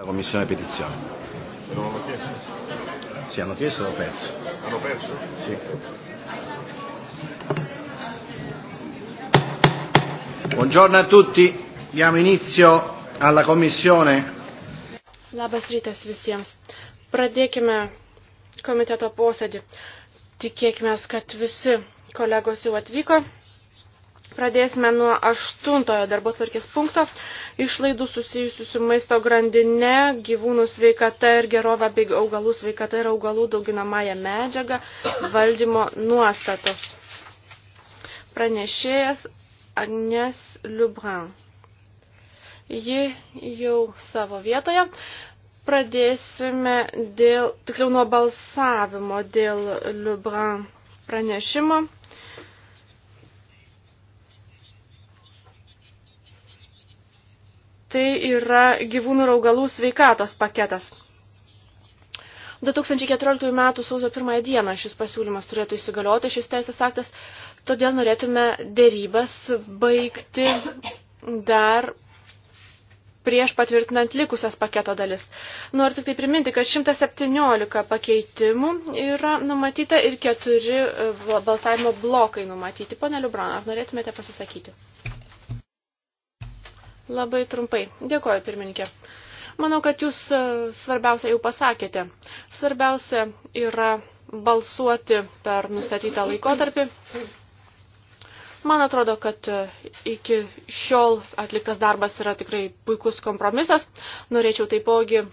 La Commissione petizioni. Non l'hanno chiesto? Sì, hanno chiesto e l'ho perso. Hanno perso? Sì. Buongiorno a tutti, diamo inizio alla Commissione. Labas rytas visiems. Pradėkime komiteto posėdį. Tikėkime, kad visi kolegos jau atvyko. Pradėsime nuo aštuntojo darbo tvarkės punkto išlaidų susijusių su maisto grandine, gyvūnų sveikata ir gerova bei augalų sveikata ir augalų dauginamąją medžiagą valdymo nuostatos. Pranešėjas Agnes Lubran. Ji jau savo vietoje. Pradėsime dėl, tiksliau nuo balsavimo dėl Lubran pranešimo. Tai yra gyvūnų ir augalų sveikatos paketas. 2014 m. sausio 1 dieną šis pasiūlymas turėtų įsigalioti, šis teisės aktas, todėl norėtume dėrybas baigti dar prieš patvirtinant likusias paketo dalis. Noriu tik tai priminti, kad 117 pakeitimų yra numatyta ir keturi e, balsavimo blokai numatyti. Pone Liubran, ar norėtumėte pasisakyti? Labai trumpai. Dėkoju, pirmininkė. Manau, kad jūs e, svarbiausia jau pasakėte. Svarbiausia yra balsuoti per nustatytą laikotarpį. Man atrodo, kad e, iki šiol atliktas darbas yra tikrai puikus kompromisas. Norėčiau taipogi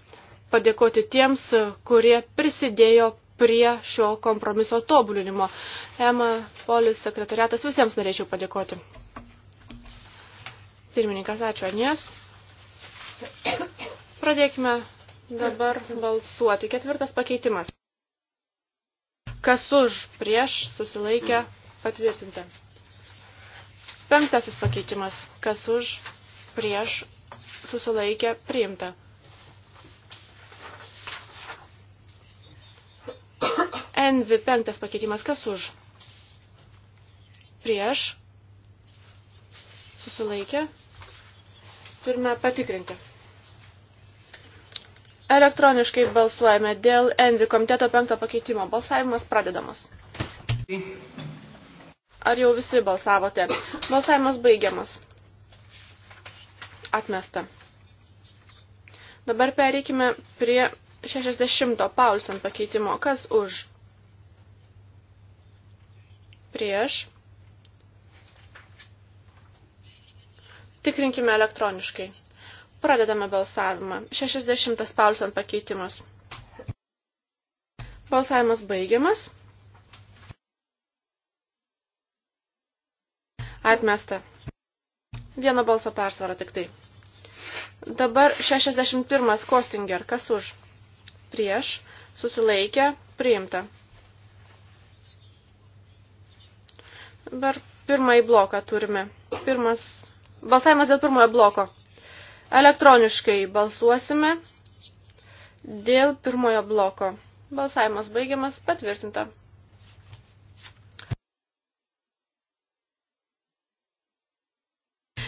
padėkoti tiems, e, kurie prisidėjo prie šio kompromiso tobulinimo. EMA, polis, sekretariatas, visiems norėčiau padėkoti. Pirmininkas, ačiū Anies. Pradėkime dabar balsuoti. Ketvirtas pakeitimas. Kas už prieš susilaikę patvirtinta. Penktasis pakeitimas. Kas už prieš susilaikę priimta. NV penktas pakeitimas. Kas už prieš susilaikę priimta Turime patikrinti. Elektroniškai balsuojame dėl Envi komiteto penkto pakeitimo. Balsavimas pradedamas. Ar jau visi balsavote? Balsavimas baigiamas. Atmesta. Dabar pereikime prie 60 Paulsen pakeitimo. Kas už? Prieš. Tikrinkime elektroniškai. Pradedame balsavimą. 60 spausant pakeitimus. Balsavimas baigiamas. Atmesta. Vieno balso persvara tik tai. Dabar 61 Kostinger. Kas už? Prieš. Susilaikė. Priimta. Dabar pirmąjį bloką turime. Pirmas Balsavimas dėl pirmojo bloko. Elektroniškai balsuosime dėl pirmojo bloko. Balsavimas baigiamas, patvirtinta.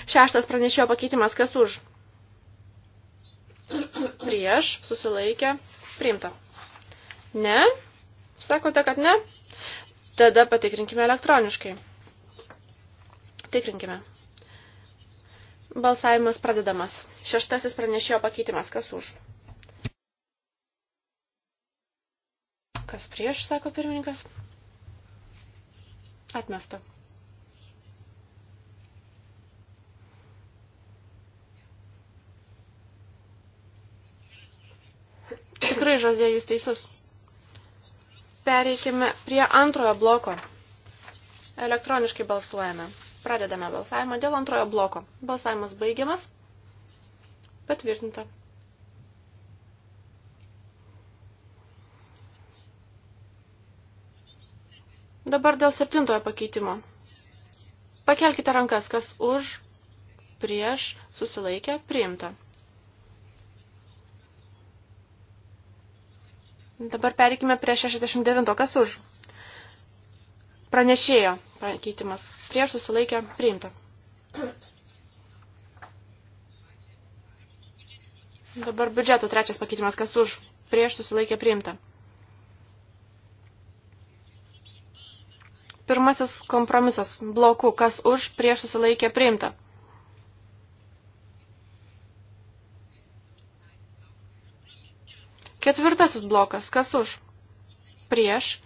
Šeštas pranešėjo pakeitimas, kas už? Prieš, susilaikė, priimta. Ne? Sakote, kad ne? Tada patikrinkime elektroniškai. Tikrinkime. Balsavimas pradedamas. Šeštasis pranešėjo pakeitimas. Kas už? Kas prieš, sako pirmininkas? Atmesta. Tikrai, Žozė, jūs teisus. Pereikime prie antrojo bloko. Elektroniškai balsuojame. Pradedame balsavimą dėl antrojo bloko. Balsavimas baigiamas. Patvirtinta. Dabar dėl septintojo pakeitimo. Pakelkite rankas, kas už, prieš, susilaikę, priimta. Dabar pereikime prie 69. Kas už? Pranešėjo pakeitimas prieš susilaikę priimta. Dabar biudžeto trečias pakeitimas, kas už prieš susilaikę priimta. Pirmasis kompromisas bloku, kas už prieš susilaikę priimta. Ketvirtasis blokas, kas už prieš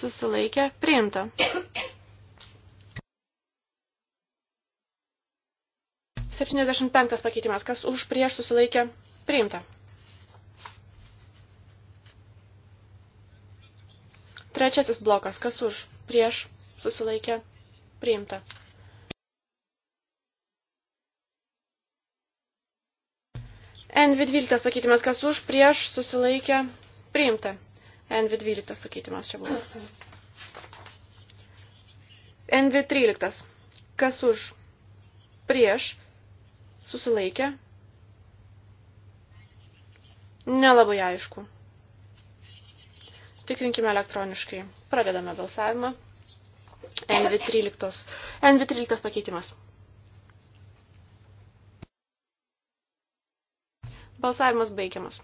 susilaikę priimta. 75 pakeitimas. Kas už prieš susilaikė? Priimta. Trečiasis blokas. Kas už prieš susilaikė? Priimta. NV12 pakeitimas. Kas už prieš susilaikė? Priimta. NV12 pakeitimas čia buvo. NV13. Kas už prieš Susilaikė. Nelabai aišku. Tikrinkime elektroniškai. Pradedame balsavimą. NV13. NV13 pakeitimas. Balsavimas baigiamas.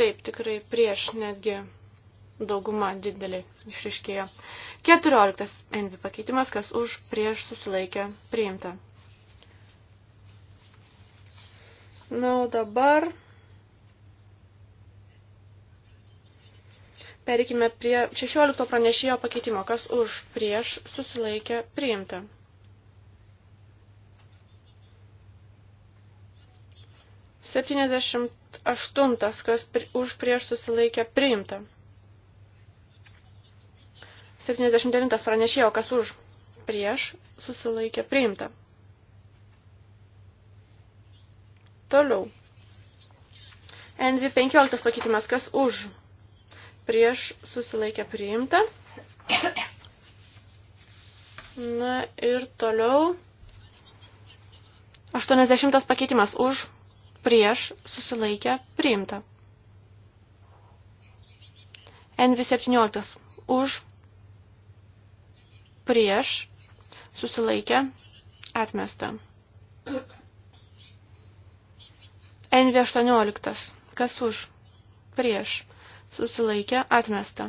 Taip, tikrai prieš netgi dauguma didelį išriškėjo. 14 NV pakeitimas, kas už prieš susilaikė priimta. Na, o dabar Perikime prie 16 pranešėjo pakeitimo, kas už prieš susilaikė priimta. Septyniasdešimt aštuntas, kas pri, už prieš susilaikė priimta. 79 pranešėjo, kas už prieš susilaikė priimta. Toliau. NV15 pakeitimas, kas už prieš susilaikė priimta. Na ir toliau. 80 pakeitimas už prieš susilaikė priimta. NV17 už prieš prieš, susilaikė, atmesta. NV18, kas už, prieš, susilaikė, atmesta.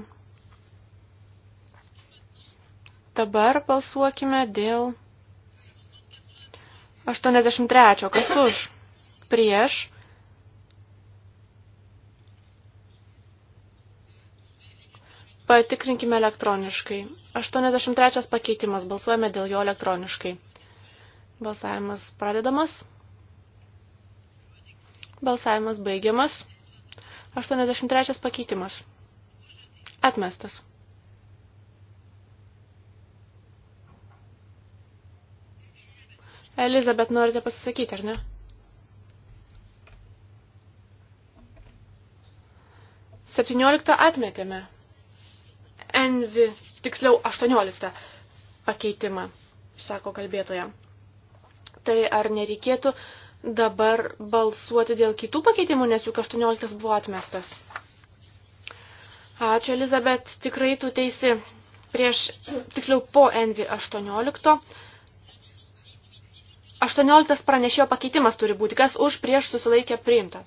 Dabar balsuokime dėl 83, kas už, prieš, Patikrinkime elektroniškai. 83 pakeitimas. Balsuojame dėl jo elektroniškai. Balsavimas pradedamas. Balsavimas baigiamas. 83 pakeitimas. Atmestas. Elizabet, norite pasisakyti, ar ne? Septynioliktą atmetėme dvi, tiksliau 18 pakeitimą, sako kalbėtoja. Tai ar nereikėtų dabar balsuoti dėl kitų pakeitimų, nes juk 18 buvo atmestas? Ačiū, Elizabet, tikrai tu teisi prieš, tiksliau po Envi 18. 18 pranešėjo pakeitimas turi būti, kas už prieš susilaikė priimta.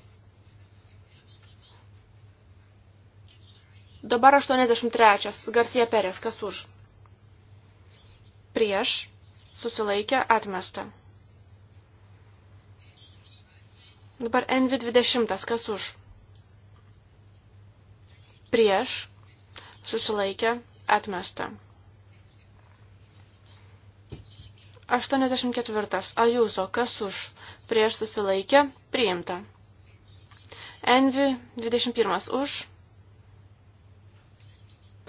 Dabar 83. Garcia Perės, kas už? Prieš, susilaikė, atmesta. Dabar NV20, kas už? Prieš, susilaikė, atmesta. 84. Ajuzo, kas už? Prieš susilaikė, priimta. Envi 21 už,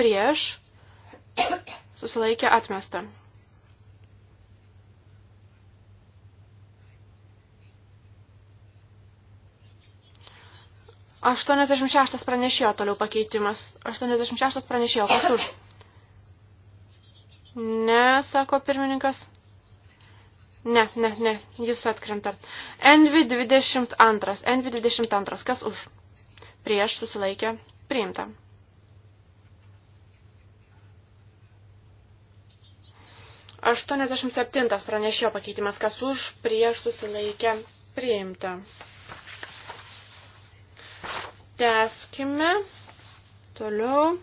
prieš, susilaikė atmesta. Aštuoniasdešimt šeštas pranešėjo toliau pakeitimas. Aštuoniasdešimt šeštas pranešėjo, kas už? Ne, sako pirmininkas. Ne, ne, ne, jis atkrenta. NV22, NV22, kas už? Prieš susilaikė, priimta. 87 pranešėjo pakeitimas, kas už, prieš susilaikę priimta. Teskime toliau.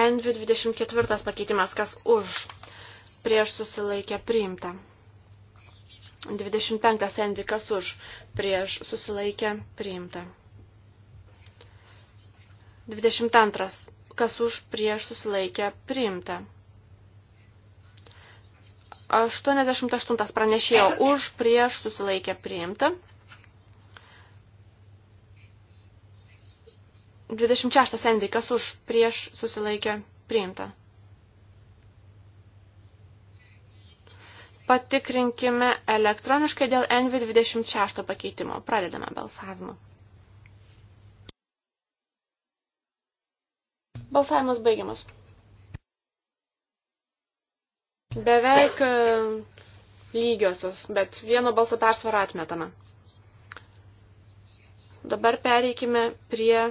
NV24 pakeitimas, kas už, prieš susilaikę priimta. 25 NV, kas už, prieš susilaikę priimta. 22 kas už, prieš susilaikę priimta. 88 pranešėjo už, prieš susilaikė priimta. 26 endikas už, prieš susilaikė priimta. Patikrinkime elektroniškai dėl NV26 pakeitimo. Pradedame balsavimą. Balsavimas baigiamas beveik e, lygiosios, bet vieno balso persvarą atmetama. Dabar pereikime prie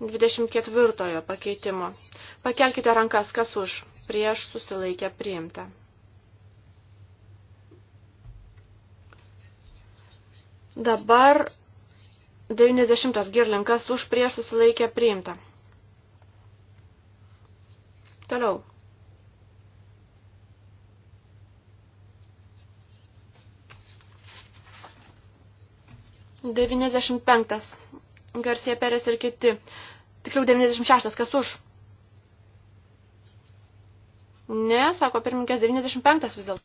24 pakeitimo. Pakelkite rankas, kas už, prieš susilaikę priimta. Dabar 90 girlinkas už prieš susilaikę priimta. Toliau. 95. Garcija Perės ir kiti. Tiksliau 96. Kas už? Ne, sako pirmininkės 95 vis dėlto.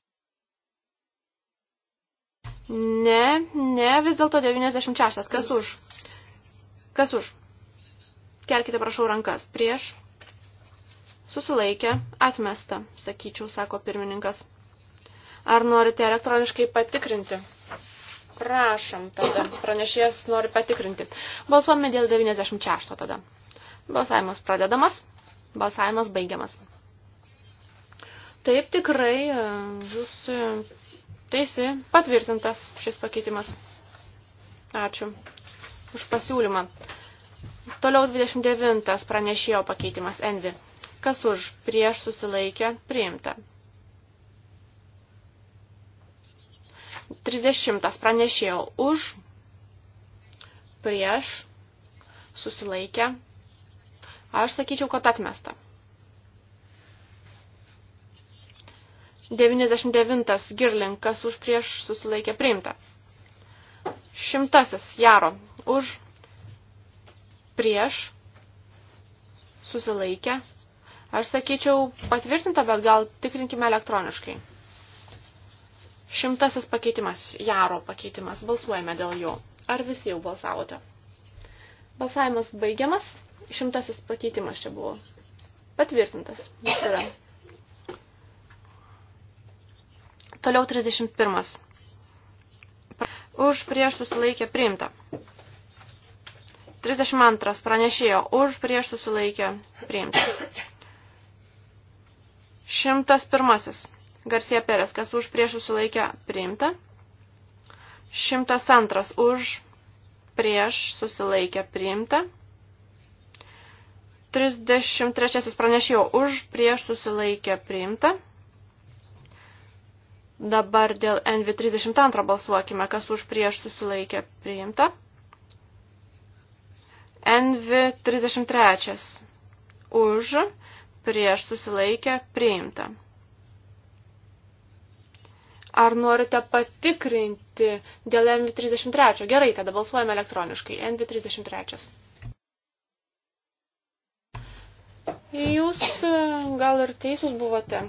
Ne, ne, vis dėlto 96. Kas už? Kas už? Kelkite, prašau, rankas. Prieš. Susilaikė. Atmesta, sakyčiau, sako pirmininkas. Ar norite elektroniškai patikrinti? Prašom, tada pranešėjas nori patikrinti. Balsuojame dėl 96 tada. Balsavimas pradedamas, balsavimas baigiamas. Taip tikrai e, jūs e, teisi patvirtintas šis pakeitimas. Ačiū už pasiūlymą. Toliau 29 pranešėjo pakeitimas Envi. Kas už prieš susilaikę priimta. 30 pranešėjo už, prieš, susilaikę. Aš sakyčiau, kad atmesta. 99 girlinkas už prieš susilaikė priimta. Šimtasis jaro už prieš susilaikė. Aš sakyčiau patvirtinta, bet gal tikrinkime elektroniškai. Šimtasis pakeitimas, Jaro pakeitimas, balsuojame dėl jo. Ar visi jau balsavote? Balsavimas baigiamas, šimtasis pakeitimas čia buvo. Patvirtintas, jis yra. Toliau 31. Už prieš susilaikę priimta. 32. Pranešėjo. Už prieš susilaikę priimta. 101. Garcia Perez, kas už prieš susilaikę priimta. 102 už prieš susilaikę priimta. 33 pranešėjo už prieš susilaikę priimta. Dabar dėl NV32 balsuokime, kas už prieš susilaikė priimta. NV33 už prieš susilaikė priimta. Ar norite patikrinti dėl NV33? Gerai, tada balsuojame elektroniškai. NV33. Jūs e, gal ir teisūs buvote.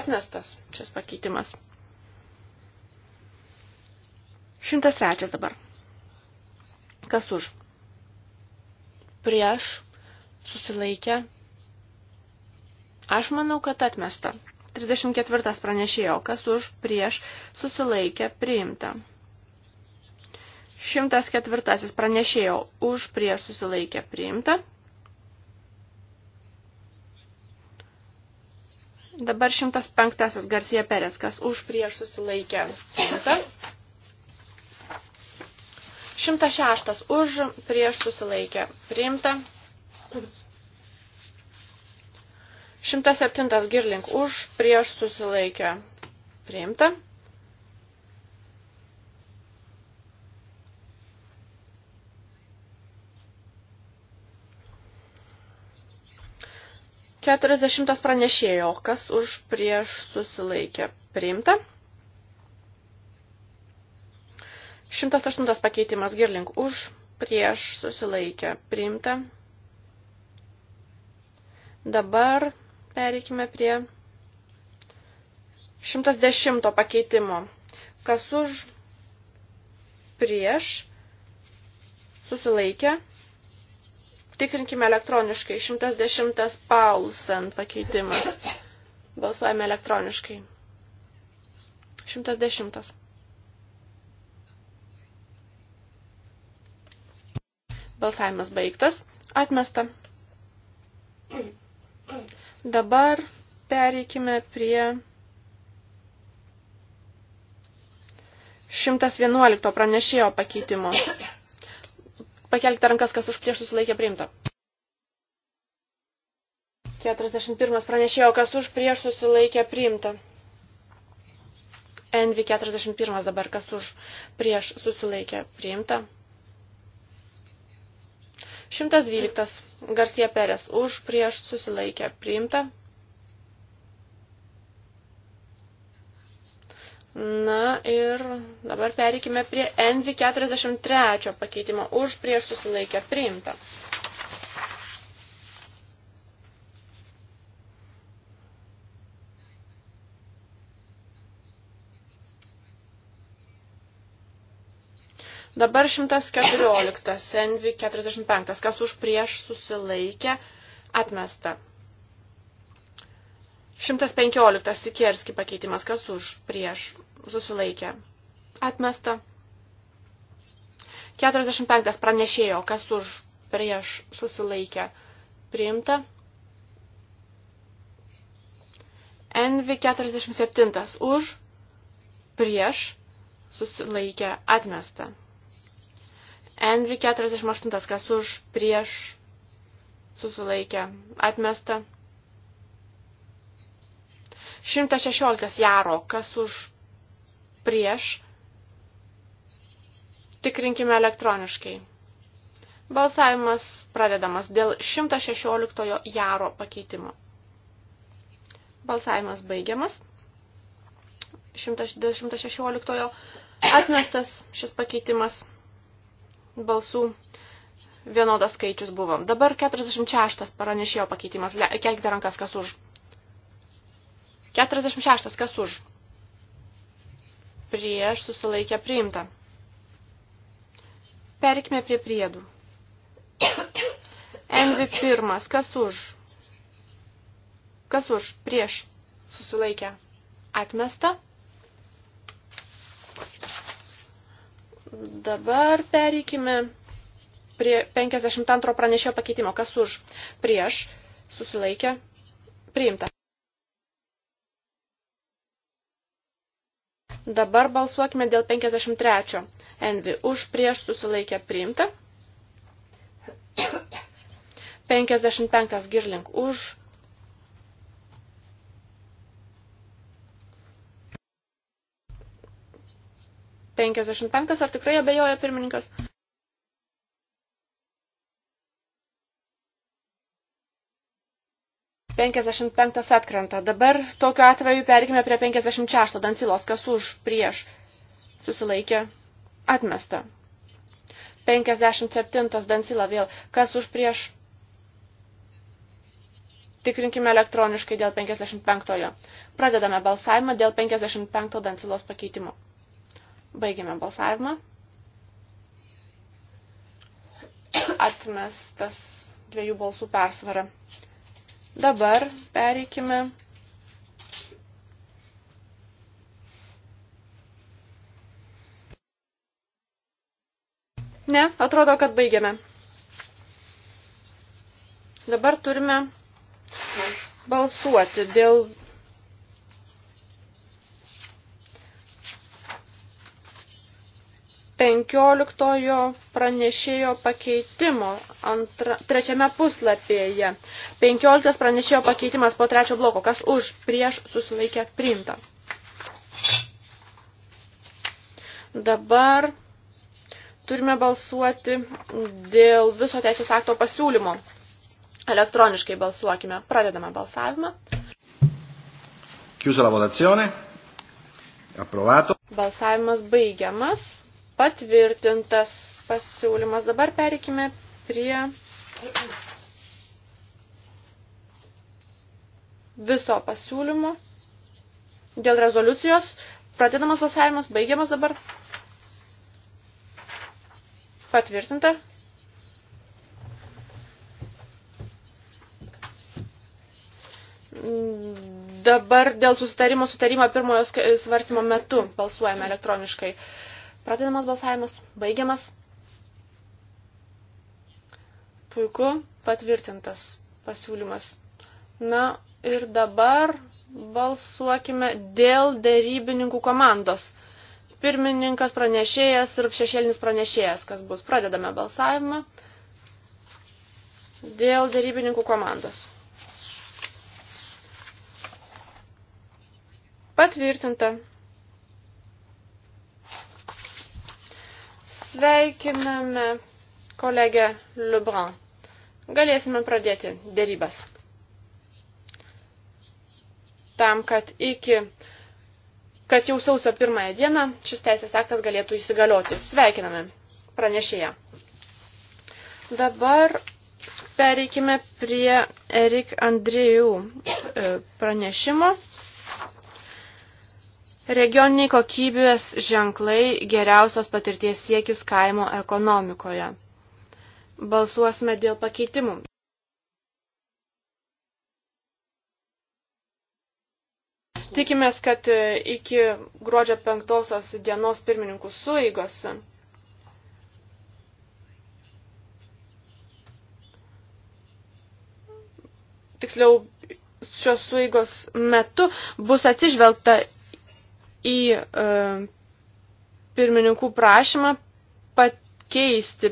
Atmestas šis pakeitimas. 103 dabar. Kas už? Prieš, susilaikę. Aš manau, kad atmesta. 34 pranešėjo, kas už prieš susilaikė priimta. 104 pranešėjo už prieš susilaikė priimta. Dabar 105 Garcia Perez, kas už prieš susilaikė priimta. 106 už prieš susilaikė priimta. 107 girlink už, prieš susilaikę priimta. Keturiasdešimtas pranešėjo, kas už prieš susilaikė priimta. 108 pakeitimas girlink už, prieš susilaikę priimta. Dabar Pereikime prie 110 pakeitimo. Kas už prieš susilaikę. Tikrinkime elektroniškai. 110 Paulsen pakeitimas. Balsuojame elektroniškai. 110. Balsavimas baigtas. Atmesta. Dabar pereikime prie 111 pranešėjo pakeitimo. Pakelkite rankas, kas už prieš susilaikė priimta. 41 pranešėjo, kas už prieš susilaikė priimta. NV41 dabar, kas už prieš susilaikė priimta. 112. Garcia Perez už prieš susilaikę priimta. Na ir dabar pereikime prie NV43 pakeitimo už prieš susilaikę priimta. Dabar 114, Envi 45, kas už prieš susilaikė, atmesta. 115, Sikerski pakeitimas, kas už prieš susilaikė, atmesta. 45, pranešėjo, kas už prieš susilaikė, priimta. Envi 47, už prieš susilaikė, atmesta. Envi 48, kas už, prieš, susilaikė, atmesta. 116 jaro, kas už, prieš, tikrinkime elektroniškai. Balsavimas pradedamas dėl 116 jaro pakeitimo. Balsavimas baigiamas. 116 atmestas šis pakeitimas balsų vienodas skaičius buvom. Dabar 46 pranešėjo pakeitimas. Kelkite rankas, kas už. 46, kas už. Prieš susilaikę priimta. Perikime prie priedų. Envi pirmas, kas už. Kas už, prieš susilaikę atmesta. Dabar pereikime prie 52 pranešėjo pakeitimo. Kas už? Prieš. Susilaikė. Priimta. Dabar balsuokime dėl 53. Envi. Už prieš susilaikė priimta. 55 girlink. Už 55 ar tikrai abejoja pirmininkas? Penkiasdešimt penktas atkrenta. Dabar tokiu atveju perikime prie 56 dancilos, kas už, prieš, susilaikė, atmesta. 57 dancila vėl, kas už, prieš, Tikrinkime elektroniškai dėl 55-ojo. Pradedame balsavimą dėl 55 dancilos pakeitimo. Baigiame balsavimą. Atmestas dviejų balsų persvara. Dabar pereikime Ne, atrodo, kad baigiame. Dabar turime balsuoti dėl 15 pranešėjo pakeitimo antra, trečiame puslapyje. 15 pranešėjo pakeitimas po trečio bloko. Kas už prieš susilaikė priimta. Dabar turime balsuoti dėl viso teisės akto pasiūlymo. Elektroniškai balsuokime. Pradedame balsavimą. Chiusa la votazione. Approvato. Balsavimas baigiamas patvirtintas pasiūlymas. Dabar pereikime prie viso pasiūlymo dėl rezoliucijos. Pradedamas balsavimas, baigiamas dabar. Patvirtinta. Dabar dėl susitarimo sutarimo pirmojo svarstymo metu balsuojame elektroniškai. Uh, Pradedamas balsavimas, baigiamas. Puiku, patvirtintas pasiūlymas. Na ir dabar balsuokime dėl dėrybininkų komandos. Pirmininkas pranešėjas ir šešėlinis pranešėjas, kas bus. Pradedame balsavimą dėl dėrybininkų komandos. Patvirtinta. Sveikiname kolegę Lebrun. Galėsime pradėti dėrybas. Tam, kad iki kad jau sausio pirmąją dieną šis teisės aktas galėtų įsigalioti. Sveikiname pranešėją. Dabar pereikime prie Erik Andrijų e, pranešimo. Regioniniai kokybės ženklai geriausios patirties siekis kaimo ekonomikoje. Balsuosime dėl pakeitimų. Tikimės, kad e, iki gruodžio penktosios dienos pirmininkų suigos tiksliau šios suigos metu bus atsižvelgta į e, pirmininkų prašymą pakeisti,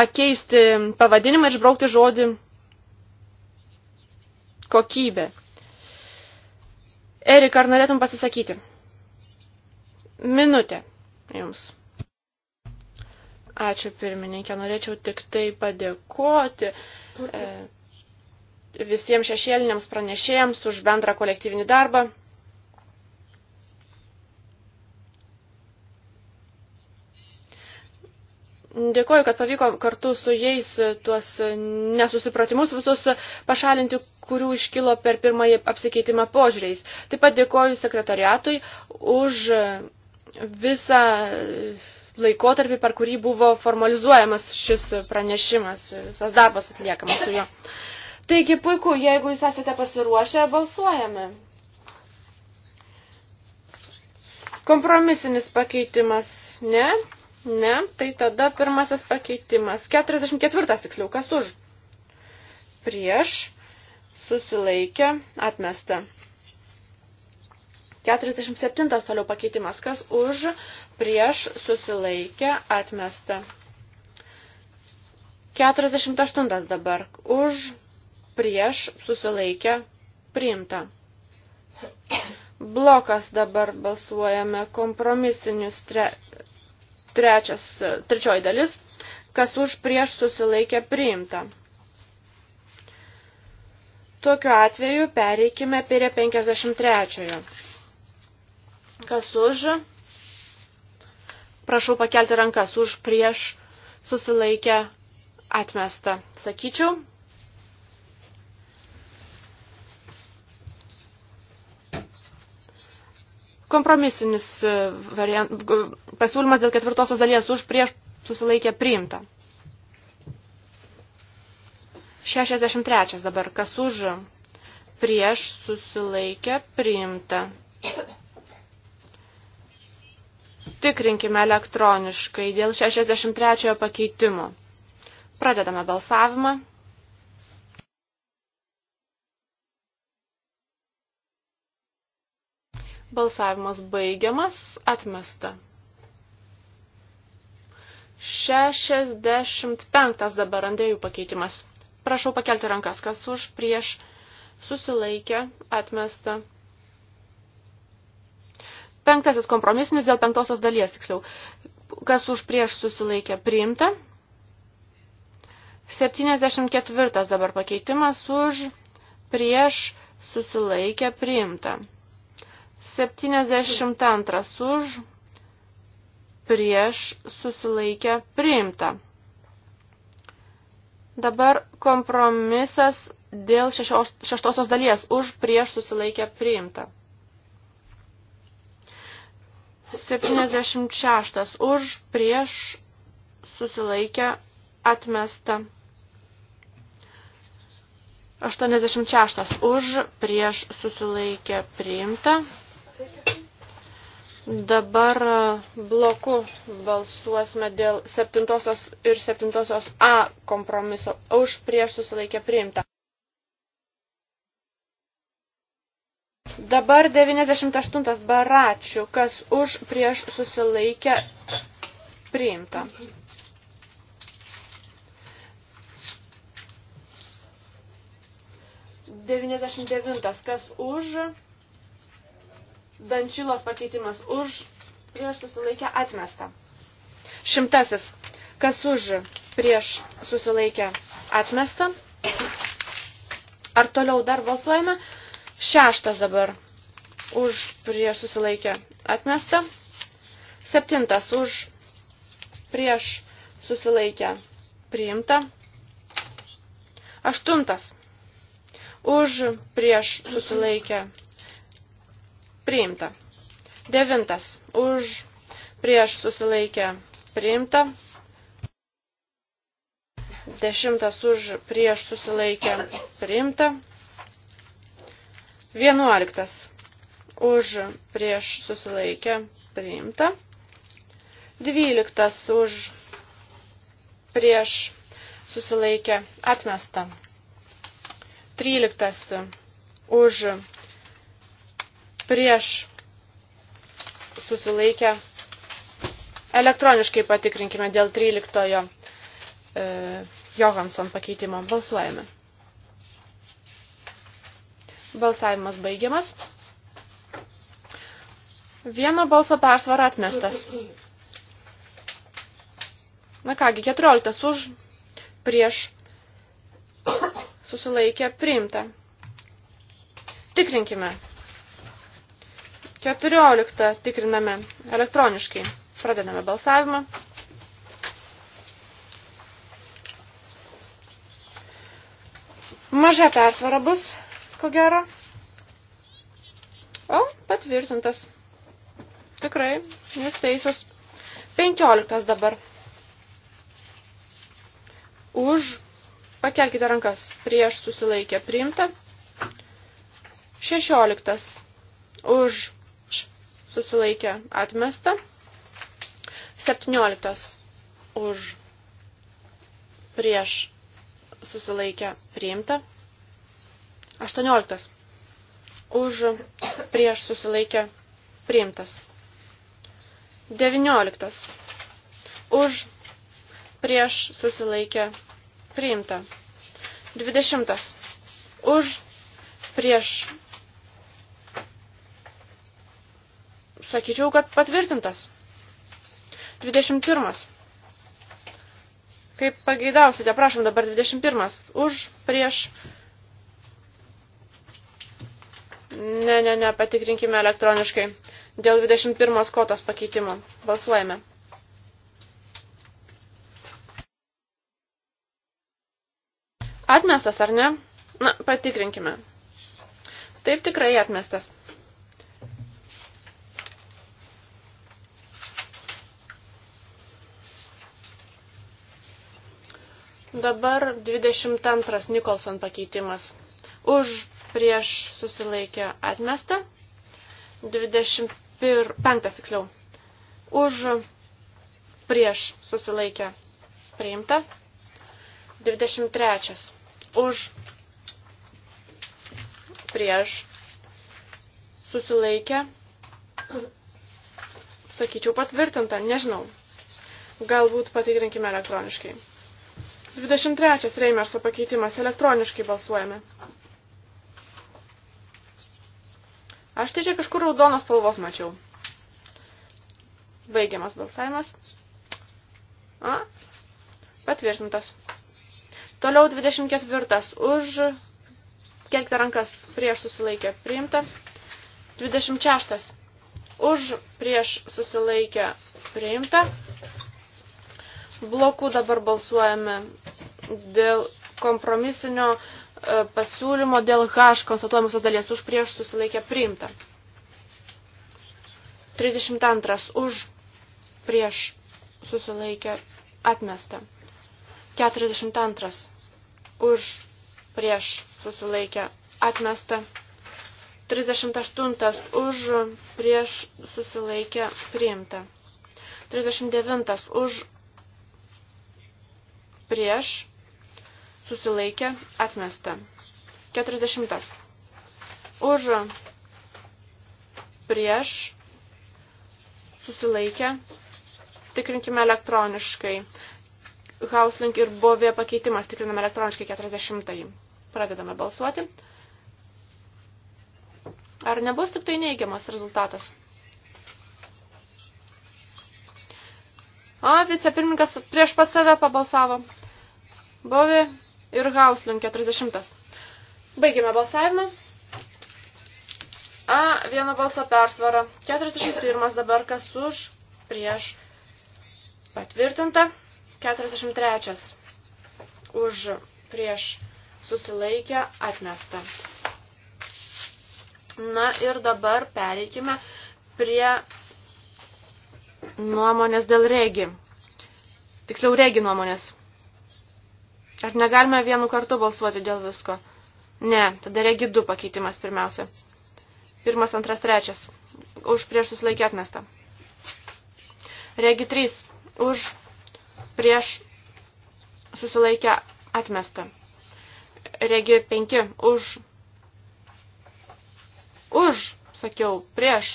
pakeisti pavadinimą ir išbraukti žodį kokybė. Erik, ar norėtum pasisakyti? Minutė jums. Ačiū pirmininkė, norėčiau tik tai padėkoti. E, visiems šešėliniams pranešėjams už bendrą kolektyvinį darbą. Dėkuoju, kad pavyko kartu su jais tuos nesusipratimus visus pašalinti, kurių iškilo per pirmąjį apsikeitimą požiūriais. Taip pat dėkuoju sekretariatui už visą laikotarpį, per kurį buvo formalizuojamas šis pranešimas, visas darbas atliekamas su juo. Taigi puiku, jeigu jūs esate pasiruošę, balsuojame. Kompromisinis pakeitimas ne, ne, tai tada pirmasis pakeitimas. 44 tiksliau, kas už? Prieš, susilaikė, atmesta. 47 toliau pakeitimas, kas už, prieš, susilaikė, atmesta. 48 dabar, už, prieš susilaikę priimta. Blokas dabar balsuojame kompromisinius tre, trečias, trečioji dalis, kas už prieš susilaikę priimta. Tokiu atveju pereikime prie 53. Kas už? Prašau pakelti rankas už prieš susilaikę atmestą. Sakyčiau, Kompromisinis e, variant, pasiūlymas dėl ketvirtosios dalies už prieš susilaikė priimta. 63 dabar, kas už prieš susilaikė priimta. Tikrinkime elektroniškai dėl 63 pakeitimo. Pradedame balsavimą. Balsavimas baigiamas, atmesta. 65 dabar Andrėjų pakeitimas. Prašau pakelti rankas, kas už, prieš, susilaikė, atmesta. Penktasis kompromisnis dėl penktosios dalies, tiksliau. Kas už, prieš, susilaikė, priimta. 74 dabar pakeitimas už, prieš, susilaikė, priimta. 72 už, prieš susilaikę priimta. Dabar kompromisas dėl šešios, šeštosios dalies už prieš susilaikę priimta. 76 už prieš susilaikę atmesta. 86 už prieš susilaikę priimta. Dabar bloku balsuosime dėl 7 ir 7 A kompromiso. Už prieš susilaikė priimta. Dabar 98 baračių, kas už prieš susilaikę priimta. Devyniasdešimt devintas, kas už Dančilos pakeitimas už, prieš susilaikę atmesta. Šimtasis. Kas už, prieš susilaikę atmesta. Ar toliau dar balsuojame? Šeštas dabar. Už, prieš susilaikę atmesta. Septintas. Už, prieš susilaikę priimta. Aštuntas. Už, prieš susilaikę priimta. Devintas. Už prieš susilaikę priimta. Dešimtas už prieš susilaikę priimta. Vienuoliktas už prieš susilaikę priimta. Dvyliktas už prieš susilaikę atmesta. Tryliktas už prieš susilaikę. Elektroniškai patikrinkime dėl 13 e, Johansson pakeitimo. Balsuojame. Balsavimas baigiamas. Vieno balso persvara atmestas. Na kągi, 14 už prieš susilaikė priimta. Tikrinkime. 14 tikriname elektroniškai. Pradedame balsavimą. Maža persvara bus, ko gero. O, patvirtintas. Tikrai, jis teisus. 15 dabar. Už. Pakelkite rankas. Prieš susilaikę priimta. 16. Už susilaikė atmesta. 17 už prieš susilaikė priimta. 18 už prieš susilaikė priimtas. 19 už prieš susilaikė priimta. 20 už prieš Sakyčiau, kad patvirtintas. 21. Kaip pageidausite, prašom dabar 21. Už, prieš. Ne, ne, ne, patikrinkime elektroniškai. Dėl 21 kotos pakeitimo. Balsuojame. Atmestas, ar ne? Na, patikrinkime. Taip tikrai atmestas. Dabar 22 Nikolson pakeitimas. Už prieš susilaikė atmesta. 25 tiksliau. Už prieš susilaikė priimta. 23. Už prieš susilaikė. Sakyčiau patvirtinta, nežinau. Galbūt patikrinkime elektroniškai. 23 Reimerso pakeitimas. Elektroniškai balsuojame. Aš tai čia kažkur raudonos spalvos mačiau. Baigiamas balsavimas. A, patvirtintas. Toliau 24. Už kelkite rankas prieš susilaikę priimta. 26. Už prieš susilaikę priimta blokų. Dabar balsuojame dėl kompromisinio e, pasiūlymo dėl H konstatuojamosios dalies už prieš susilaikę priimta. 32 už prieš susilaikę atmesta. 42 už prieš susilaikę atmesta. 38 už prieš susilaikę priimta. 39 už prieš, susilaikė, atmesta. 40. Už, prieš, susilaikė, tikrinkime elektroniškai. Hauslink ir bovė pakeitimas, tikriname elektroniškai 40. -tai. Pradedame balsuoti. Ar nebus tik tai neigiamas rezultatas? O, vicepirmininkas prieš pat save pabalsavo. Bovi ir Hauslin 40. Baigime balsavimą. A, vieną balsą persvarą. 41 dabar kas už, prieš. Patvirtinta. 43. Už, prieš. Susilaikę, atmesta. Na ir dabar pereikime prie nuomonės dėl regi. Tiksliau regi nuomonės. Ar negalime vienu kartu balsuoti dėl visko? Ne, tada regi du pakeitimas pirmiausia. Pirmas, antras, trečias. Už prieš susilaikė atmestą. Regi trys. Už prieš susilaikę atmestą. Regi penki. Už. Už, sakiau, prieš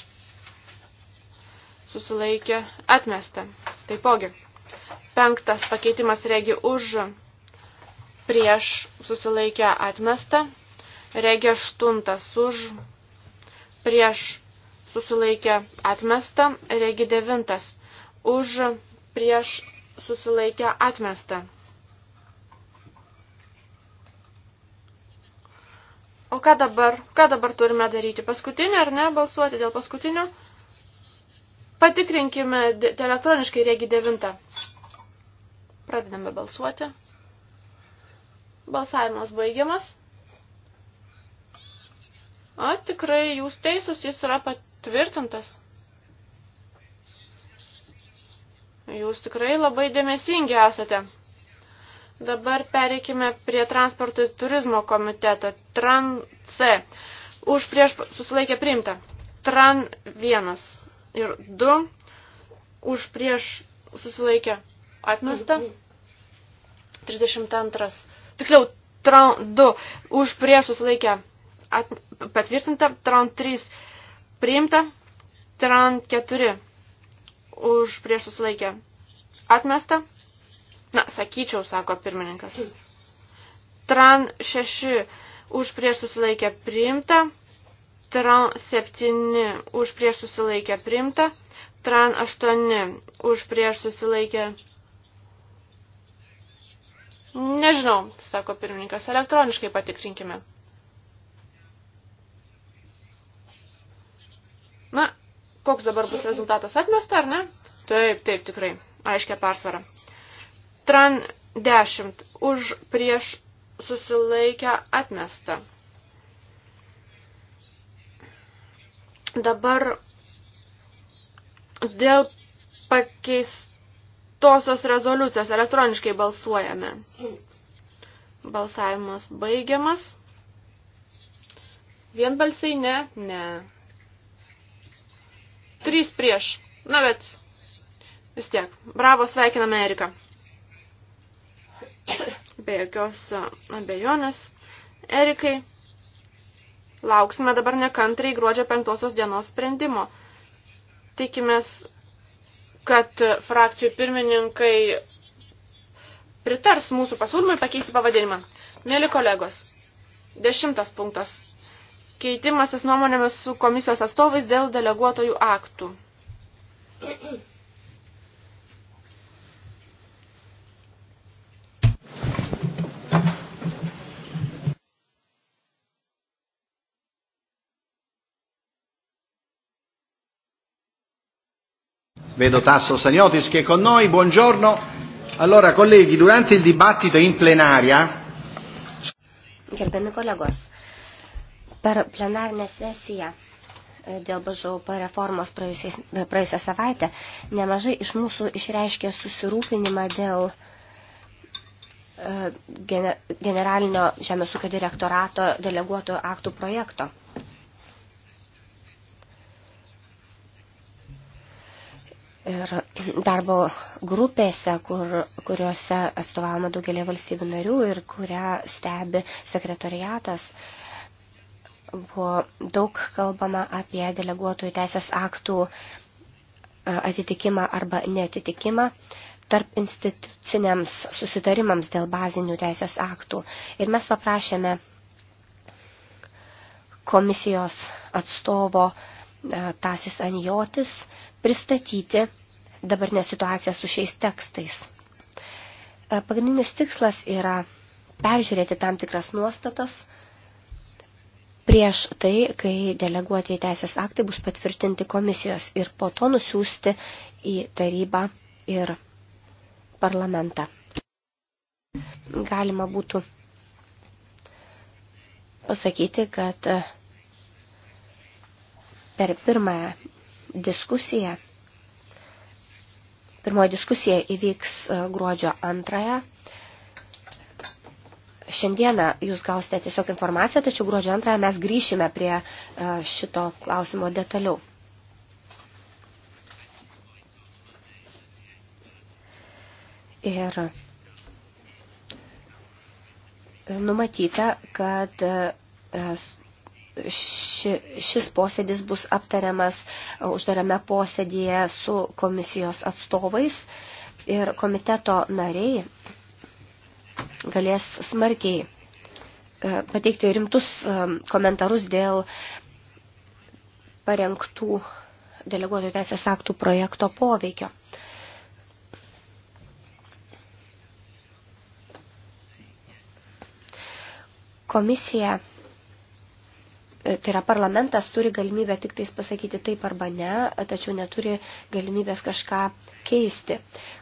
susilaikė atmestą. Taipogi. Penktas pakeitimas regi už prieš susilaikę atmestą, regė aštuntas už, prieš susilaikę atmestą, regė devintas už, prieš susilaikę atmestą. O ką dabar, ką dabar turime daryti? Paskutinį ar ne? Balsuoti dėl paskutinio? Patikrinkime elektroniškai regį devintą. Pradedame balsuoti. Balsavimas baigiamas. A, tikrai jūs teisus, jis yra patvirtintas. Jūs tikrai labai dėmesingi esate. Dabar pereikime prie transporto ir turizmo komiteto. Tran C. Už prieš susilaikę priimta. Tran 1 ir 2. Už prieš susilaikę atmesta. 32 tiksliau, tran 2 už prieš susilaikę at, patvirtinta, tran 3 priimta, tran 4 už prieš susilaikę atmesta. Na, sakyčiau, sako pirmininkas. Tran 6 už prieš susilaikę priimta, tran 7 už prieš susilaikę priimta, tran 8 už prieš susilaikę priimta. Nežinau, sako pirmininkas, elektroniškai patikrinkime. Na, koks dabar bus rezultatas atmesta, ar ne? Taip, taip, tikrai. Aiškia persvara. Tran 10 už prieš susilaikę atmesta. Dabar dėl pakeistų šeštosios rezoliucijos elektroniškai balsuojame. Balsavimas baigiamas. Vienbalsiai ne, ne. Trys prieš. Na bet, vis tiek. Bravo, sveikiname Eriką. Be jokios abejonės. Erikai, lauksime dabar nekantriai gruodžio penktosios dienos sprendimo. Tikimės kad frakcijų pirmininkai pritars mūsų pasiūlymui pakeisti pavadinimą. Mėly kolegos, dešimtas punktas. Keitimasis nuomonėmis su komisijos atstovais dėl deleguotojų aktų. Vedo Tasso Saniotis che è con noi. Buongiorno. Allora, colleghi, durante il dibattito in plenaria. Gerbiami kolegos, per plenarinę sesiją eh, dėl BŽUP reformos eh, praėjusią savaitę nemažai iš mūsų išreiškė susirūpinimą dėl eh, generalinio žemės ūkio direktorato deleguoto aktų projekto. ir darbo grupėse, kur, kuriuose atstovavome daugelį valstybių narių ir kurią stebi sekretoriatas, buvo daug kalbama apie deleguotojų teisės aktų e, atitikimą arba netitikimą tarp instituciniams susitarimams dėl bazinių teisės aktų. Ir mes paprašėme komisijos atstovo e, Tasis Anjotis pristatyti dabartinę situaciją su šiais tekstais. E, pagrindinis tikslas yra peržiūrėti tam tikras nuostatas prieš tai, kai deleguoti į teisės aktai bus patvirtinti komisijos ir po to nusiųsti į tarybą ir parlamentą. Galima būtų pasakyti, kad per pirmąją diskusija. Pirmoji diskusija įvyks e, gruodžio antrąją. Šiandieną jūs gausite tiesiog informaciją, tačiau gruodžio antrąją mes grįšime prie e, šito klausimo detaliau. Ir numatyta, kad e, ši, šis posėdis bus aptariamas e, uždarame posėdėje su komisijos atstovais ir komiteto nariai galės smarkiai e, pateikti rimtus e, komentarus dėl parengtų deleguotojų teisės aktų projekto poveikio. Komisija tai yra parlamentas turi galimybę tik tais pasakyti taip arba ne, tačiau neturi galimybės kažką keisti.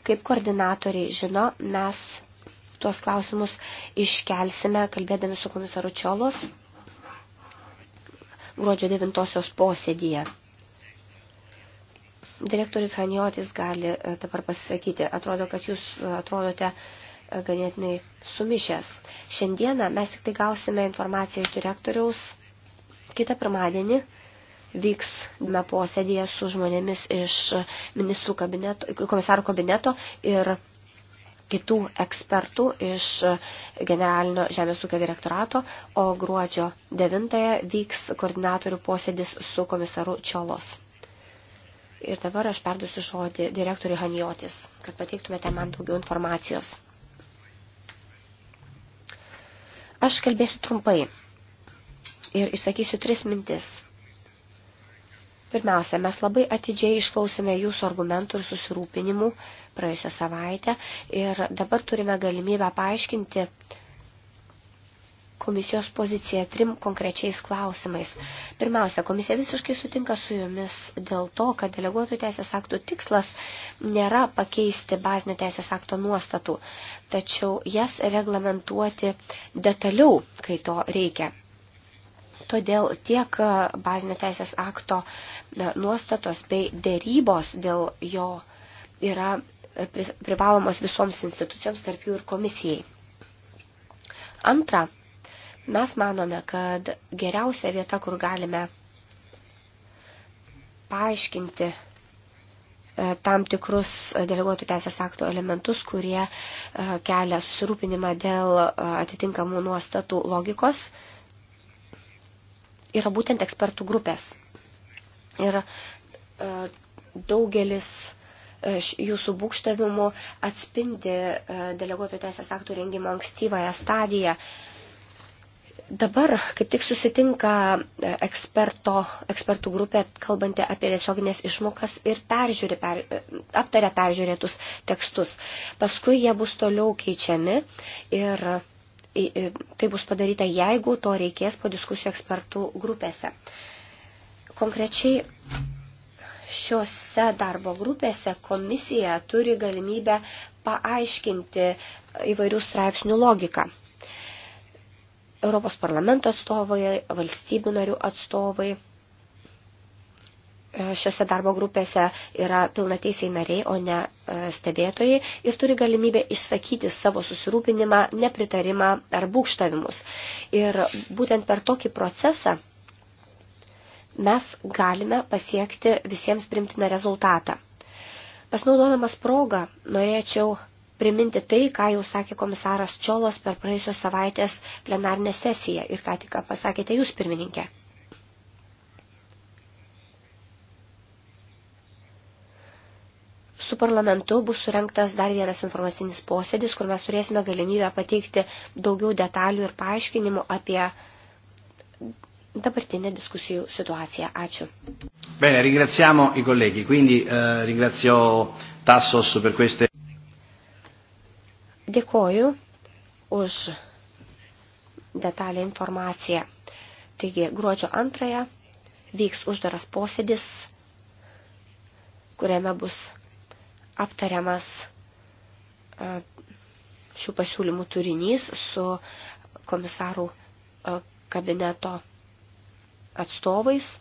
Kaip koordinatoriai žino, mes tuos klausimus iškelsime, kalbėdami su komisaru Čiolos gruodžio 9 posėdyje. Direktorius Hanijotis gali e, dabar pasisakyti, atrodo, kad jūs e, atrodote e, ganėtinai sumišęs. Šiandieną mes tik tai gausime informaciją iš direktoriaus Kita pirmadienį vyks posėdėje su žmonėmis iš ministrų kabineto, komisarų kabineto ir kitų ekspertų iš generalinio žemės ūkio direktorato, o gruodžio 9 vyks koordinatorių posėdis su komisaru Čiolos. Ir dabar aš perdusiu žodį direktoriui Hanijotis, kad pateiktumėte man daugiau informacijos. Aš kalbėsiu trumpai ir išsakysiu tris mintis. Pirmiausia, mes labai atidžiai išklausėme jūsų argumentų ir susirūpinimų praėjusią savaitę ir dabar turime galimybę paaiškinti komisijos poziciją trim konkrečiais klausimais. Pirmiausia, komisija visiškai sutinka su jumis dėl to, kad deleguotų teisės aktų tikslas nėra pakeisti bazinio teisės akto nuostatų, tačiau jas reglamentuoti detaliau, kai to reikia. Todėl tiek e, bazinio teisės akto e, nuostatos bei dėrybos dėl jo yra e, privalomas visoms institucijoms, tarp jų ir komisijai. Antra, mes manome, kad geriausia vieta, kur galime paaiškinti tam tikrus deleguotų teisės akto elementus, kurie kelia susirūpinimą dėl atitinkamų nuostatų logikos, yra būtent ekspertų grupės. Ir e, daugelis e, jūsų būkštavimų atspindi e, deleguotojų teisės aktų rengimo ankstyvąją stadiją. Dabar kaip tik susitinka eksperto, ekspertų grupė, kalbanti apie tiesioginės išmokas ir peržiūri, per, aptaria peržiūrėtus tekstus. Paskui jie bus toliau keičiami ir tai bus padaryta, jeigu to reikės po diskusijų ekspertų grupėse. Konkrečiai šiuose darbo grupėse komisija turi galimybę paaiškinti įvairių straipsnių logiką. Europos parlamento atstovai, valstybių narių atstovai E, šiuose darbo grupėse yra pilnateisiai nariai, o ne e, stebėtojai ir turi galimybę išsakyti savo susirūpinimą, nepritarimą ar būkštavimus. Ir būtent per tokį procesą mes galime pasiekti visiems primtiną rezultatą. Pasinaudodamas progą, norėčiau priminti tai, ką jau sakė komisaras Čiolos per praėjusios savaitės plenarnę sesiją ir ką tik pasakėte jūs, pirmininkė. su parlamentu bus surinktas dar vienas informacinis posėdis, kur mes turėsime galimybę pateikti daugiau detalių ir paaiškinimų apie dabartinę diskusijų situaciją. Ačiū. Bene, ringraziamo i colleghi, quindi eh, ringrazio Tassos per queste. Dėkoju už detalę informaciją. Taigi, gruodžio antrąją vyks uždaras posėdis, kuriame bus aptariamas e, šių pasiūlymų turinys su komisarų e, kabineto atstovais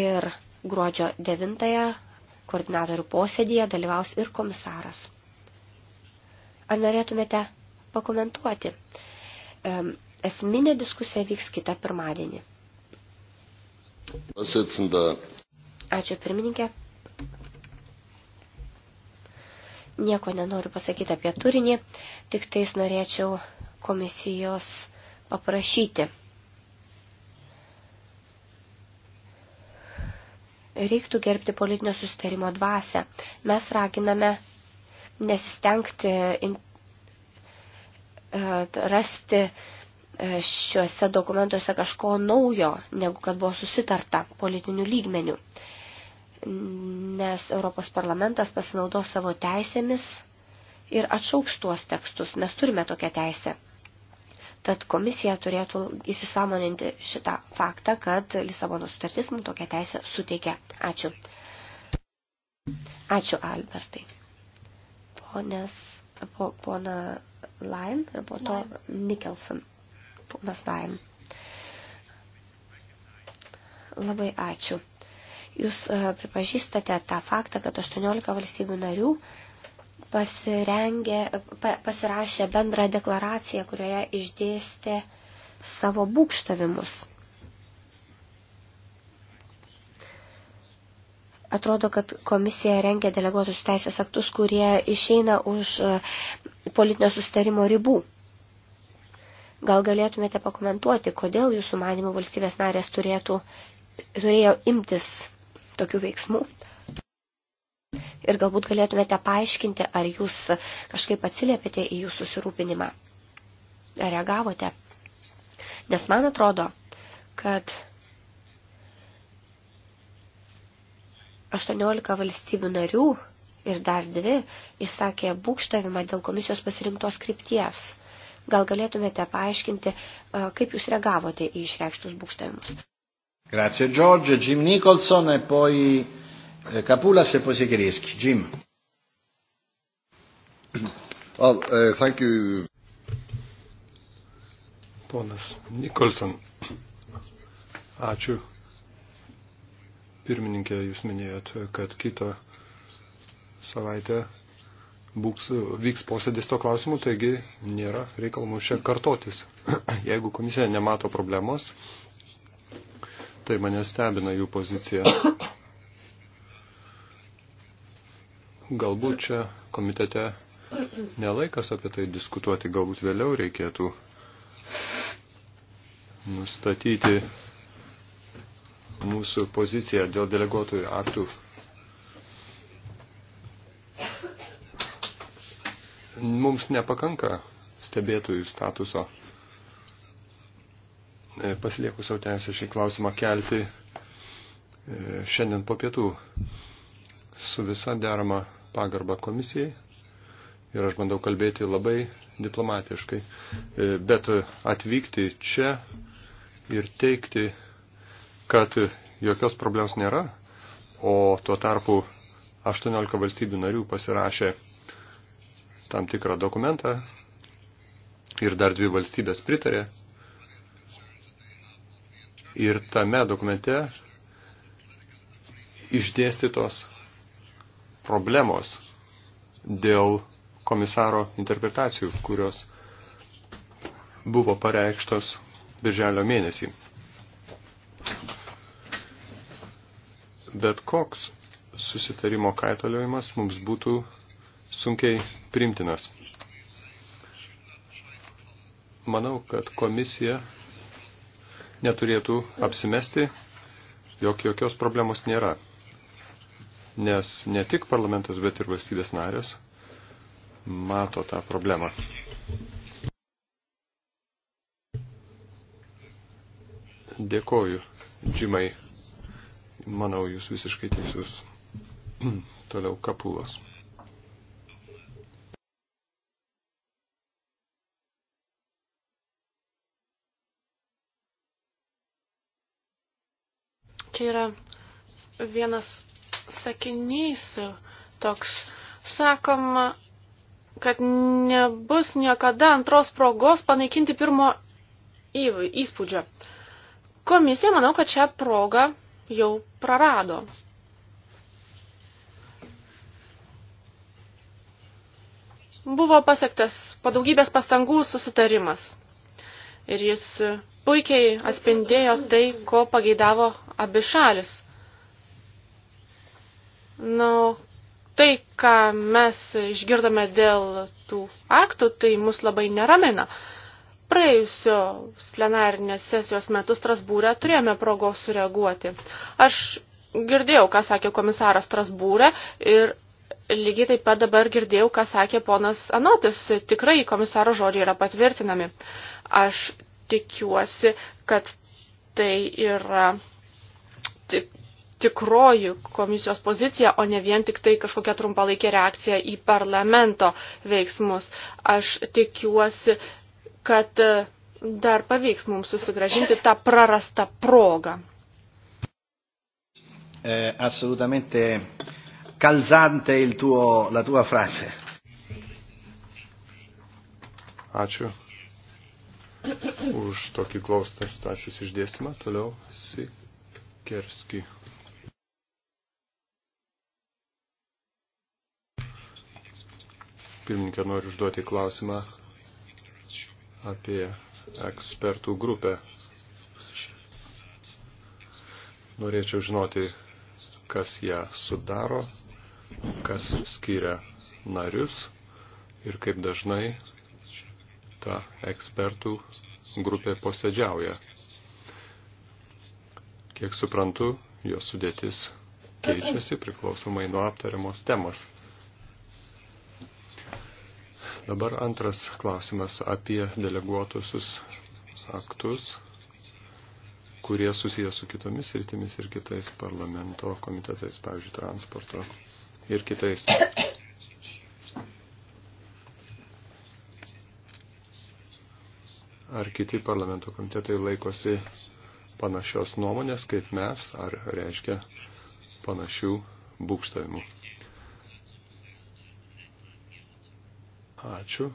ir gruodžio 9-ąją koordinatorių posėdėje dalyvaus ir komisaras. Ar norėtumėte pakomentuoti? E, esminė diskusija vyks kitą pirmadienį. Ačiū pirmininkė. Nieko nenoriu pasakyti apie turinį, tik tais norėčiau komisijos paprašyti. Reiktų gerbti politinio susitarimo dvasę. Mes raginame nesistengti e, rasti e, šiuose dokumentuose kažko naujo, negu kad buvo susitarta politinių lygmenių nes Europos parlamentas pasinaudos savo teisėmis ir atšauks tuos tekstus. Mes turime tokią teisę. Tad komisija turėtų įsisamoninti šitą faktą, kad Lisabono sutartis mums tokią teisę suteikia. Ačiū. Ačiū, Albertai. Ponas, po, pona Lain ir po to Nikelson. Ponas Lain. Labai ačiū. Jūs e, pripažįstate tą faktą, kad 18 valstybių narių pasirengė, pa, pasirašė bendrą deklaraciją, kurioje išdėstė savo būkštavimus. Atrodo, kad komisija rengia deleguotus teisės aktus, kurie išeina už e, politinio sustarimo ribų. Gal galėtumėte pakomentuoti, kodėl jūsų manimų valstybės narės turėtų, turėjo imtis tokių veiksmų. Ir galbūt galėtumėte paaiškinti, ar jūs kažkaip atsiliepėte į jų susirūpinimą. Ar reagavote? Nes man atrodo, kad 18 valstybių narių ir dar dvi išsakė būkštavimą dėl komisijos pasirinktos krypties. Gal galėtumėte paaiškinti, kaip jūs reagavote į išreikštus būkštavimus? Grazie George, Jim Nicholson e poi eh, Capulas e poi Sikirischi. Jim. Well, uh, thank you. Ponas Nikolson, ačiū. Pirmininkė, jūs minėjot, kad kitą savaitę būks, vyks posėdis to klausimu, taigi nėra reikalų mums čia kartotis. Jeigu komisija nemato problemos, Tai mane stebina jų pozicija. Galbūt čia komitete nelaikas apie tai diskutuoti, galbūt vėliau reikėtų nustatyti mūsų poziciją dėl deleguotojų aktų. Mums nepakanka stebėtojų statuso. E, pasilieku savo teisę šį klausimą kelti e, šiandien po pietų su visa derama pagarba komisijai. Ir aš bandau kalbėti labai diplomatiškai. E, bet atvykti čia ir teikti, kad jokios problemos nėra, o tuo tarpu 18 valstybių narių pasirašė tam tikrą dokumentą ir dar dvi valstybės pritarė Ir tame dokumente išdėstytos problemos dėl komisaro interpretacijų, kurios buvo pareikštos birželio mėnesį. Bet koks susitarimo kaitaliojimas mums būtų sunkiai primtinas. Manau, kad komisija neturėtų apsimesti, jog jokios problemos nėra. Nes ne tik parlamentas, bet ir valstybės narės mato tą problemą. Dėkoju, Džimai. Manau, jūs visiškai teisus. Toliau kapulos. Tai yra vienas sakinys toks. Sakoma, kad nebus niekada antros progos panaikinti pirmo įspūdžio. Komisija, manau, kad šią progą jau prarado. Buvo pasiektas padaugybės pastangų susitarimas. Ir jis puikiai atspindėjo tai, ko pageidavo abi šalis. Nu, tai, ką mes išgirdome dėl tų aktų, tai mus labai neramina. Praėjusio plenarinės sesijos metu Strasbūrė turėjome progos sureaguoti. Aš girdėjau, ką sakė komisaras Strasbūrė ir lygiai taip pat dabar girdėjau, ką sakė ponas Anotis. Tikrai komisaro žodžiai yra patvirtinami. Aš tikiuosi, kad tai yra tik, tikroji komisijos pozicija, o ne vien tik tai kažkokia trumpalaikė reakcija į parlamento veiksmus. Aš tikiuosi, kad dar pavyks mums susigražinti tą prarastą progą. Eh, assolutamente calzante il tuo, la tua frase. Ačiū už tokį glaustą stacijos išdėstymą. Toliau Sikerski. Pirmininkė nori užduoti klausimą apie ekspertų grupę. Norėčiau žinoti, kas ją sudaro, kas skiria narius ir kaip dažnai ta ekspertų grupė posėdžiauja. Kiek suprantu, jos sudėtis keičiasi priklausomai nuo aptariamos temos. Dabar antras klausimas apie deleguotusius aktus, kurie susijęs su kitomis rytimis ir kitais parlamento komitetais, pavyzdžiui, transporto ir kitais. ar kiti parlamento komitetai laikosi panašios nuomonės kaip mes, ar reiškia panašių būkštavimų. Ačiū.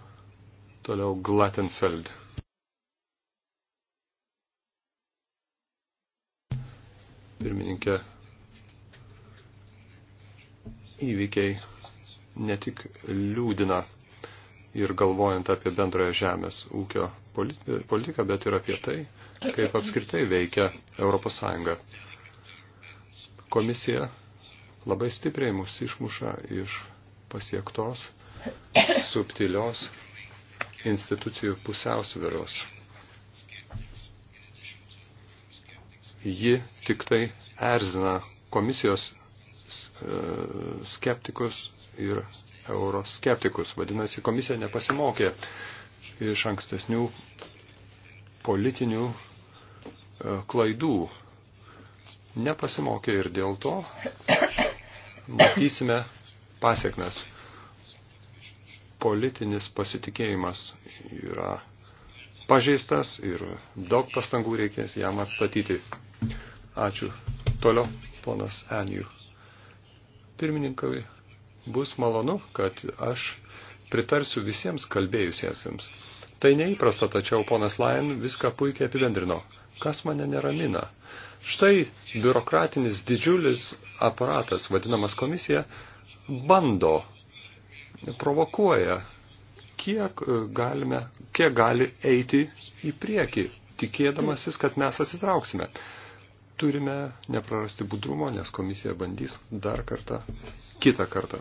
Toliau Glattenfeld. Pirmininkė, įvykiai ne tik liūdina ir galvojant apie bendrąją žemės ūkio politiką, bet ir apie tai, kaip apskritai veikia ES. Komisija labai stipriai mus išmuša iš pasiektos subtilios institucijų pusiausvėros. Ji tik tai erzina komisijos e, skeptikus ir euroskeptikus. Vadinasi, komisija nepasimokė iš ankstesnių politinių e, klaidų. Nepasimokė ir dėl to matysime pasiekmes. Politinis pasitikėjimas yra pažeistas ir daug pastangų reikės jam atstatyti. Ačiū. Toliau ponas Enijų. Pirmininkai, Bus malonu, kad aš pritarsiu visiems kalbėjusiesiems. Tai neįprasta, tačiau ponas Lain viską puikiai apibendrino. Kas mane neramina? Štai biurokratinis didžiulis aparatas, vadinamas komisija, bando, provokuoja, kiek, e, galime, kiek gali eiti į priekį, tikėdamasis, kad mes atsitrauksime turime neprarasti budrumo, nes komisija bandys dar kartą, kitą kartą,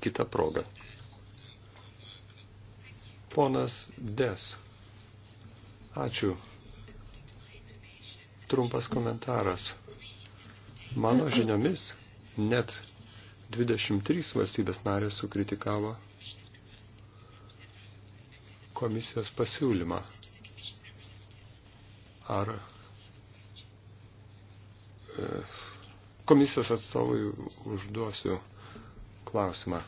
kitą progą. Ponas Des. Ačiū. Trumpas komentaras. Mano žiniomis net 23 valstybės narės sukritikavo komisijos pasiūlymą. Ar komisijos atstovui užduosiu klausimą.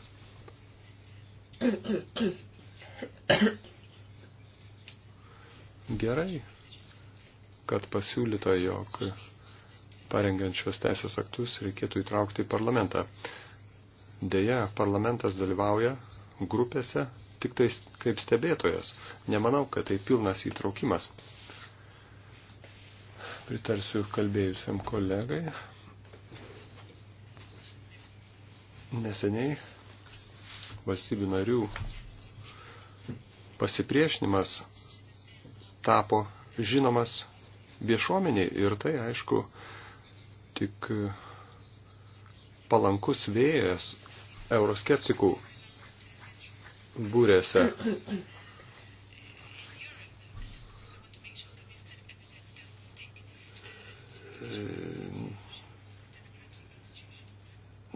Gerai, kad pasiūlyta, jog parengiančios teisės aktus reikėtų įtraukti į parlamentą. Deja, parlamentas dalyvauja grupėse tik tais kaip stebėtojas. Nemanau, kad tai pilnas įtraukimas pritarsiu kalbėjusiam kolegai. Neseniai valstybių narių pasipriešinimas tapo žinomas viešuomeniai ir tai, aišku, tik palankus vėjas euroskeptikų būrėse.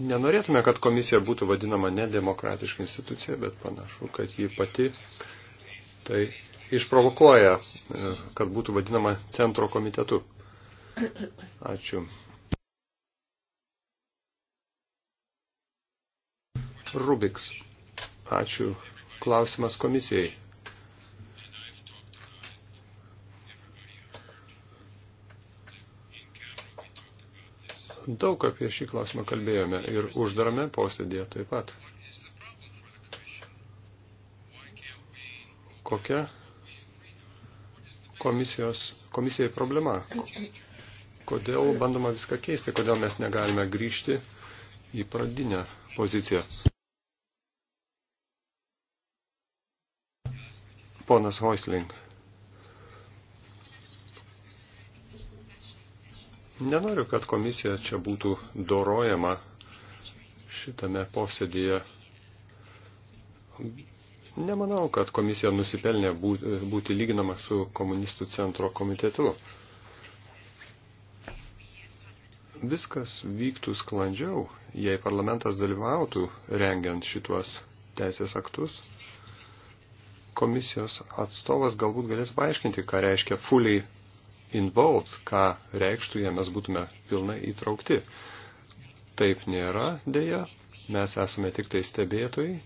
nenorėtume, kad komisija būtų vadinama nedemokratiška institucija, bet panašu, kad ji pati tai išprovokuoja, e, kad būtų vadinama centro komitetu. Ačiū. Rubiks. Ačiū. Klausimas komisijai. Daug apie šį klausimą kalbėjome ir uždarame posėdėje taip pat. Kokia komisijos, komisijai problema? Kodėl bandoma viską keisti? Kodėl mes negalime grįžti į pradinę poziciją? Ponas Hoisling. Nenoriu, kad komisija čia būtų dorojama šitame posėdėje. Nemanau, kad komisija nusipelnė būti lyginama su komunistų centro komitetu. Viskas vyktų sklandžiau, jei parlamentas dalyvautų rengiant šituos teisės aktus. Komisijos atstovas galbūt galės paaiškinti, ką reiškia fully involved, ką reikštų, jei mes būtume pilnai įtraukti. Taip nėra dėja, mes esame tik tai stebėtojai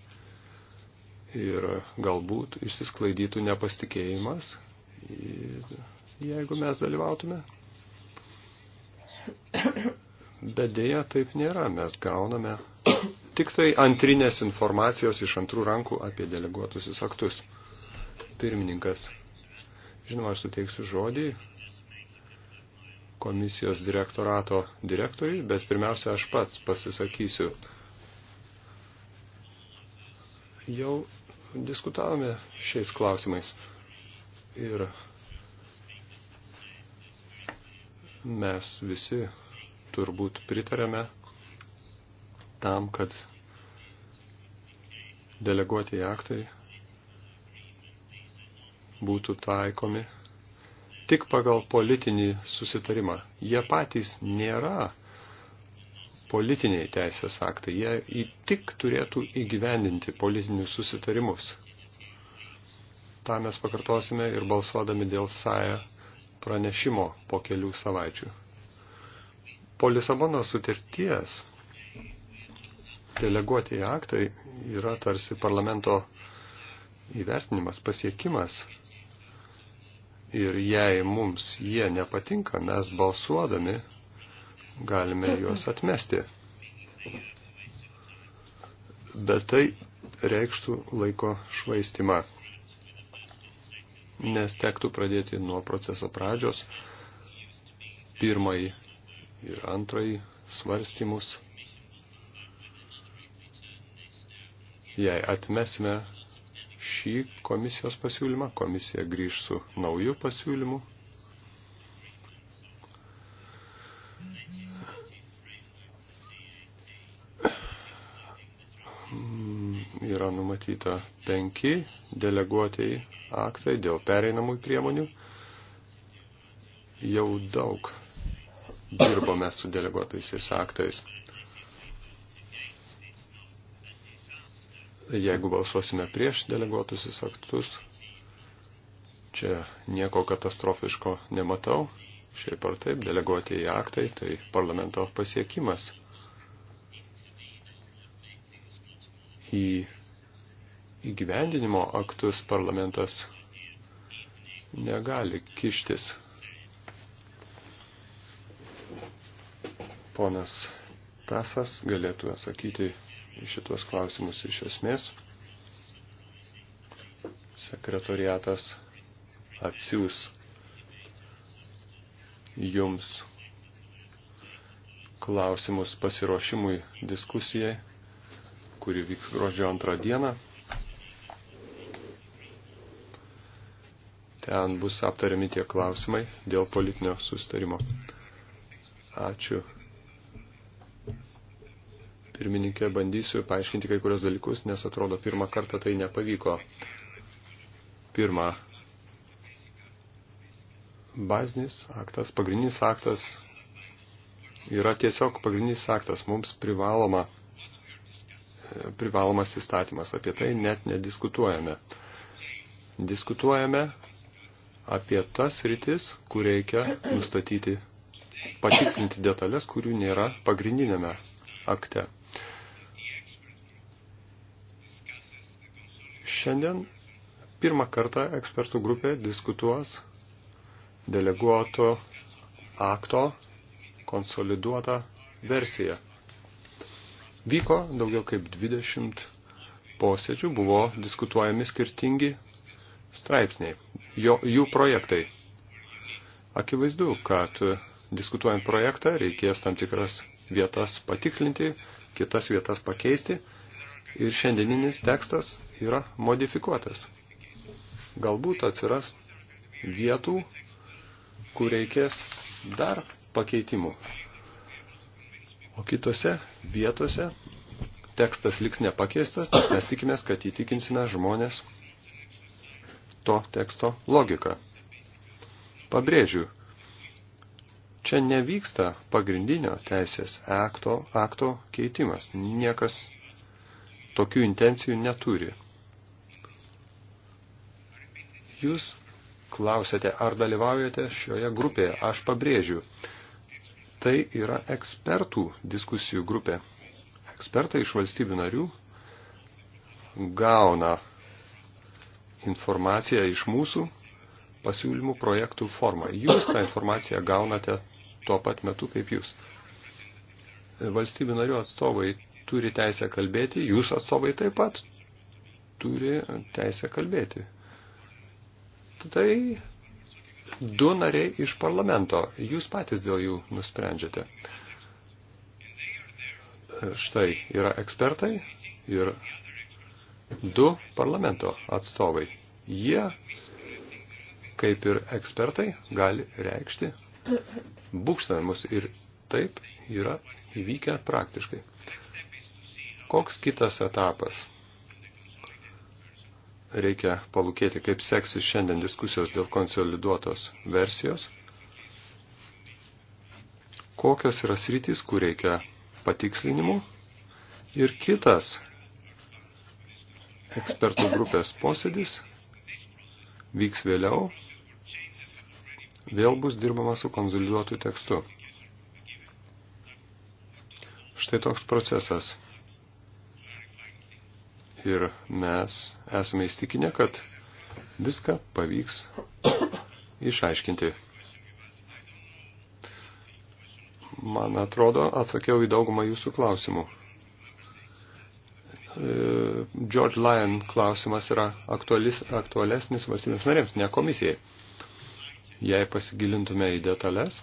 ir galbūt išsisklaidytų nepastikėjimas, jeigu mes dalyvautume. Bet dėja taip nėra, mes gauname tik tai antrinės informacijos iš antrų rankų apie deleguotusius aktus. Pirmininkas. Žinoma, aš suteiksiu žodį komisijos direktorato direktoriui, bet pirmiausia, aš pats pasisakysiu. Jau diskutavome šiais klausimais ir mes visi turbūt pritarėme tam, kad deleguoti aktai būtų taikomi tik pagal politinį susitarimą. Jie patys nėra politiniai teisės aktai, jie tik turėtų įgyvendinti politinius susitarimus. Ta mes pakartosime ir balsuodami dėl SAE pranešimo po kelių savaičių. Po Lisabono sutarties deleguoti aktai yra tarsi parlamento įvertinimas, pasiekimas Ir jei mums jie nepatinka, mes balsuodami galime juos atmesti. Bet tai reikštų laiko švaistimą, nes tektų pradėti nuo proceso pradžios, pirmąjį ir antrąjį svarstymus. Jei atmesime šį komisijos pasiūlymą. Komisija grįž su nauju pasiūlymu. Mm, yra numatyta penki deleguotieji aktai dėl pereinamų priemonių. Jau daug dirbome su deleguotaisiais aktais. jeigu balsuosime prieš deleguotusius aktus, čia nieko katastrofiško nematau. Šiaip ar taip, deleguoti į aktai, tai parlamento pasiekimas. Į įgyvendinimo aktus parlamentas negali kištis. Ponas Tasas galėtų atsakyti šitos klausimus iš esmės. Sekretoriatas atsiūs jums klausimus pasiruošimui diskusijai, kuri vyks gruodžio antrą dieną. Ten bus aptariami tie klausimai dėl politinio sustarimo. Ačiū pirmininkė, bandysiu paaiškinti kai kurios dalykus, nes atrodo pirmą kartą tai nepavyko. Pirma, bazinis aktas, pagrindinis aktas yra tiesiog pagrindinis aktas, mums privaloma, privalomas įstatymas, apie tai net nediskutuojame. Diskutuojame apie tas rytis, kur reikia nustatyti, patikslinti detalės, kurių nėra pagrindinėme akte. Šiandien pirmą kartą ekspertų grupė diskutuos deleguoto akto konsoliduotą versiją. Vyko daugiau kaip 20 posėdžių, buvo diskutuojami skirtingi straipsniai, jo, jų projektai. Akivaizdu, kad diskutuojant projektą reikės tam tikras vietas patikslinti, kitas vietas pakeisti, Ir šiandieninis tekstas yra modifikuotas. Galbūt atsiras vietų, kur reikės dar pakeitimų. O kitose vietose tekstas liks nepakeistas, nes mes tikimės, kad įtikinsime žmonės to teksto logiką. Pabrėžiu, čia nevyksta pagrindinio teisės akto, akto keitimas. Niekas tokių intencijų neturi. Jūs klausėte, ar dalyvaujate šioje grupėje. Aš pabrėžiu, tai yra ekspertų diskusijų grupė. Ekspertai iš valstybių narių gauna informaciją iš mūsų pasiūlymų projektų formą. Jūs tą informaciją gaunate tuo pat metu kaip jūs. Valstybių narių atstovai turi teisę kalbėti, jūs atstovai taip pat turi teisę kalbėti. Tai du nariai iš parlamento, jūs patys dėl jų nusprendžiate. Štai yra ekspertai ir du parlamento atstovai. Jie, kaip ir ekspertai, gali reikšti būkštavimus ir taip yra įvykę praktiškai. Koks kitas etapas? Reikia palūkėti, kaip seksis šiandien diskusijos dėl konsoliduotos versijos. Kokios yra sritys, kur reikia patikslinimų. Ir kitas ekspertų grupės posėdis vyks vėliau, vėl bus dirbama su konzoliduotu tekstu. Štai toks procesas ir mes esame įstikinę, kad viską pavyks išaiškinti. Man atrodo, atsakiau į daugumą jūsų klausimų. E, George Lyon klausimas yra aktualis, aktualesnis valstybėms narėms, ne komisijai. Jei pasigilintume į detalės,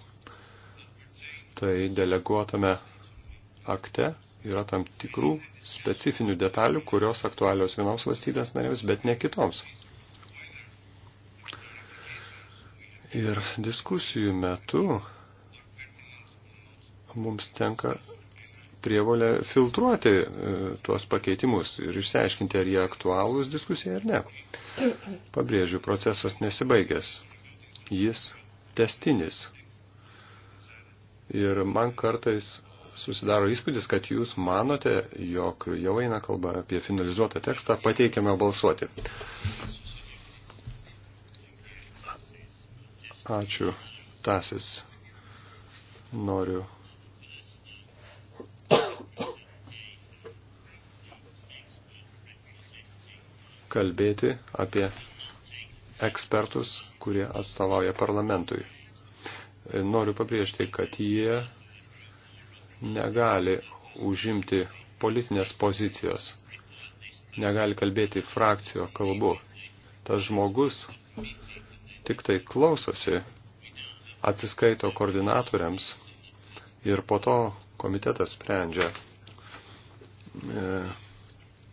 tai deleguotame akte yra tam tikrų specifinių detalių, kurios aktualios vienos valstybės narėms, bet ne kitoms. Ir diskusijų metu mums tenka prievolę filtruoti e, tuos pakeitimus ir išsiaiškinti, ar jie aktualūs diskusijai ar ne. Pabrėžiu, procesas nesibaigęs. Jis testinis. Ir man kartais susidaro įspūdis, kad jūs manote, jog jau eina kalba apie finalizuotą tekstą, pateikiame balsuoti. Ačiū, Tasis. Noriu. kalbėti apie ekspertus, kurie atstovauja parlamentui. Noriu pabrėžti, kad jie negali užimti politinės pozicijos, negali kalbėti frakcijo kalbu. Tas žmogus tik tai klausosi, atsiskaito koordinatoriams ir po to komitetas sprendžia e,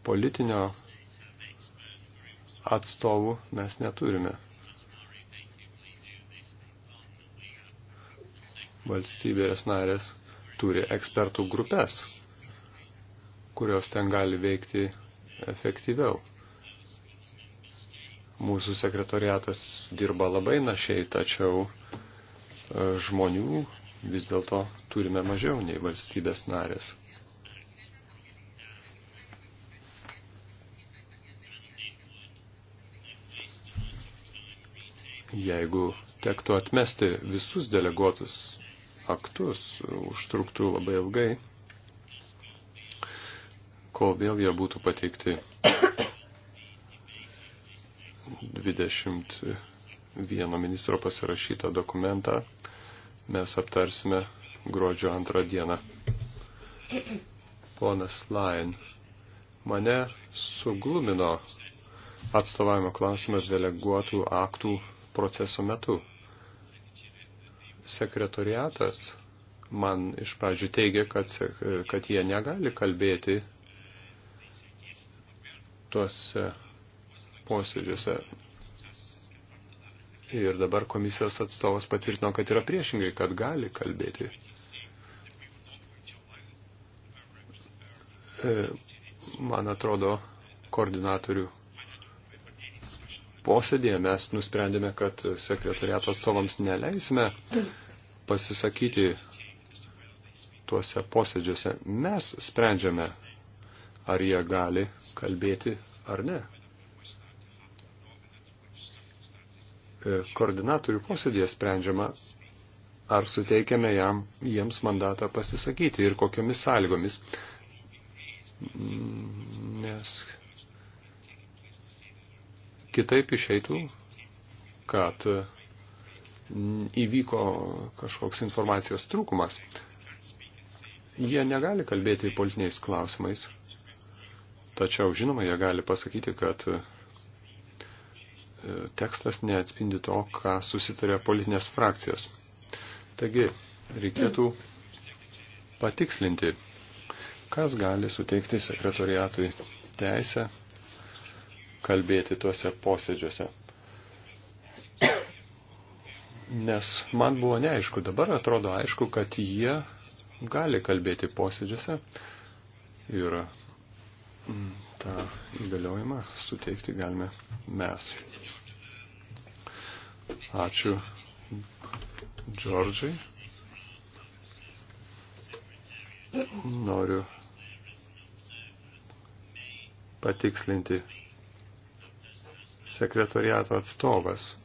politinio atstovų mes neturime. Valstybės narės turi ekspertų grupės, kurios ten gali veikti efektyviau. Mūsų sekretoriatas dirba labai našiai, tačiau e, žmonių vis dėlto turime mažiau nei valstybės narės. Jeigu tektų atmesti visus deleguotus aktus užtruktų labai ilgai, kol vėl jie būtų pateikti 21 ministro pasirašytą dokumentą. Mes aptarsime gruodžio antrą dieną. Ponas Lain, mane suglumino atstovavimo klausimas deleguotų aktų proceso metu sekretoriatas man iš pradžių teigia, kad, kad jie negali kalbėti tuose posėdžiuose. Ir dabar komisijos atstovas patvirtino, kad yra priešingai, kad gali kalbėti. E, man atrodo, koordinatorių posėdėje mes nusprendėme, kad sekretariato atstovams neleisime pasisakyti tuose posėdžiuose. Mes sprendžiame, ar jie gali kalbėti ar ne. E, koordinatorių posėdėje sprendžiama, ar suteikiame jam, jiems mandatą pasisakyti ir kokiamis sąlygomis. Mm, nes Kitaip išeitų, kad e, įvyko kažkoks informacijos trūkumas. Jie negali kalbėti politiniais klausimais, tačiau žinoma, jie gali pasakyti, kad e, tekstas neatspindi to, ką susitarė politinės frakcijos. Taigi, reikėtų patikslinti, kas gali suteikti sekretoriatui teisę kalbėti tuose posėdžiuose. Nes man buvo neaišku, dabar atrodo aišku, kad jie gali kalbėti posėdžiuose ir mm, tą įgaliojimą suteikti galime mes. Ačiū Džordžiai. Noriu patikslinti sekretoriato atstovas.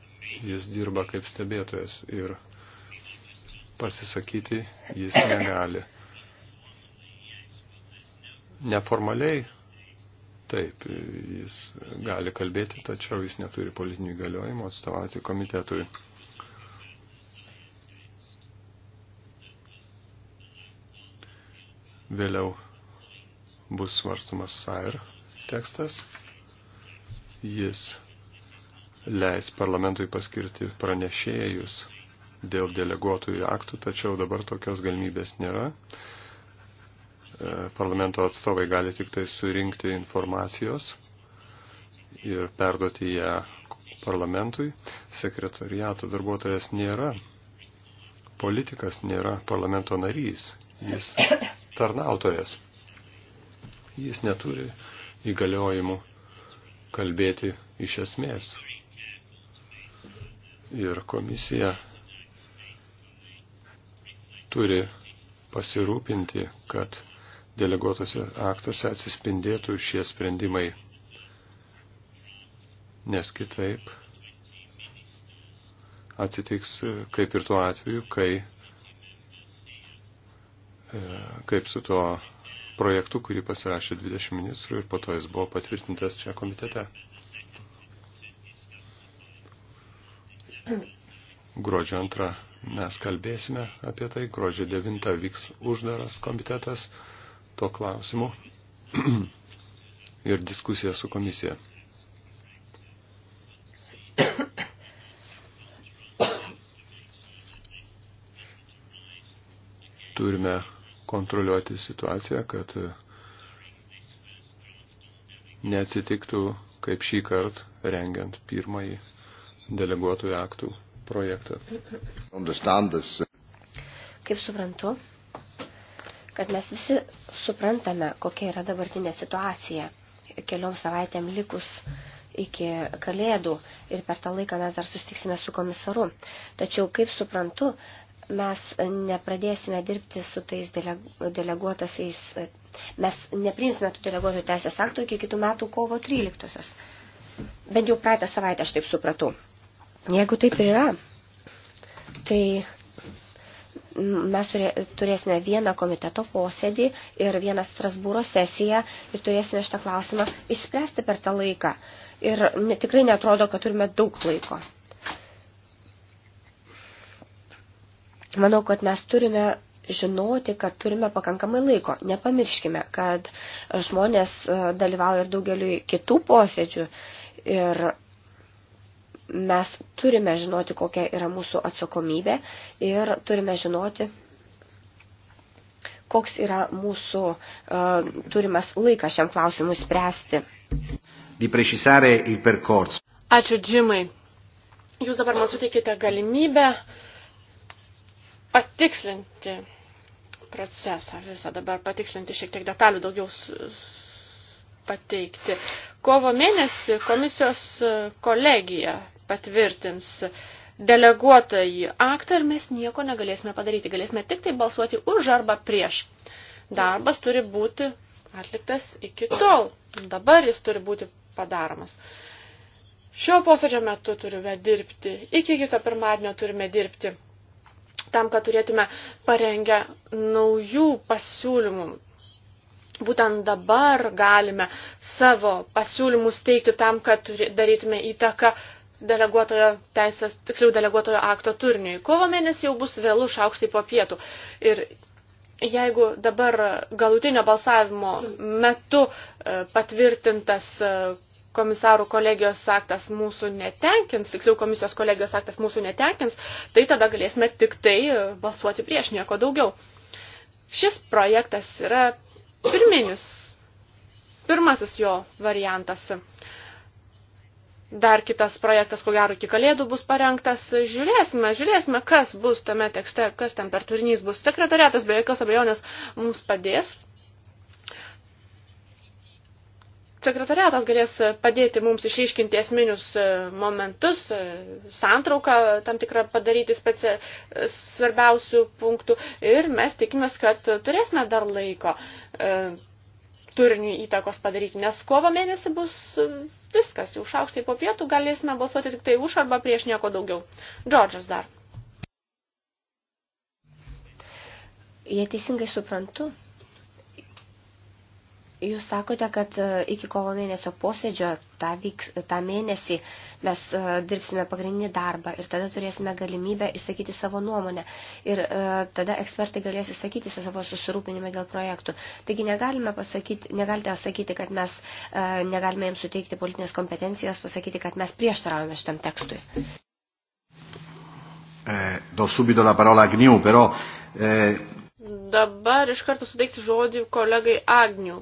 Jis dirba kaip stebėtojas ir pasisakyti jis negali. Neformaliai Taip, jis gali kalbėti, tačiau jis neturi politinių įgaliojimų atstovauti komitetui. Vėliau bus svarstamas SAIR tekstas. Jis leis parlamentui paskirti pranešėjus dėl deleguotųjų aktų, tačiau dabar tokios galimybės nėra. E, parlamento atstovai gali tik tai surinkti informacijos ir perduoti ją parlamentui. Sekretoriato darbuotojas nėra, politikas nėra parlamento narys, jis tarnautojas. Jis neturi įgaliojimų kalbėti iš esmės ir komisija turi pasirūpinti, kad deleguotose aktuose atsispindėtų šie sprendimai, nes kitaip atsitiks e, kaip ir tuo atveju, kai e, kaip su tuo projektu, kurį pasirašė 20 ministrų ir po to jis buvo patvirtintas čia komitete. Gruodžio antrą mes kalbėsime apie tai. Gruodžio 9 vyks uždaras komitetas tuo klausimu ir diskusija su komisija. Turime kontroliuoti situaciją, kad neatsitiktų kaip šį kartą rengiant pirmąjį deleguotojų aktų projektą. Kaip suprantu, kad mes visi suprantame, kokia yra dabartinė situacija keliom savaitėm likus iki kalėdų ir per tą laiką mes dar sustiksime su komisaru. Tačiau, kaip suprantu, mes nepradėsime dirbti su tais deleguotasiais, mes nepriimsime tų deleguotų teisės aktų iki kitų metų kovo 13. -osios. Bent jau praeitą savaitę aš taip supratau. Jeigu taip ir yra, tai mes turėsime vieną komiteto posėdį ir vieną Strasbūro sesiją ir turėsime šitą klausimą išspręsti per tą laiką. Ir ne, tikrai netrodo, kad turime daug laiko. Manau, kad mes turime žinoti, kad turime pakankamai laiko. Nepamirškime, kad žmonės e, dalyvauja ir daugeliu kitų posėdžių. Ir mes turime žinoti, kokia yra mūsų atsakomybė ir turime žinoti, koks yra mūsų uh, turimas laikas šiam klausimui spręsti. Ačiū, Džimai. Jūs dabar man suteikite galimybę patikslinti procesą visą, dabar patikslinti šiek tiek detalių daugiau pateikti. Kovo mėnesį komisijos kolegija patvirtins deleguotąjį aktą ir mes nieko negalėsime padaryti. Galėsime tik tai balsuoti už arba prieš. Darbas turi būti atliktas iki tol. Dabar jis turi būti padaromas. Šio posėdžio metu turime dirbti. Iki kito pirmadienio turime dirbti. Tam, kad turėtume parengę naujų pasiūlymų, būtent dabar galime savo pasiūlymus teikti tam, kad darytume įtaką deleguotojo teisės, tiksliau deleguotojo akto turniui. Kovo mėnesį jau bus vėlų šaukštai po pietų. Ir jeigu dabar galutinio balsavimo metu e, patvirtintas e, komisarų kolegijos aktas mūsų netenkins, tiksliau komisijos kolegijos aktas mūsų netenkins, tai tada galėsime tik tai e, balsuoti prieš nieko daugiau. Šis projektas yra pirminis, pirmasis jo variantas. Dar kitas projektas, ko gero, iki kalėdų bus parengtas. Žiūrėsime, žiūrėsime, kas bus tame tekste, kas ten per turinys bus. Sekretariatas be jokios abejonės mums padės. Sekretariatas galės padėti mums išryškinti esminius e, momentus, e, santrauką tam tikrą padaryti specia... E, svarbiausių punktų ir mes tikimės, kad turėsime dar laiko turiniui įtakos padaryti, nes kovo mėnesį bus um, viskas, jau šaukštai po pietų galėsime balsuoti tik tai už arba prieš nieko daugiau. Džordžas dar. Jei teisingai suprantu, Jūs sakote, kad e, iki kovo mėnesio posėdžio tą, vyks, tą mėnesį mes e, dirbsime pagrindinį darbą ir tada turėsime galimybę išsakyti savo nuomonę. Ir e, tada ekspertai galės išsakyti savo susirūpinimą dėl projektų. Taigi negalime pasakyti, negalite sakyti, kad mes negalime jums suteikti politinės kompetencijos, pasakyti, kad mes prieštaravome šitam tekstui. Eh, do subito la parola a Gniu, però eh, dabar iš karto suteikti žodį kolegai Agnių.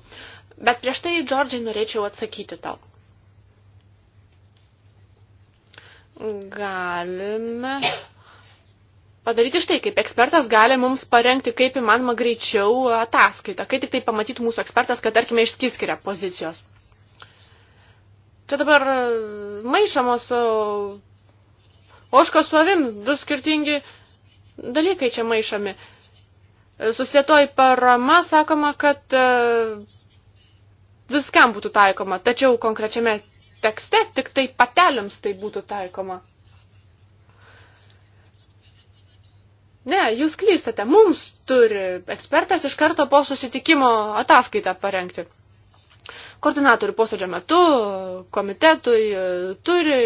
Bet prieš tai, Džordžiai, norėčiau atsakyti tau. Galime padaryti štai, kaip ekspertas gali mums parengti kaip įmanoma greičiau ataskaitą, kai tik tai pamatytų mūsų ekspertas, kad tarkime išskiskiria pozicijos. Čia dabar maišamos oškos su avim, du skirtingi dalykai čia maišomi. Susietoji parama sakoma, kad e, viskam būtų taikoma, tačiau konkrečiame tekste tik tai patelėms tai būtų taikoma. Ne, jūs klystate, mums turi ekspertas iš karto po susitikimo ataskaitą parengti. Koordinatorių posėdžio metu komitetui e, turi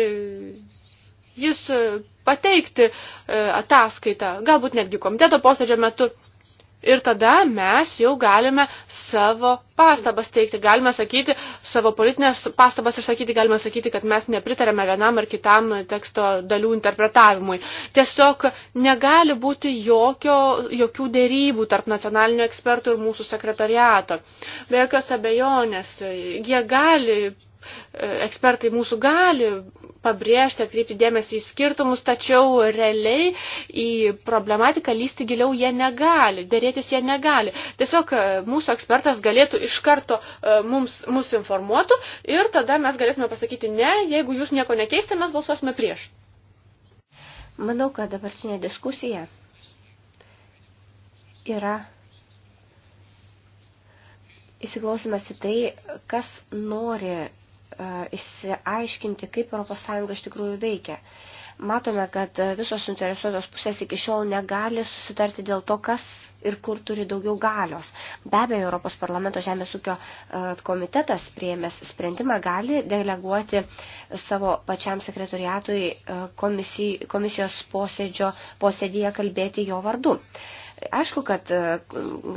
jis pateikti e, ataskaitą, galbūt netgi komiteto posėdžio metu Ir tada mes jau galime savo pastabas teikti, galime sakyti, savo politinės pastabas išsakyti, galime sakyti, kad mes nepritarėme vienam ar kitam teksto dalių interpretavimui. Tiesiog negali būti jokio, jokių dėrybų tarp nacionalinių ekspertų ir mūsų sekretariato. Be jokios abejonės, jie gali E, ekspertai mūsų gali pabrėžti, atkreipti dėmesį į skirtumus, tačiau realiai į problematiką lysti giliau jie negali, dėrėtis jie negali. Tiesiog e, mūsų ekspertas galėtų iš karto e, mums, mus informuotų ir tada mes galėtume pasakyti ne, jeigu jūs nieko nekeistė, mes balsuosime prieš. Manau, kad dabartinė diskusija yra įsiklausimas į tai, kas nori E, išsiaiškinti, kaip ES iš tikrųjų veikia matome, kad visos suinteresuotos pusės iki šiol negali susitarti dėl to, kas ir kur turi daugiau galios. Be abejo, Europos parlamento žemės ūkio e, komitetas prieėmęs sprendimą gali deleguoti savo pačiam sekretoriatui e, komisijos posėdžio, posėdėje kalbėti jo vardu. Aišku, kad e,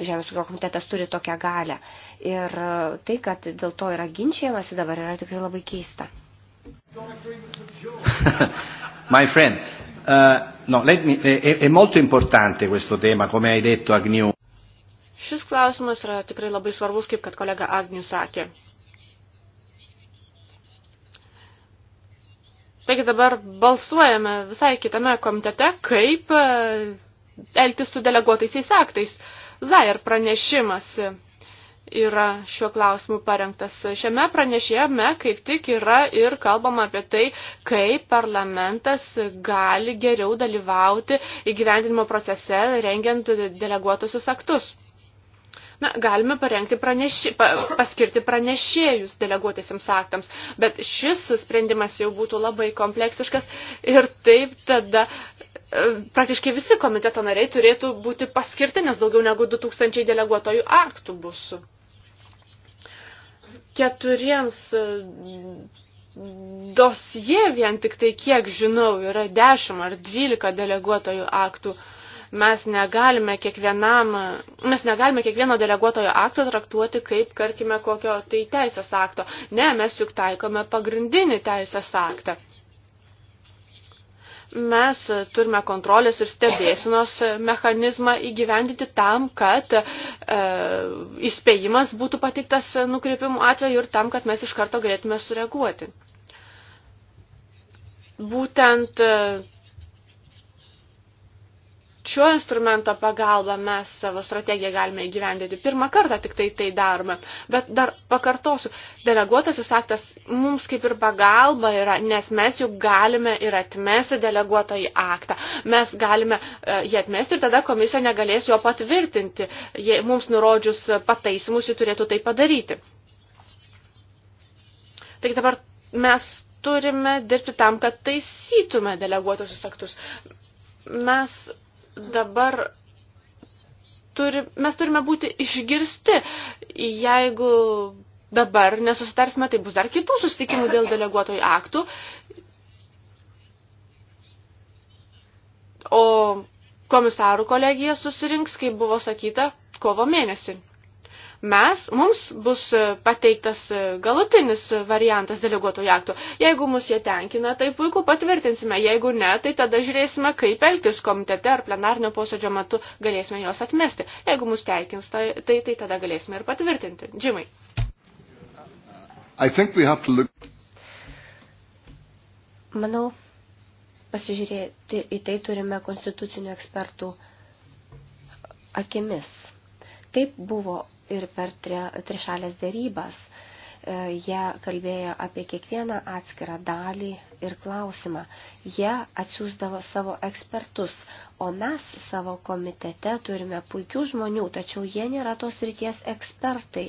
Žemės ūkio komitetas turi tokią galę ir tai, kad dėl to yra ginčiamasi dabar yra tikrai labai keista. My friend, uh, no, let me, è, è molto importante questo tema, come hai detto Agniu. Šis klausimas yra tikrai labai svarbus, kaip kad kolega Agniu sakė. Taigi dabar balsuojame visai kitame komitete, kaip uh, elgtis su deleguotaisiais aktais. Zair pranešimas yra šiuo klausimu parengtas. Šiame pranešėjame kaip tik yra ir kalbama apie tai, kaip parlamentas gali geriau dalyvauti įgyvendinimo procese, rengiant deleguotusius aktus. Na, galime parengti pranešė, pa, paskirti pranešėjus deleguotėsiams aktams, bet šis sprendimas jau būtų labai kompleksiškas ir taip tada e, praktiškai visi komiteto nariai turėtų būti paskirti, nes daugiau negu 2000 deleguotojų aktų bus keturiems e, dosie vien tik tai, kiek žinau, yra 10 ar 12 deleguotojų aktų. Mes negalime, kiekvienam, mes negalime kiekvieno deleguotojo akto traktuoti kaip, karkime, kokio tai teisės akto. Ne, mes juk taikome pagrindinį teisės aktą mes turime kontrolės ir stebėsinos mechanizmą įgyvendyti tam, kad e, įspėjimas būtų pateiktas nukreipimų atveju ir tam, kad mes iš karto galėtume sureaguoti. Būtent e, šio instrumento pagalba mes savo strategiją galime įgyvendinti. Pirmą kartą tik tai tai darome. Bet dar pakartosiu, deleguotasis aktas mums kaip ir pagalba yra, nes mes juk galime ir atmesti deleguotą į aktą. Mes galime e, jį atmesti ir tada komisija negalės jo patvirtinti. Jei mums nurodžius pataisimus, ji turėtų tai padaryti. Taigi dabar mes turime dirbti tam, kad taisytume deleguotusius aktus. Mes dabar turi, mes turime būti išgirsti, jeigu dabar nesusitarsime, tai bus dar kitų susitikimų dėl deleguotojų aktų. O komisarų kolegija susirinks, kaip buvo sakyta, kovo mėnesį mes, mums bus e, pateiktas e, galutinis e, variantas deleguotojų aktų. Jeigu mus jie tenkina, tai puiku patvirtinsime. Jeigu ne, tai tada žiūrėsime, kaip elgtis komitete ar plenarnio posėdžio metu galėsime juos atmesti. Jeigu mus tenkins, tai, tai, tai tada galėsime ir patvirtinti. Džimai. Look... Manau, pasižiūrėti į tai turime konstitucinių ekspertų akimis. Taip buvo ir per trišalės dėrybas. E, jie kalbėjo apie kiekvieną atskirą dalį ir klausimą. Jie atsiųsdavo savo ekspertus, o mes savo komitete turime puikių žmonių, tačiau jie nėra tos ryties ekspertai.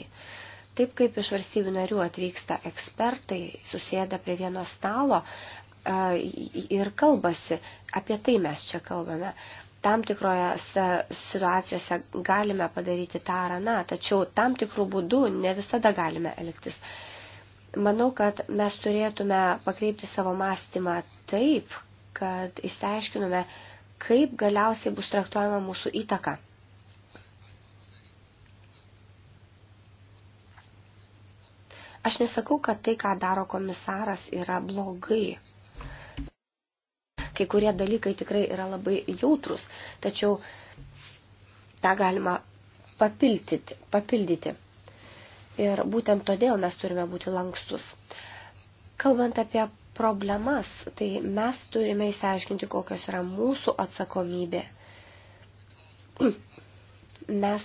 Taip kaip iš valstybių narių atvyksta ekspertai, susėda prie vieno stalo e, ir kalbasi, apie tai mes čia kalbame tam tikrojose situacijose galime padaryti tą ar aną, tačiau tam tikrų būdų ne visada galime elgtis. Manau, kad mes turėtume pakreipti savo mąstymą taip, kad įsiaiškinume, kaip galiausiai bus traktuojama mūsų įtaka. Aš nesakau, kad tai, ką daro komisaras, yra blogai. Kai kurie dalykai tikrai yra labai jautrus, tačiau tą galima papildyti. papildyti. Ir būtent todėl mes turime būti lankstus. Kalbant apie problemas, tai mes turime įsiaiškinti, kokios yra mūsų atsakomybė. Mes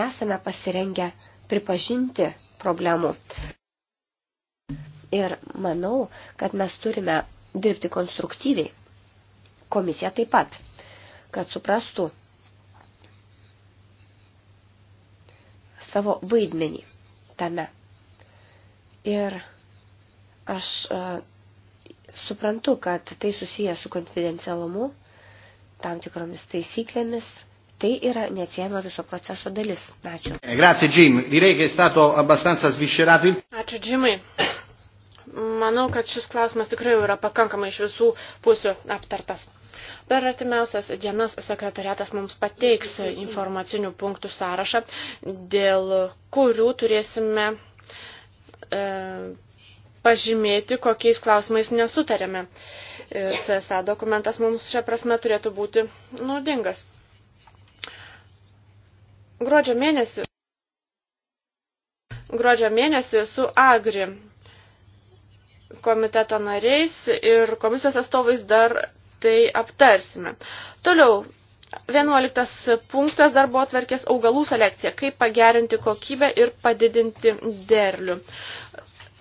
nesame pasirengę pripažinti problemų. Ir manau, kad mes turime dirbti konstruktyviai komisija taip pat, kad suprastų savo vaidmenį tame. Ir aš e, suprantu, kad tai susiję su konfidencialumu, tam tikromis taisyklėmis. Tai yra neatsiejama viso proceso dalis. Ačiū. Grazie, Jim. Direi che è stato abbastanza sviscerato il... Ačiū, Jimai. Manau, kad šis klausimas tikrai yra pakankamai iš visų pusių aptartas. Per artimiausias dienas sekretariatas mums pateiks informacinių punktų sąrašą, dėl kurių turėsime e, pažymėti, kokiais klausimais nesutarėme. E, CSA dokumentas mums šią prasme turėtų būti naudingas. Gruodžio mėnesį, gruodžio mėnesį su Agri komiteto nariais ir komisijos atstovais dar tai aptarsime. Toliau, 11 punktas darbo atverkės augalų selekcija, kaip pagerinti kokybę ir padidinti derlių.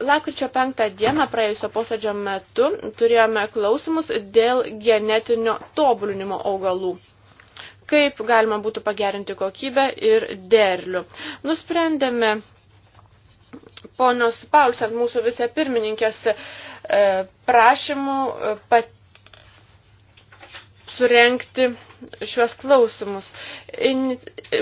Lakryčio 5 dieną praėjusio posėdžio metu turėjome klausimus dėl genetinio tobulinimo augalų kaip galima būtų pagerinti kokybę ir derlių. Nusprendėme ponios Paulsen, mūsų vice pirmininkės e, prašymų e, pat surenkti šiuos klausimus. In,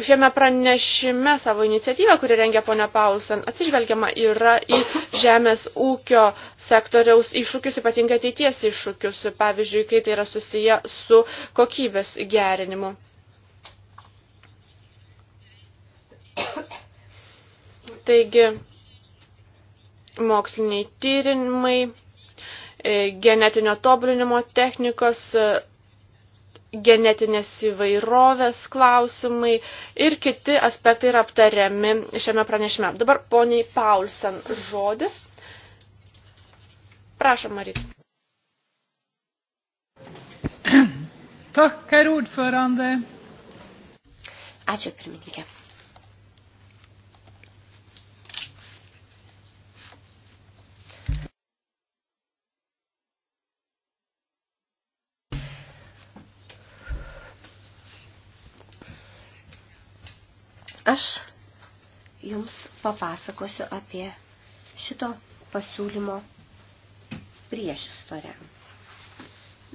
šiame pranešime savo iniciatyvą, kuri rengia ponia Paulsen, atsižvelgiama yra į žemės ūkio sektoriaus iššūkius, ypatingai ateities iššūkius, pavyzdžiui, kai tai yra susiję su kokybės gerinimu. Taigi, moksliniai tyrimai, e, genetinio tobulinimo technikos, e, genetinės įvairovės klausimai ir kiti aspektai yra aptariami šiame pranešime. Dabar poniai Paulsen žodis. Prašom, Marit. Tack, herr ordförande. Ačiū, pirmininkė. Aš jums papasakosiu apie šito pasiūlymo prieš istoriją.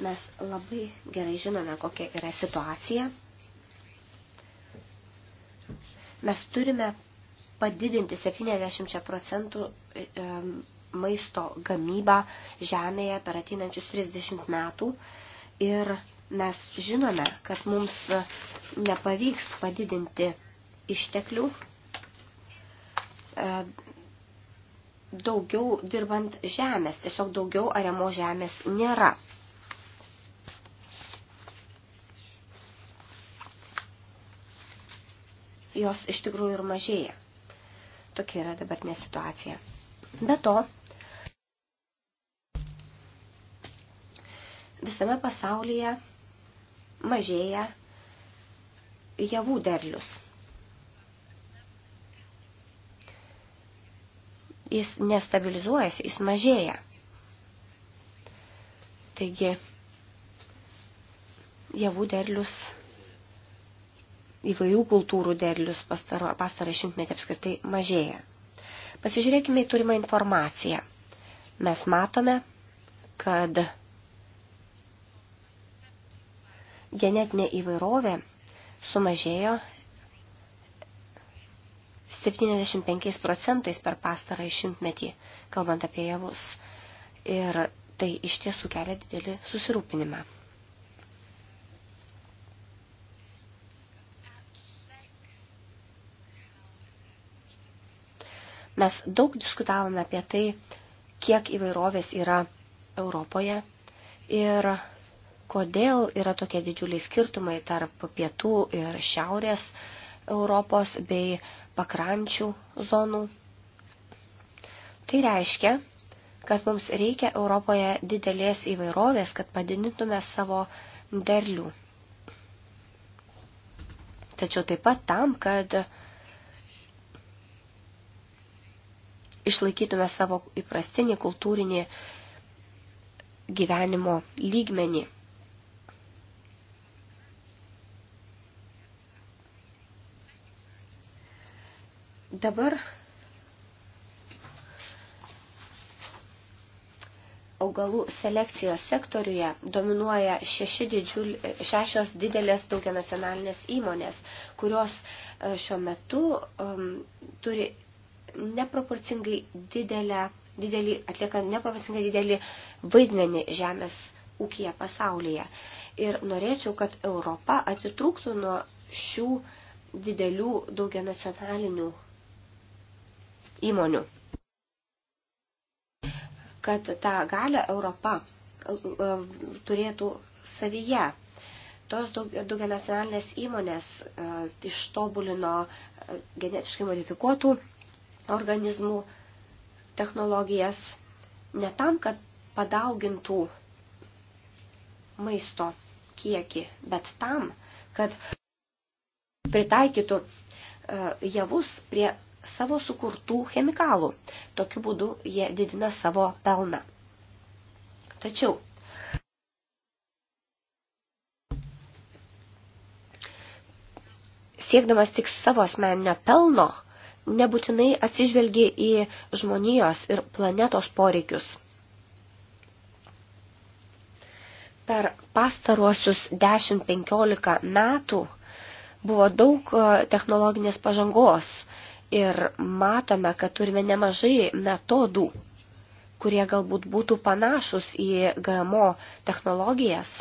Mes labai gerai žinome, kokia yra situacija. Mes turime padidinti 70 procentų maisto gamybą žemėje per ateinančius 30 metų. Ir mes žinome, kad mums nepavyks padidinti išteklių e, daugiau dirbant žemės, tiesiog daugiau ariamo žemės nėra. Jos iš tikrųjų ir mažėja. Tokia yra dabartinė situacija. Be to, visame pasaulyje mažėja javų derlius. jis nestabilizuojasi, jis mažėja. Taigi, javų derlius, įvairių kultūrų derlius pastarą šimtmetį apskritai mažėja. Pasižiūrėkime į turimą informaciją. Mes matome, kad genetinė įvairovė sumažėjo 75 procentais per pastarą šimtmetį, kalbant apie javus. Ir tai iš tiesų kelia didelį susirūpinimą. Mes daug diskutavome apie tai, kiek įvairovės yra Europoje ir kodėl yra tokie didžiuliai skirtumai tarp pietų ir šiaurės Europos bei pakrančių zonų. Tai reiškia, kad mums reikia Europoje didelės įvairovės, kad padidintume savo derlių. Tačiau taip pat tam, kad išlaikytume savo įprastinį kultūrinį gyvenimo lygmenį. Dabar augalų selekcijos sektoriuje dominuoja šeši didžiul, šešios didelės daugianacionalinės įmonės, kurios e, šiuo metu um, turi neproporcingai didelę, didelį, atlieka neproporcingai didelį vaidmenį žemės ūkija pasaulyje. Ir norėčiau, kad Europa atitrūktų nuo šių didelių daugianacionalinių įmonių. Kad tą galę Europa e, e, turėtų savyje. Tos daugia nacionalinės įmonės e, ištobulino genetiškai modifikuotų organizmų technologijas ne tam, kad padaugintų maisto kiekį, bet tam, kad pritaikytų javus prie savo sukurtų chemikalų. Tokiu būdu jie didina savo pelną. Tačiau siekdamas tik savo asmeninio pelno, nebūtinai atsižvelgia į žmonijos ir planetos poreikius. Per pastaruosius 10-15 metų buvo daug e, technologinės pažangos Ir matome, kad turime nemažai metodų, kurie galbūt būtų panašus į GMO technologijas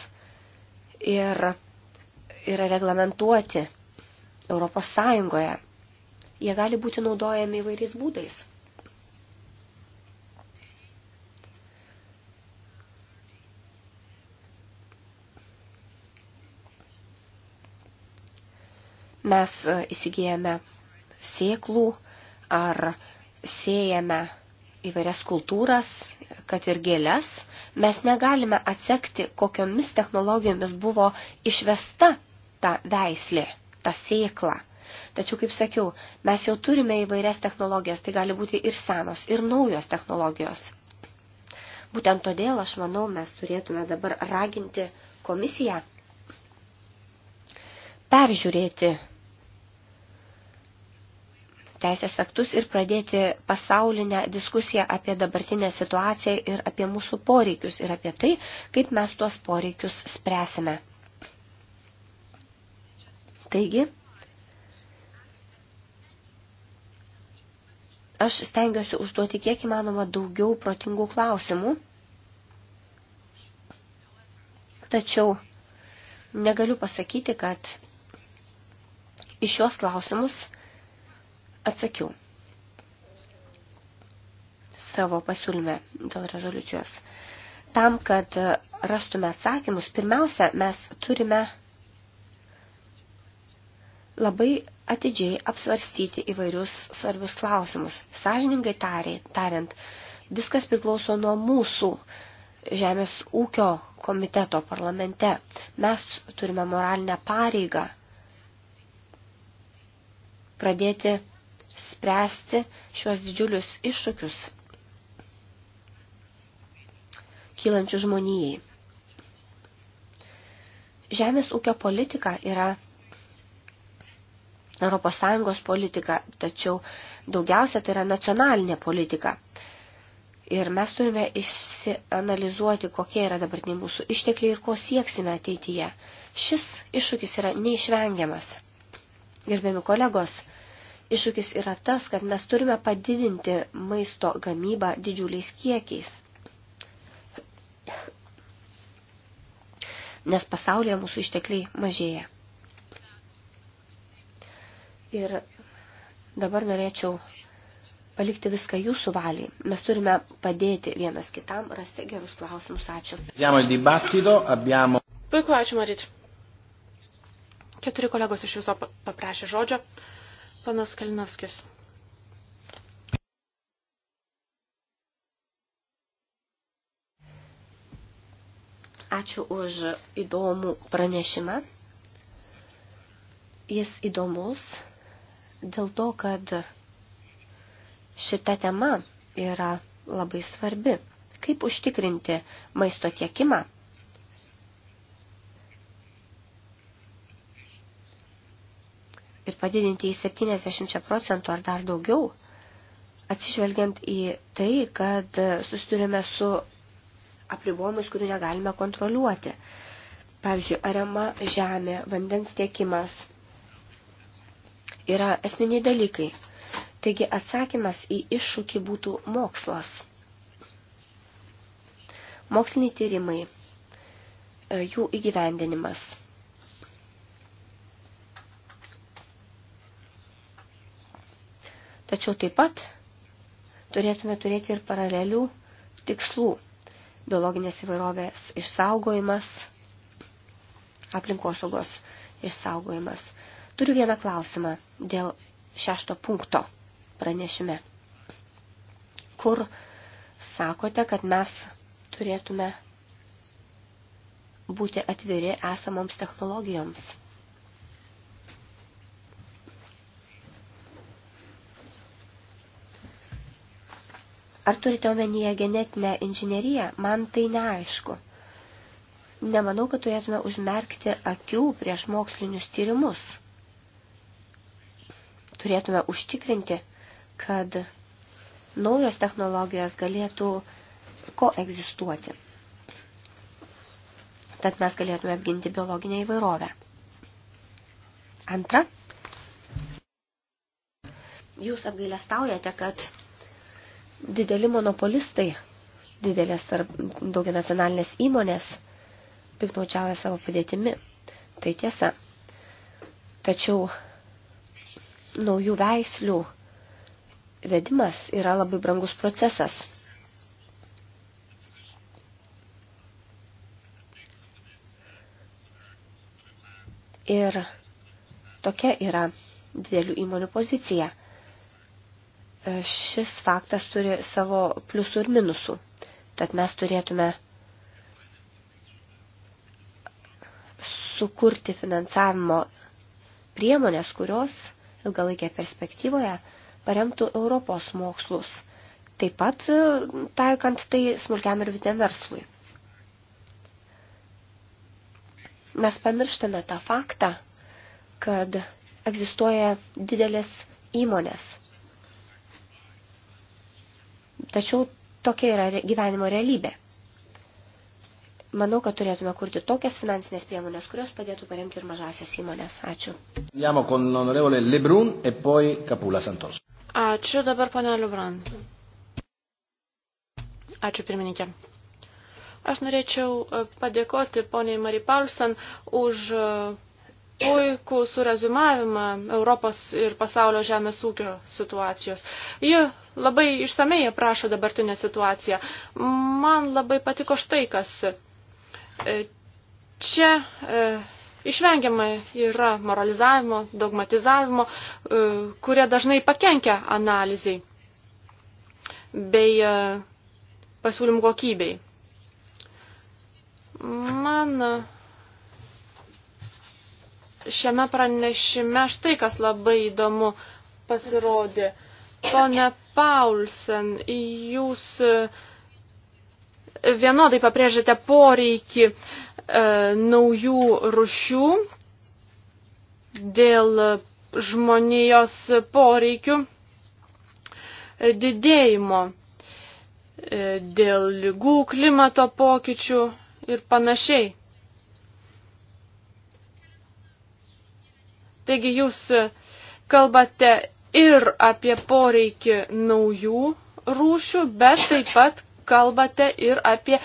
ir yra reglamentuoti Europos Sąjungoje. Jie gali būti naudojami įvairiais būdais. mes e, įsigijame sėklų, ar siejame įvairias kultūras, kad ir gėlės, mes negalime atsekti, kokiomis technologijomis buvo išvesta ta veislė, ta sėkla. Tačiau, kaip sakiau, mes jau turime įvairias technologijas, tai gali būti ir senos, ir naujos technologijos. Būtent todėl, aš manau, mes turėtume dabar raginti komisiją peržiūrėti teisės aktus ir pradėti pasaulinę diskusiją apie dabartinę situaciją ir apie mūsų poreikius ir apie tai, kaip mes tuos poreikius spręsime. Taigi, aš stengiuosi užduoti kiek įmanoma daugiau protingų klausimų, tačiau negaliu pasakyti, kad į šios klausimus – atsakiau savo pasiūlyme dėl rezoliucijos. Tam, kad rastume atsakymus, pirmiausia, mes turime labai atidžiai apsvarstyti įvairius svarbius klausimus. Sažiningai tariant, viskas priklauso nuo mūsų Žemės ūkio komiteto parlamente. Mes turime moralinę pareigą pradėti spręsti šios didžiulius iššūkius kylančių žmonijai. Žemės ūkio politika yra ES politika, tačiau daugiausia tai yra nacionalinė politika. Ir mes turime išsianalizuoti, kokie yra dabartiniai mūsų ištekliai ir ko sieksime ateityje. Šis iššūkis yra neišvengiamas. Gerbiami kolegos, Iššūkis yra tas, kad mes turime padidinti maisto gamybą didžiuliais kiekiais. Nes pasaulyje mūsų ištekliai mažėja. Ir dabar norėčiau palikti viską jūsų valiai. Mes turime padėti vienas kitam, rasti gerus klausimus. Ačiū. Puiku, ačiū Marit. Keturi kolegos iš viso paprašė žodžio. Panas Kalinovskis. Ačiū už įdomų pranešimą. Jis įdomus dėl to, kad šita tema yra labai svarbi. Kaip užtikrinti maisto tiekimą ir padidinti į 70 procentų ar dar daugiau, atsižvelgiant į tai, kad susidurime su apribojimais, kurių negalime kontroliuoti. Pavyzdžiui, arema žemė, vandens tiekimas yra esminiai dalykai. Taigi atsakymas į iššūkį būtų mokslas. Moksliniai tyrimai, e, jų įgyvendinimas – Tačiau taip pat turėtume turėti ir paralelių tikslų – biologinės įvairovės išsaugojimas, aplinkosaugos išsaugojimas. Turiu vieną klausimą dėl šešto punkto pranešime, kur sakote, kad mes turėtume būti atviri esamoms technologijoms. Ar turite omenyje genetinę inžineriją? Man tai neaišku. Nemanau, kad turėtume užmerkti akių prieš mokslinius tyrimus. Turėtume užtikrinti, kad naujos technologijos galėtų koegzistuoti. Tad mes galėtume apginti biologinę įvairovę. Antra, jūs apgailestaujate, kad dideli monopolistai, didelės ar daugianacionalinės įmonės piknaučiavę savo padėtimi. Tai tiesa. Tačiau naujų veislių vedimas yra labai brangus procesas. Ir tokia yra didelių įmonių pozicija – šis faktas turi savo pliusų ir minusų. Tad mes turėtume sukurti finansavimo priemonės, kurios ilgalaikė perspektyvoje paremtų Europos mokslus, taip pat e, taikant tai smulkiam ir vidiniam verslui. Mes pamirštame tą faktą, kad egzistuoja didelės įmonės – Tačiau tokia yra gyvenimo realybė. Manau, kad turėtume kurti tokias finansinės priemonės, kurios padėtų paremti ir mažasias įmonės. Ačiū. E Ačiū dabar, ponė Liubran. Ačiū pirmininkė. Aš norėčiau e, padėkoti poniai Mari Paulsen už e, puikų surezumavimą Europos ir pasaulio žemės ūkio situacijos. Ji labai išsamei aprašo dabartinę situaciją. Man labai patiko štai kas. E, čia e, išvengiamai yra moralizavimo, dogmatizavimo, e, kurie dažnai pakenkia analizai bei e, pasiūlymų kokybei. Man e, šiame pranešime štai kas labai įdomu pasirodė. Pone Paulsen, jūs e, vienodai pabrėžiate poreikį e, naujų rušių dėl žmonijos poreikių e, didėjimo, e, dėl lygų, klimato pokyčių ir panašiai. Taigi jūs e, kalbate ir apie poreikį naujų rūšių, bet taip pat kalbate ir apie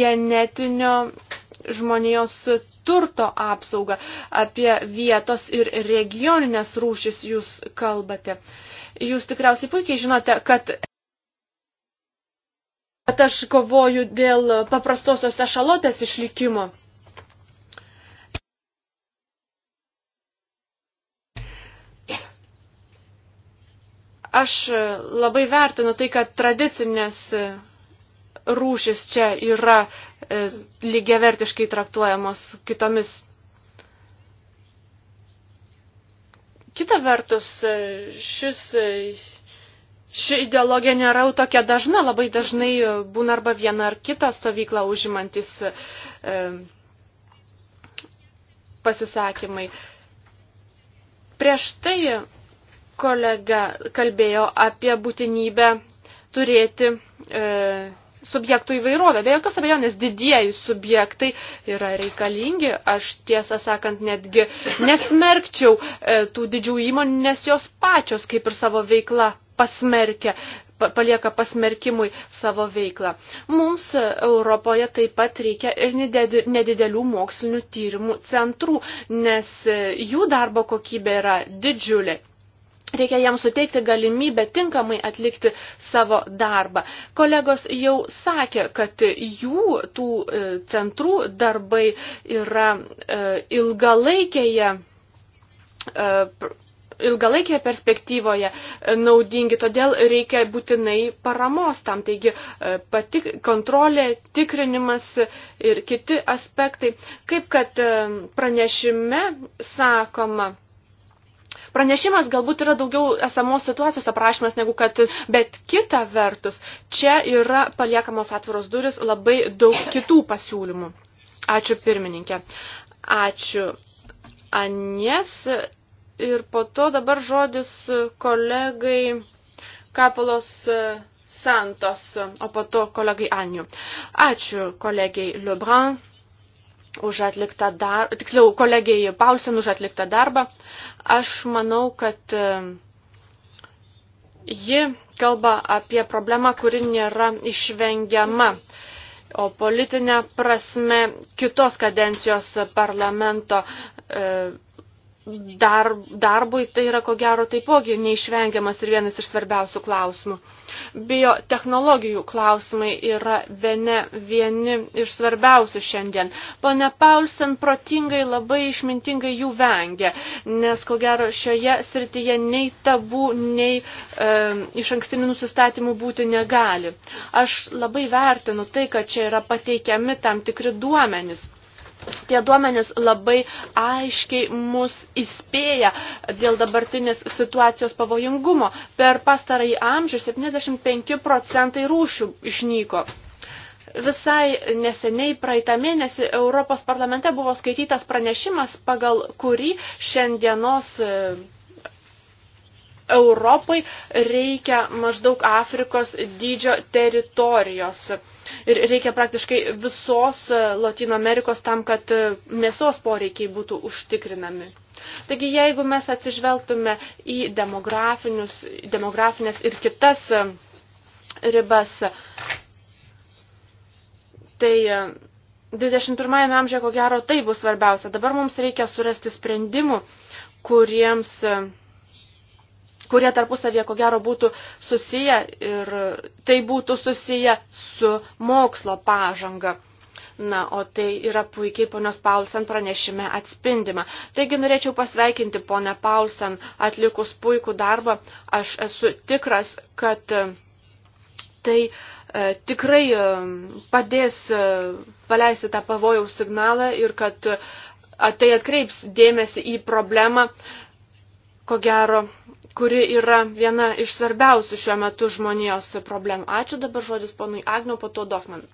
genetinio žmonijos turto apsaugą, apie vietos ir regioninės rūšis jūs kalbate. Jūs tikriausiai puikiai žinote, kad kad aš kovoju dėl paprastosios ešalotės išlikimo. Aš labai vertinu tai, kad tradicinės rūšis čia yra e, lygiavertiškai traktuojamos kitomis. Kita vertus, e, šis e, Ši ideologija nėra tokia dažna, labai dažnai būna arba viena ar kita stovykla užimantis e, pasisakymai. Prieš tai kolega kalbėjo apie būtinybę turėti e, subjektų įvairovę. Be jokios abejonės didieji subjektai yra reikalingi. Aš tiesą sakant netgi nesmerkčiau e, tų didžių įmonių, nes jos pačios kaip ir savo veikla pasmerkia palieka pasmerkimui savo veiklą. Mums e, Europoje taip pat reikia ir nedidelių mokslinių tyrimų centrų, nes e, jų darbo kokybė yra didžiulė. Reikia jam suteikti galimybę tinkamai atlikti savo darbą. Kolegos jau sakė, kad jų tų e, centrų darbai yra e, ilgalaikėje e, ilgalaikėje perspektyvoje naudingi, todėl reikia būtinai paramos tam. Taigi patik, kontrolė, tikrinimas ir kiti aspektai. Kaip kad pranešime sakoma, pranešimas galbūt yra daugiau esamos situacijos aprašymas negu kad, bet kita vertus, čia yra paliekamos atviros duris labai daug kitų pasiūlymų. Ačiū pirmininkė. Ačiū. Anies ir po to dabar žodis kolegai Kapolos e, Santos, o po to kolegai Aniu. Ačiū kolegiai Lebrun už atliktą darbą, tiksliau kolegijai Paulsen už atliktą darbą. Aš manau, kad e, ji kalba apie problemą, kuri nėra išvengiama. O politinė prasme kitos kadencijos parlamento e, dar, darbui tai yra ko gero taipogi neišvengiamas ir vienas iš svarbiausių klausimų. Biotechnologijų klausimai yra bene vieni iš svarbiausių šiandien. Pone Paulsen protingai labai išmintingai jų vengia, nes ko gero šioje srityje nei tabų, nei e, iš ankstinių nusistatymų būti negali. Aš labai vertinu tai, kad čia yra pateikiami tam tikri duomenys tie duomenys labai aiškiai mus įspėja dėl dabartinės situacijos pavojingumo. Per pastarąjį amžių 75 procentai rūšių išnyko. Visai neseniai praeitą mėnesį Europos parlamente buvo skaitytas pranešimas, pagal kurį šiandienos e, Europai reikia maždaug Afrikos dydžio teritorijos ir reikia praktiškai visos e, Latino Amerikos tam, kad e, mėsos poreikiai būtų užtikrinami. Taigi, jeigu mes atsižvelgtume į demografinės ir kitas e, ribas, tai 21 amžiuje ko gero tai bus svarbiausia. Dabar mums reikia surasti sprendimų, kuriems kurie tarpusavėje ko gero būtų susiję ir tai būtų susiję su mokslo pažanga. Na, o tai yra puikiai ponios Paulsen pranešime atspindima. Taigi norėčiau pasveikinti ponę Paulsen atlikus puikų darbą. Aš esu tikras, kad e, tai e, tikrai e, padės e, paleisti tą pavojaus signalą ir kad e, tai atkreips dėmesį į problemą, e, ko gero, kuri yra viena iš svarbiausių šiuo metu žmonijos problemų. Ačiū dabar žodis ponui Agno, po to Dofman.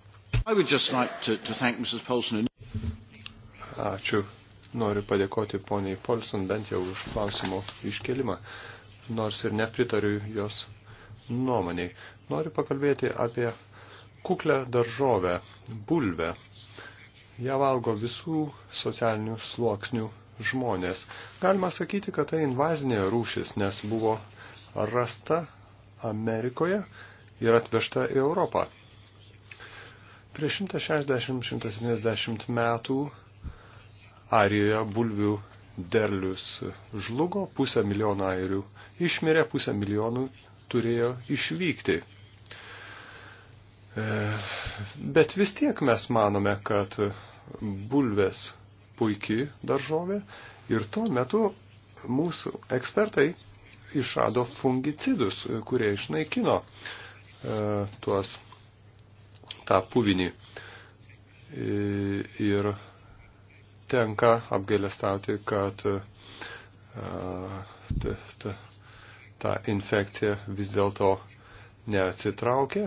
Ačiū. Noriu padėkoti poniai Polson bent jau už klausimo iškelimą, nors ir nepritariu jos nuomoniai. Noriu pakalbėti apie kuklę daržovę, bulvę. Ja valgo visų socialinių sluoksnių žmonės. Galima sakyti, kad tai invazinė rūšis, nes buvo rasta Amerikoje ir atvežta į Europą. Prieš 160-170 metų Arijoje bulvių derlius žlugo, pusę milijoną airių išmirė, pusę milijonų turėjo išvykti. E, bet vis tiek mes manome, kad bulvės puikiai daržovė ir tuo metu mūsų ekspertai išrado fungicidus, kurie išnaikino e, tuos tą puvinį. E, ir tenka apgailestauti, kad e, ta, ta, ta infekcija vis dėlto neatsitraukė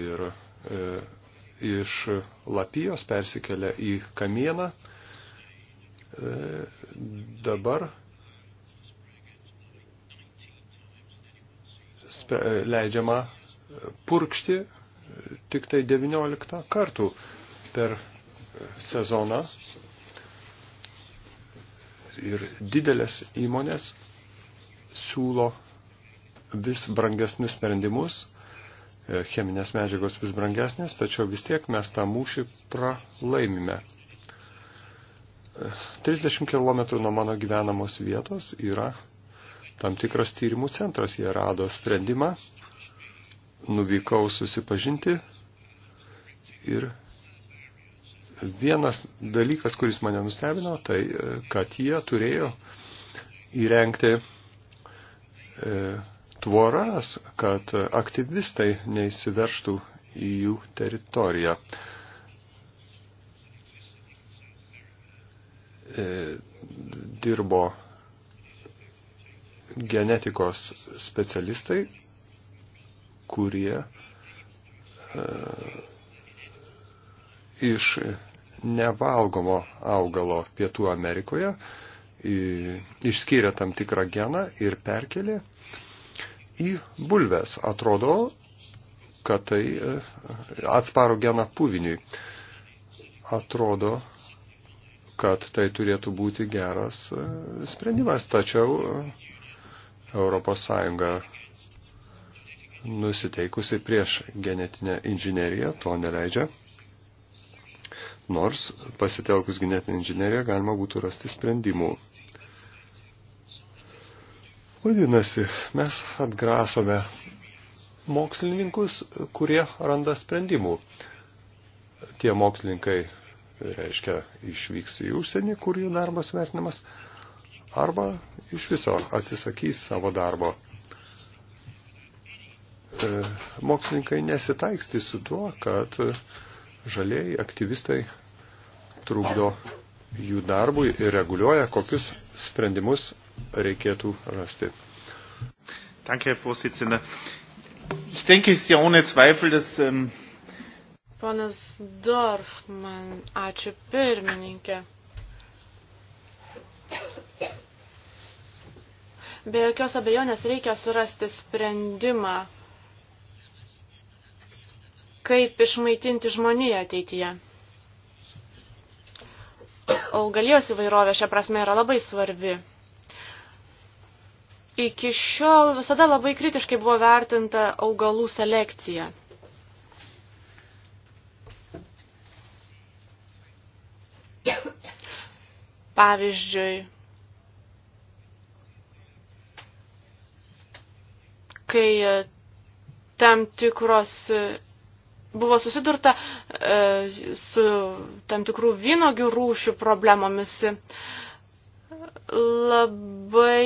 ir e, iš lapijos persikelia į kamieną. E, dabar leidžiama purkšti tik tai 19 kartų per sezoną. Ir didelės įmonės siūlo vis brangesnius sprendimus, E, cheminės medžiagos vis brangesnės, tačiau vis tiek mes tą mūšį pralaimime. 30 e, km nuo mano gyvenamos vietos yra tam tikras tyrimų centras. Jie rado sprendimą, nuvykau susipažinti ir vienas dalykas, kuris mane nustebino, tai e, kad jie turėjo įrengti tvoras, kad aktyvistai neįsiverštų į jų teritoriją. E, dirbo genetikos specialistai, kurie e, iš nevalgomo augalo Pietų Amerikoje išskyrė tam tikrą geną ir perkelė į bulves. Atrodo, kad tai e, atsparo geną puviniui. Atrodo, kad tai turėtų būti geras e, sprendimas, tačiau e, Europos Sąjunga nusiteikusi prieš genetinę inžineriją to neleidžia. Nors pasitelkus genetinę inžineriją galima būtų rasti sprendimų. Vadinasi, mes atgrasome mokslininkus, kurie randa sprendimų. Tie mokslininkai, reiškia, išvyks į užsienį, kur jų darbas vertinamas, arba iš viso atsisakys savo darbo e, mokslininkai nesitaiksti su tuo, kad žaliai aktyvistai trukdo jų darbui ir reguliuoja, kokius sprendimus reikėtų rasti. Danke, Herr Vorsitzender. Ich denke, es ist ja ohne Zweifel, dass. Ähm Ponas Dorfman, ačiū pirmininkė. Be jokios abejonės reikia surasti sprendimą, kaip išmaitinti žmoniją ateityje. Augalijos įvairovė šią prasme yra labai svarbi iki šiol visada labai kritiškai buvo vertinta augalų selekcija. Pavyzdžiui, kai tam tikros buvo susidurta e, su tam tikrų vynogių rūšių problemomis, labai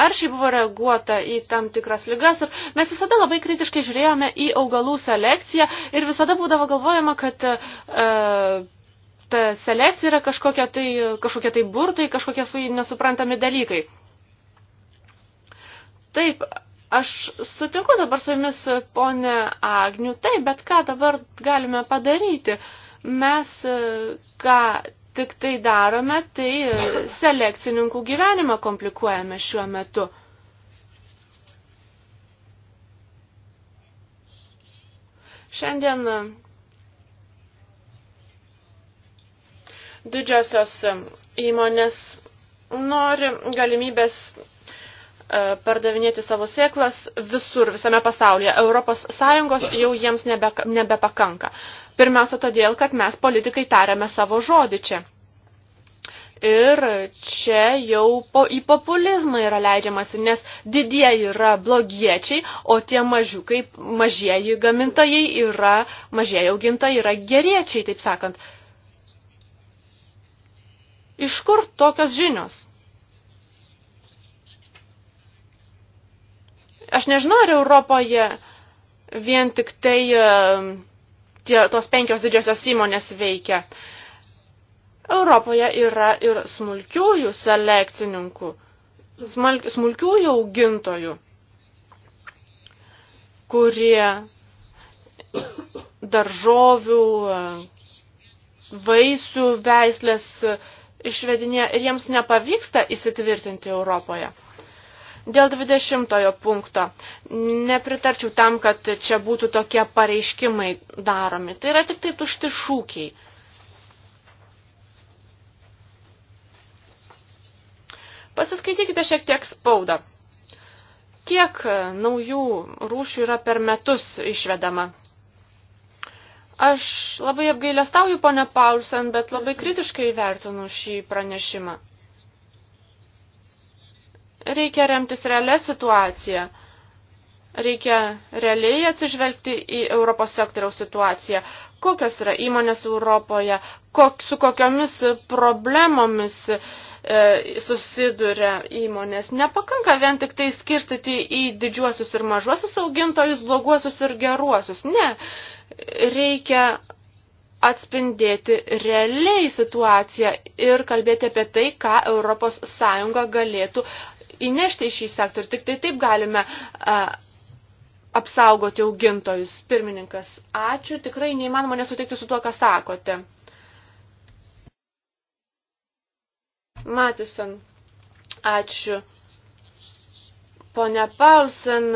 aršiai buvo reaguota į tam tikras lygas ir mes visada labai kritiškai žiūrėjome į augalų selekciją ir visada būdavo galvojama, kad e, ta selekcija yra kažkokie tai, kažkokie tai burtai, kažkokie nesuprantami dalykai. Taip, aš sutinku dabar su jumis, ponė Agnių, taip, bet ką dabar galime padaryti? Mes ką e, tik tai darome, tai e, selekcininkų gyvenimą komplikuojame šiuo metu. Šiandien e, didžiosios e, įmonės nori galimybės E, pardavinėti savo sėklas visur, visame pasaulyje. Europos Sąjungos jau jiems nebe, nebepakanka. Pirmiausia todėl, kad mes politikai tariame savo žodį čia. Ir čia jau po, į populizmą yra leidžiamasi, nes didieji yra blogiečiai, o tie mažiukai, mažieji gamintojai yra, mažieji augintojai yra geriečiai, taip sakant. Iš kur tokios žinios? Aš nežinau, ar Europoje vien tik tai e, tie, tos penkios didžiosios įmonės veikia. Europoje yra ir smulkiųjų selekcininkų, smulkiųjų augintojų, kurie daržovių, e, vaisių veislės išvedinė ir jiems nepavyksta įsitvirtinti Europoje. Dėl 20 punkto nepritarčiau tam, kad čia būtų tokie pareiškimai daromi. Tai yra tik tai tušti šūkiai. Pasiskaitykite šiek tiek spaudą. Kiek naujų rūšių yra per metus išvedama? Aš labai apgailestauju, ponia Paulsen, bet labai kritiškai vertinu šį pranešimą reikia remtis realią situaciją. Reikia realiai atsižvelgti į Europos sektoriaus situaciją. Kokios yra įmonės Europoje, kok, su kokiomis problemomis e, susiduria įmonės. Nepakanka vien tik tai skirstyti į didžiuosius ir mažuosius augintojus, bloguosius ir geruosius. Ne, reikia atspindėti realiai situaciją ir kalbėti apie tai, ką ES galėtų įnešti į šį sektorių. Tik tai taip galime apsaugoti augintojus. Pirmininkas, ačiū. Tikrai neįmanoma nesutikti su tuo, ką sakote. Matison, ačiū. Pone Paulsen,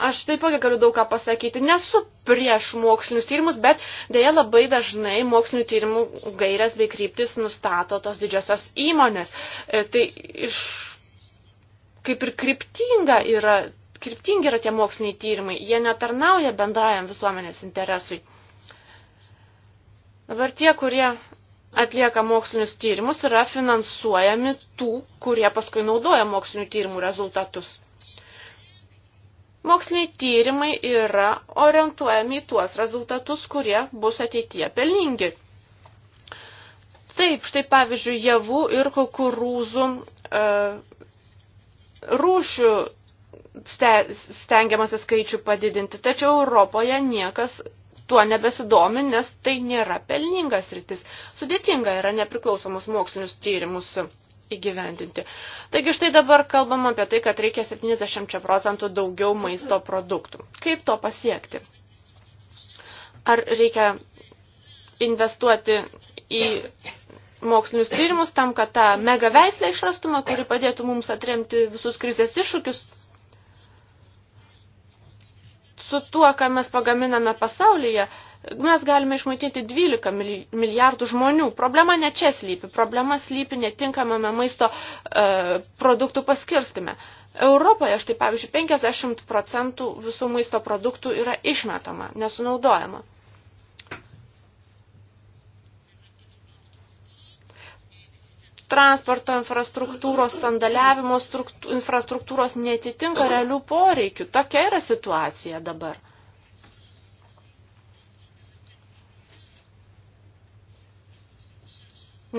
Aš taip pat galiu daug ką pasakyti. Nesu prieš mokslinius tyrimus, bet dėja labai dažnai mokslinių tyrimų gairias bei kryptis nustato tos didžiosios įmonės. E, tai iš kaip ir kryptinga yra, kryptingi yra tie moksliniai tyrimai. Jie netarnauja bendrajam visuomenės interesui. Dabar tie, kurie atlieka mokslinius tyrimus, yra finansuojami tų, kurie paskui naudoja mokslinių tyrimų rezultatus. Moksliniai tyrimai yra orientuojami į tuos rezultatus, kurie bus ateityje pelningi. Taip, štai pavyzdžiui, javų ir kukurūzų e, rūšių stengiamasi skaičių padidinti, tačiau Europoje niekas tuo nebesidomi, nes tai nėra pelningas rytis. Sudėtinga yra nepriklausomus mokslinius tyrimus įgyvendinti. Taigi štai dabar kalbam apie tai, kad reikia 70 procentų daugiau maisto produktų. Kaip to pasiekti? Ar reikia investuoti į mokslinius tyrimus tam, kad tą mega veislę išrastume, kuri padėtų mums atremti visus krizės iššūkius, su tuo, ką mes pagaminame pasaulyje, mes galime išmaitinti 12 milijardų žmonių. Problema ne čia slypi, problema slypi netinkamame maisto e, produktų paskirstime. Europoje, štai pavyzdžiui, 50 procentų visų maisto produktų yra išmetama, nesunaudojama. Transporto infrastruktūros, sandaliavimo infrastruktūros netitinka realių poreikių. Tokia yra situacija dabar.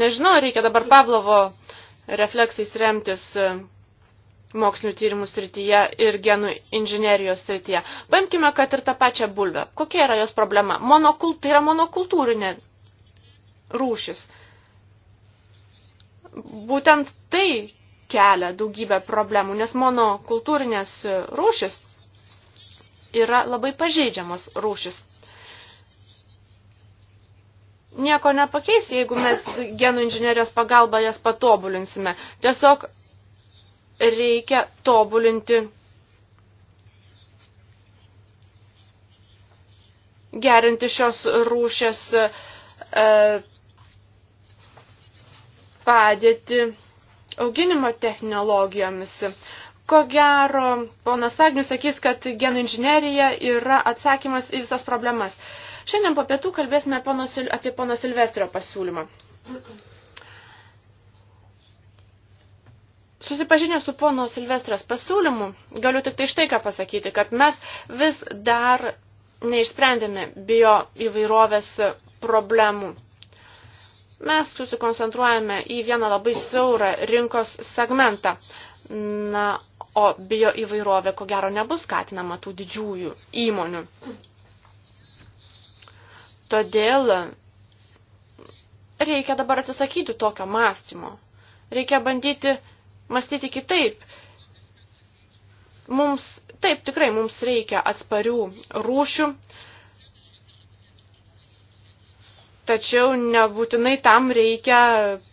Nežinau, reikia dabar Pavlovo refleksais remtis e, mokslinių tyrimų srityje ir genų inžinerijos srityje. Paimkime, kad ir tą pačią bulvę. Kokia yra jos problema? Monokult, tai yra monokultūrinė rūšis. Būtent tai kelia daugybę problemų, nes monokultūrinės rūšis yra labai pažeidžiamos rūšis nieko nepakeis, jeigu mes genų inžinierijos pagalba jas patobulinsime. Tiesiog reikia tobulinti, gerinti šios rūšės e, padėti auginimo technologijomis. Ko gero, ponas Agnius sakys, kad genų inžinierija yra atsakymas į visas problemas. Šiandien po pietų kalbėsime apie pono Silvestrio pasiūlymą. Susipažinę su pono Silvestras pasiūlymu, galiu tik tai štai ką pasakyti, kad mes vis dar neišsprendėme bio įvairovės problemų mes susikoncentruojame į vieną labai siaurą rinkos segmentą. Na, o bio įvairovė, ko gero, nebus skatinama tų didžiųjų įmonių. Todėl reikia dabar atsisakyti tokio mąstymo. Reikia bandyti mąstyti kitaip. Mums, taip, tikrai mums reikia atsparių rūšių, tačiau nebūtinai tam reikia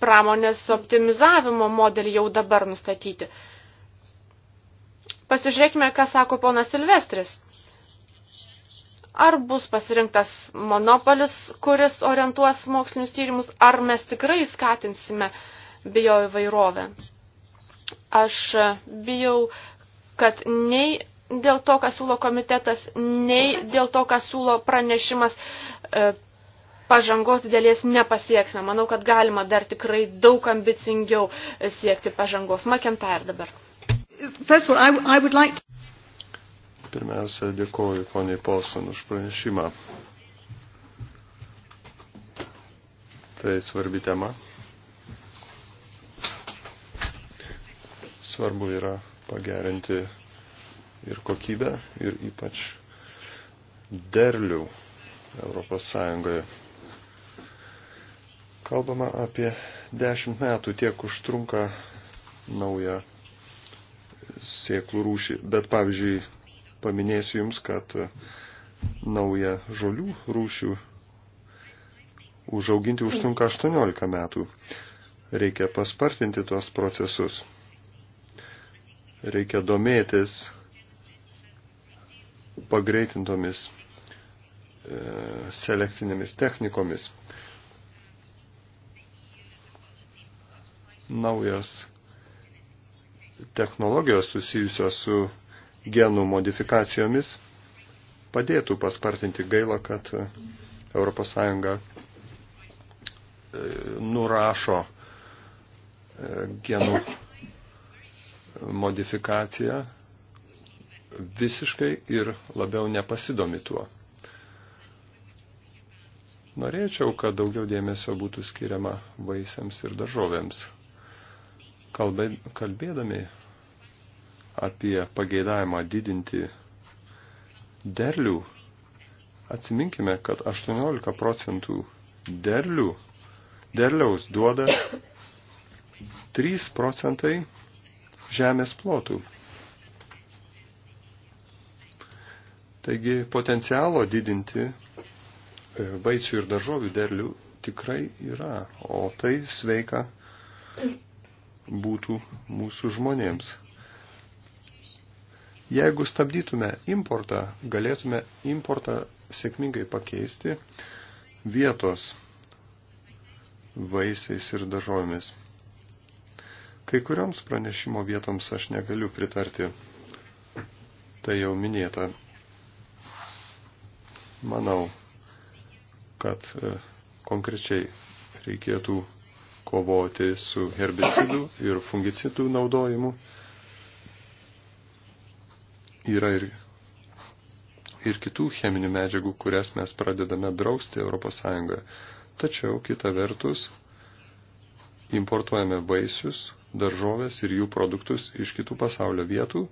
pramonės optimizavimo modelį jau dabar nustatyti. Pasižiūrėkime, ką sako ponas Silvestris ar bus pasirinktas monopolis, kuris orientuos mokslinius tyrimus, ar mes tikrai skatinsime bio įvairovę. Aš bijau, kad nei dėl to, ką siūlo komitetas, nei dėl to, ką siūlo pranešimas, e, pažangos didelės nepasieksime. Manau, kad galima dar tikrai daug ambicingiau siekti pažangos. Makentar dabar. First of all, I, I would like to... Pirmiausia, dėkoju poniai Polson už pranešimą. Tai svarbi tema. Svarbu yra pagerinti ir kokybę, ir ypač derlių Europos Sąjungoje. Kalbama apie dešimt metų tiek užtrunka nauja sėklų rūšį, bet pavyzdžiui paminėsiu Jums, kad e, naują žolių rūšių užauginti užtrunka 18 metų. Reikia paspartinti tuos procesus. Reikia domėtis pagreitintomis e, selekcinėmis technikomis. Naujas technologijos susijusios su genų modifikacijomis padėtų paspartinti gailą, kad ES e, nurašo e, genų modifikaciją visiškai ir labiau nepasidomi tuo. Norėčiau, kad daugiau dėmesio būtų skiriama vaisiams ir daržovėms. Kalbėdami apie pageidavimą didinti derlių, atsiminkime, kad 18 procentų derlių, derliaus duoda 3 procentai žemės plotų. Taigi potencialo didinti e, vaisių ir daržovių derlių tikrai yra, o tai sveika būtų mūsų žmonėms. Jeigu stabdytume importą, galėtume importą sėkmingai pakeisti vietos vaisiais ir daržovėmis. Kai kurioms pranešimo vietoms aš negaliu pritarti. Tai jau minėta. Manau, kad e, konkrečiai reikėtų kovoti su herbicidų ir fungicidų naudojimu yra ir, ir kitų cheminių medžiagų, kurias mes pradedame drausti ES. Tačiau kita vertus importuojame vaisius, daržovės ir jų produktus iš kitų pasaulio vietų,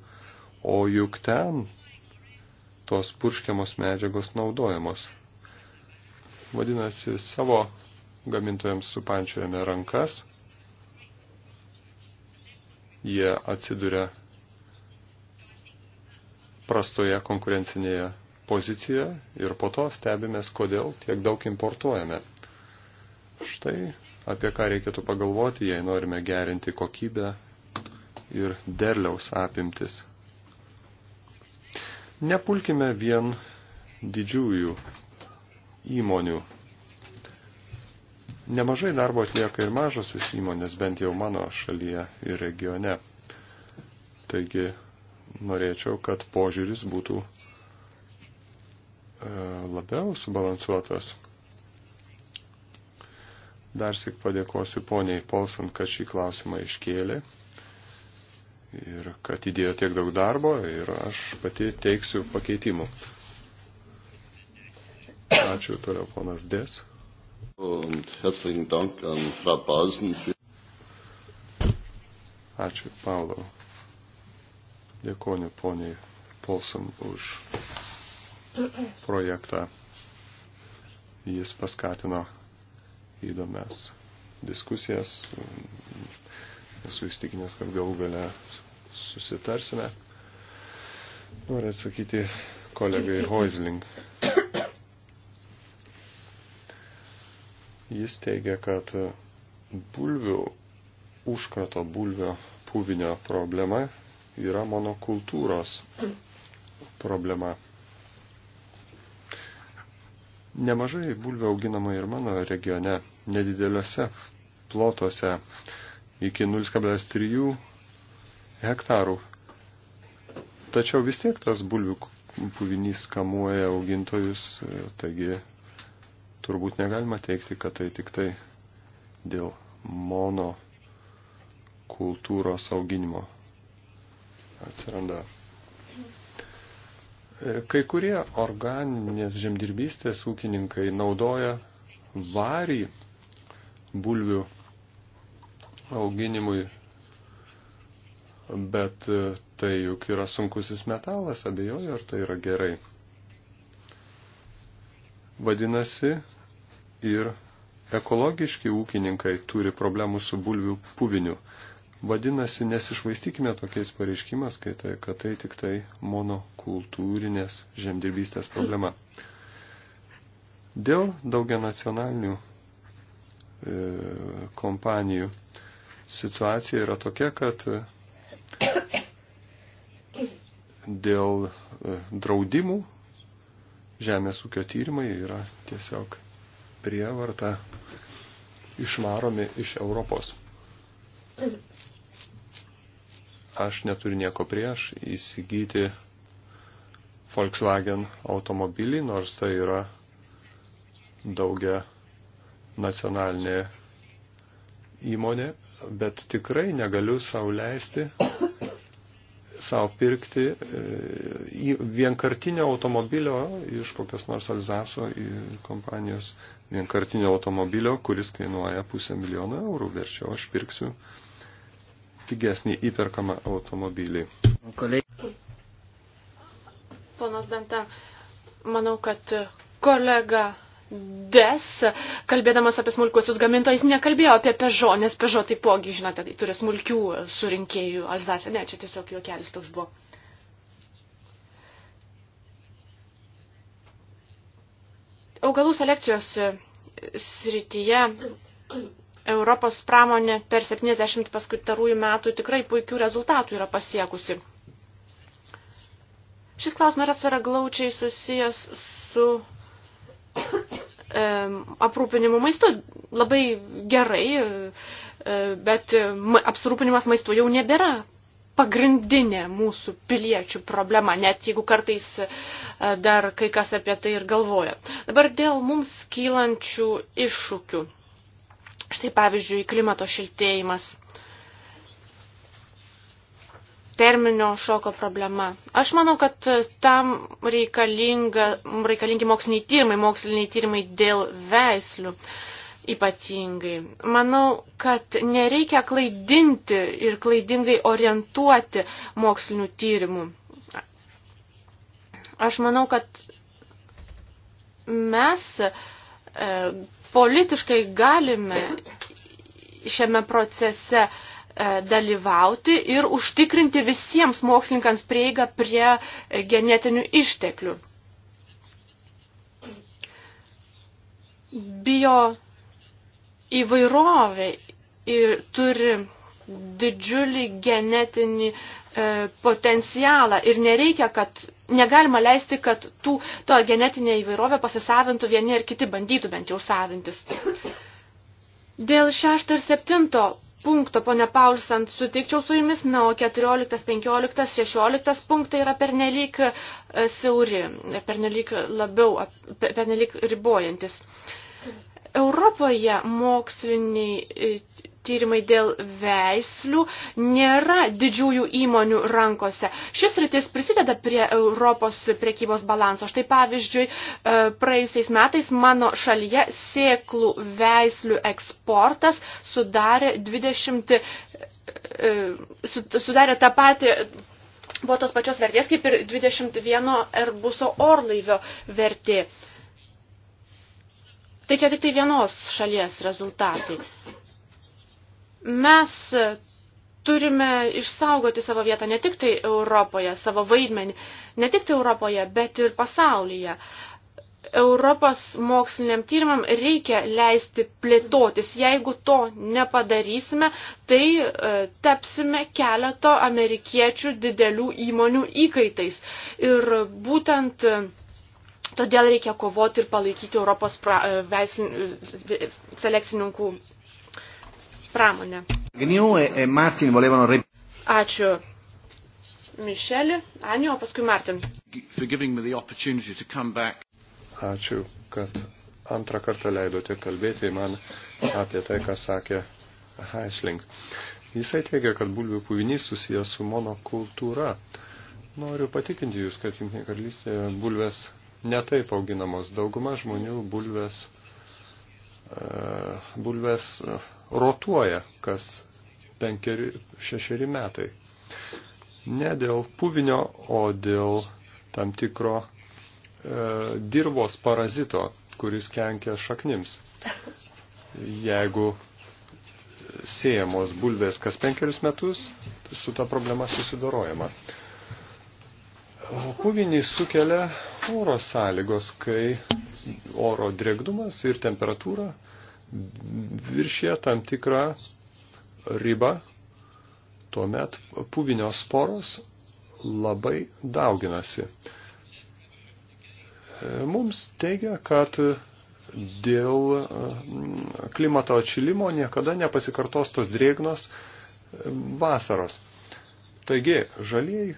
o juk ten tos purškiamos medžiagos naudojamos. Vadinasi, savo gamintojams supančiojame rankas, jie atsiduria prastoje konkurencinėje pozicijoje ir po to stebimės, kodėl tiek daug importuojame. Štai apie ką reikėtų pagalvoti, jei norime gerinti kokybę ir derliaus apimtis. Nepulkime vien didžiųjų įmonių. Nemažai darbo atlieka ir mažasis įmonės, bent jau mano šalyje ir regione. Taigi norėčiau, kad požiūris būtų e, labiau subalansuotas. Dar sik padėkosiu poniai Polson, kad šį klausimą iškėlė ir kad įdėjo tiek daug darbo ir aš pati teiksiu pakeitimų. Ačiū toliau ponas Des. Ačiū Paulau Dėkoju poniai Polson už projektą. Jis paskatino įdomias diskusijas. Esu įstikinęs, kad galų gale susitarsime. Noriu atsakyti kolegai Hoisling. Jis teigia, kad bulvių užkrato bulvio puvinio problema yra monokultūros problema. Nemažai bulvių auginama ir mano regione, nedideliuose plotuose iki 0,3 hektarų. Tačiau vis tiek tas bulvių puvinys kamuoja augintojus, taigi turbūt negalima teikti, kad tai tik tai dėl mono kultūros auginimo atsiranda. E, kai kurie organinės žemdirbystės ūkininkai naudoja varį bulvių auginimui, bet e, tai juk yra sunkusis metalas, abejoju, ar tai yra gerai. Vadinasi, ir ekologiški ūkininkai turi problemų su bulvių puviniu. Vadinasi, nesišvaistykime tokiais pareiškimas, kai tai, kad tai tik tai monokultūrinės žemdirbystės problema. Dėl daugia nacionalinių e, kompanijų situacija yra tokia, kad dėl e, draudimų žemės ūkio tyrimai yra tiesiog prievarta išvaromi iš Europos. Aš neturiu nieko prieš įsigyti Volkswagen automobilį, nors tai yra daugia nacionalinė įmonė, bet tikrai negaliu savo leisti savo pirkti e, vienkartinio automobilio iš kokios nors Alzaso kompanijos vienkartinio automobilio, kuris kainuoja pusę milijono eurų, verčiau aš pirksiu pigesnį įperkamą automobilį. Ponas Dantan, manau, kad kolega Des, kalbėdamas apie smulkuosius gamintojus, nekalbėjo apie Pežo, nes Pežo taipogi, žinote, tai turi smulkių surinkėjų Alzasė. Ne, čia tiesiog juokelis toks buvo. Augalų selekcijos srityje Europos pramonė per 70 paskutarųjų metų tikrai puikių rezultatų yra pasiekusi. Šis klausimas yra glaučiai susijęs su e, aprūpinimu maistu. Labai gerai, e, bet apsirūpinimas maistu jau nebėra pagrindinė mūsų piliečių problema, net jeigu kartais e, dar kai kas apie tai ir galvoja. Dabar dėl mums kylančių iššūkių. Štai pavyzdžiui, klimato šiltėjimas, terminio šoko problema. Aš manau, kad tam reikalingi moksliniai tyrimai, moksliniai tyrimai dėl veislių ypatingai. Manau, kad nereikia klaidinti ir klaidingai orientuoti mokslinių tyrimų. Aš manau, kad mes e, politiškai galime šiame procese e, dalyvauti ir užtikrinti visiems mokslininkams prieigą prie e, genetinių išteklių. Bio įvairovė ir turi didžiulį genetinį E, potencialą ir nereikia, kad negalima leisti, kad tų, to genetinė įvairovė pasisavintų vieni ir kiti bandytų bent jau savintis. Dėl 6 ir 7 punkto, ponė Paulsant, sutikčiau su jumis, na, o 14, 15, 16 punktai yra pernelyg e, siauri, pernelyg labiau, pernelyg ribojantis. Europoje moksliniai tyrimai dėl veislių nėra didžiųjų įmonių rankose. Šis rytis prisideda prie Europos priekybos balanso. Štai pavyzdžiui, e, praėjusiais metais mano šalyje sėklų veislių eksportas sudarė, 20, e, e, sudarė tą patį buvo tos pačios vertės kaip ir 21 Airbuso orlaivio vertė. Tai čia tik tai vienos šalies rezultatai. Mes turime išsaugoti savo vietą ne tik tai Europoje, savo vaidmenį, ne tik tai Europoje, bet ir pasaulyje. Europos moksliniam tyrimam reikia leisti plėtotis. Jeigu to nepadarysime, tai e, tapsime keleto amerikiečių didelių įmonių įkaitais. Ir būtent e, todėl reikia kovoti ir palaikyti Europos pra, e, veislin, e, selekcininkų pramonę. E, e Ačiū. Mišelį, Anio, paskui Martin. Ačiū, kad antrą kartą leidote kalbėti man apie tai, ką sakė Heisling. Jisai teigia, kad bulvių puvinys susijęs su monokultūra. Noriu patikinti Jūs, kad Junktinė karalystė bulvės netaip auginamos. Dauguma žmonių bulvės E, bulves e, rotuoja kas penkeri, šešeri metai. Ne dėl puvinio, o dėl tam tikro e, dirbos parazito, kuris kenkia šaknims. Jeigu siejamos bulvės kas penkerius metus, su ta problema susidorojama. Puvinį sukelia oro sąlygos, kai oro drėgnumas ir temperatūra viršė tam tikrą ribą, tuomet puvinio sporos labai dauginasi. Mums teigia, kad dėl mm, klimato atšilimo niekada nepasikartos tos drėgnos mm, vasaros. Taigi, žalieji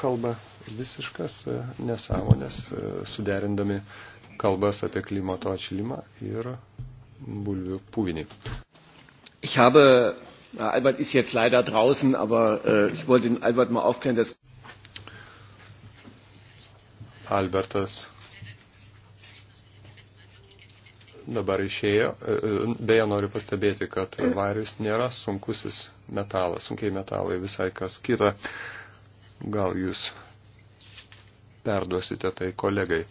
kalba visiškas e, nesąmonės e, suderindami kalbas apie klimato atšilimą ir bulvių pūvinį. Ich habe, Albert ist jetzt leider draußen, aber äh, ich wollte den Albert mal aufklären, dass. Albertas dabar išėjo. Äh, äh, beje, noriu pastebėti, kad varis nėra sunkusis metalas, sunkiai metalai visai kas kita. Gal jūs perduosite tai kolegai.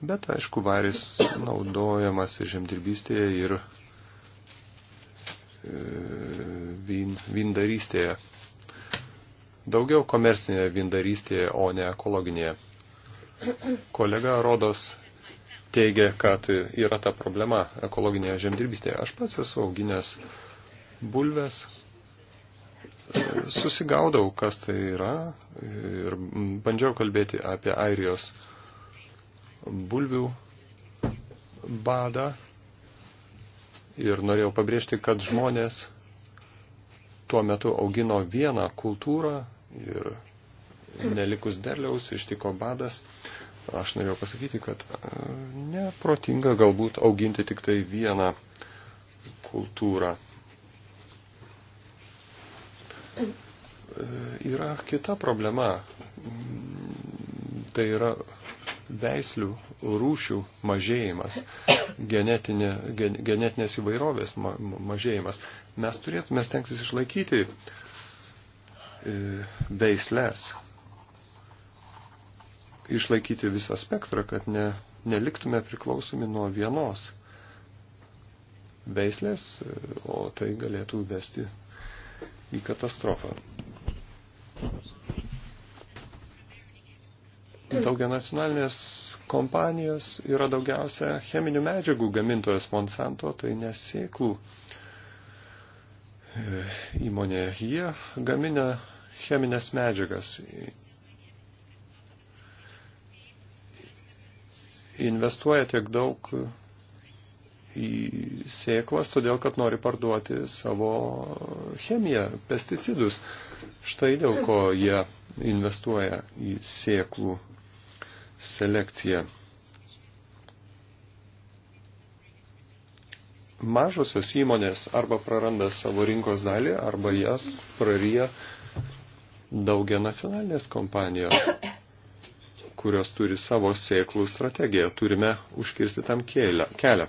Bet aišku, varis naudojamas ir žemdirbystėje, ir e, vyn, vyndarystėje. Daugiau komercinėje vyndarystėje, o ne ekologinėje. Kolega Rodos teigia, kad yra ta problema ekologinėje žemdirbystėje. Aš pats esu auginęs bulves, e, susigaudau, kas tai yra ir bandžiau kalbėti apie Airijos bulvių badą ir norėjau pabrėžti, kad žmonės tuo metu augino vieną kultūrą ir nelikus derliaus ištiko badas. Aš norėjau pasakyti, kad e, neprotinga galbūt auginti tik tai vieną kultūrą. E, yra kita problema. Tai yra veislių rūšių mažėjimas, genetinė, gen, genetinės įvairovės ma, mažėjimas. Mes turėtume stengtis išlaikyti e, veislės, išlaikyti visą spektrą, kad ne, neliktume priklausomi nuo vienos veislės, e, o tai galėtų vesti į katastrofą. daugianacionalinės kompanijos yra daugiausia cheminių medžiagų gamintojas Monsanto, tai nesėklų e, įmonė. Jie gamina cheminės medžiagas. Investuoja tiek daug į sėklas, todėl kad nori parduoti savo chemiją, pesticidus. Štai dėl ko jie investuoja į sėklų selekcija. Mažosios įmonės arba praranda savo rinkos dalį, arba jas praryja daugia nacionalinės kompanijos, kurios turi savo sėklų strategiją. Turime užkirsti tam kelią.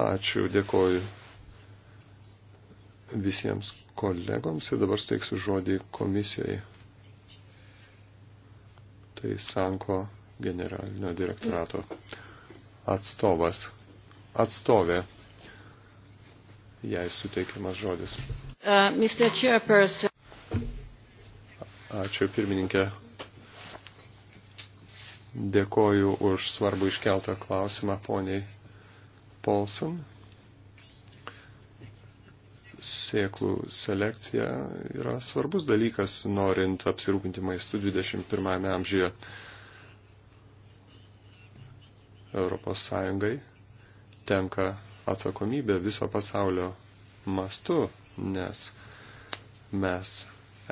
Ačiū, dėkoju visiems kolegoms ir dabar steiksiu žodį komisijai tai Sanko generalinio direktorato atstovas. Atstovė, jai suteikiamas žodis. Uh, Ačiū pirmininkė. Dėkoju už svarbu iškeltą klausimą poniai Polson sėklų selekcija yra svarbus dalykas, norint apsirūpinti maistų 21 amžiuje Europos Sąjungai tenka atsakomybė viso pasaulio mastu, nes mes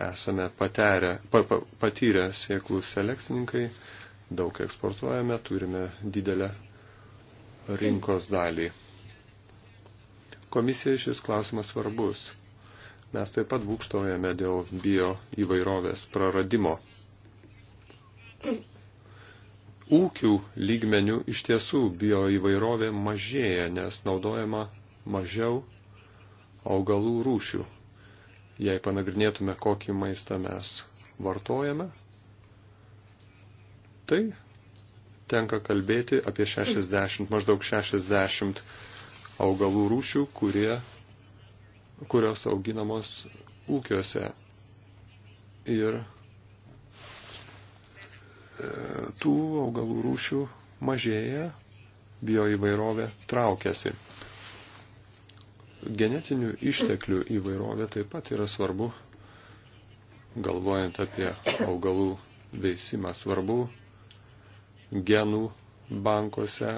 esame paterę, pa, pa, patyrę sėklų selekcininkai, daug eksportuojame, turime didelę rinkos dalį. Mm. Komisijai šis klausimas svarbus. Mes taip pat būkštojame dėl bio įvairovės praradimo. Ūkių lygmenių iš tiesų bio įvairovė mažėja, nes naudojama mažiau augalų rūšių. Jei panagrinėtume, kokį maistą mes vartojame, tai tenka kalbėti apie 60, maždaug 60 augalų rūšių, kurie, kurios auginamos ūkiuose. Ir e, tų augalų rūšių mažėja, bioįvairovė traukiasi. Genetinių išteklių įvairovė taip pat yra svarbu, galvojant apie augalų veisimą svarbu, genų bankuose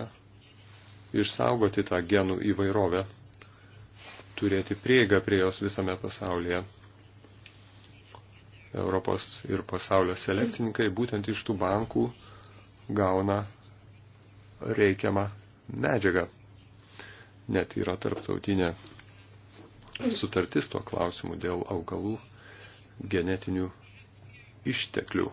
išsaugoti tą genų įvairovę, turėti prieigą prie jos visame pasaulyje. Europos ir pasaulio selekcininkai būtent iš tų bankų gauna reikiamą medžiagą. Net yra tarptautinė sutartis tuo klausimu dėl augalų genetinių išteklių.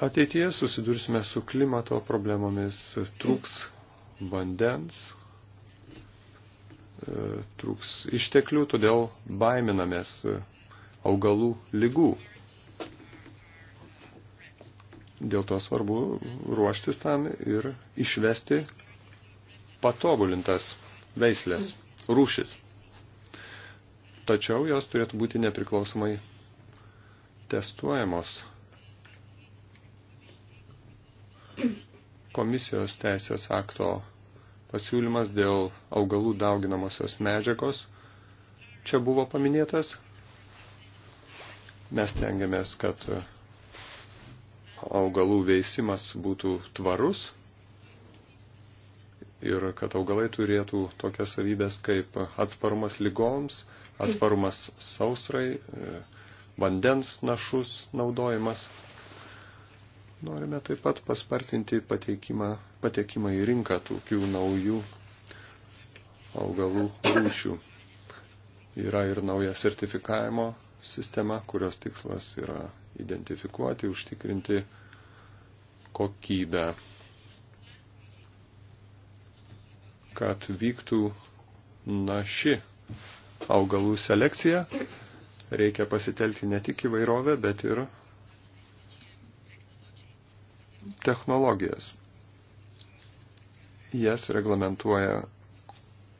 Ateityje susidursime su klimato problemomis, trūks vandens, e, trūks išteklių, todėl baiminamės augalų lygų. Dėl to svarbu ruoštis tam ir išvesti patobulintas veislės, rūšis. Tačiau jos turėtų būti nepriklausomai testuojamos komisijos teisės akto pasiūlymas dėl augalų dauginamosios medžiagos čia buvo paminėtas. Mes tengiamės, kad augalų veisimas būtų tvarus ir kad augalai turėtų tokias savybės kaip atsparumas lygoms, atsparumas sausrai, vandens našus naudojimas Norime taip pat paspartinti patekimą, patekimą į rinką tokių naujų augalų rūšių. Yra ir nauja sertifikavimo sistema, kurios tikslas yra identifikuoti, užtikrinti kokybę, kad vyktų naši augalų selekcija. Reikia pasitelkti ne tik įvairovę, bet ir technologijas. Jas reglamentuoja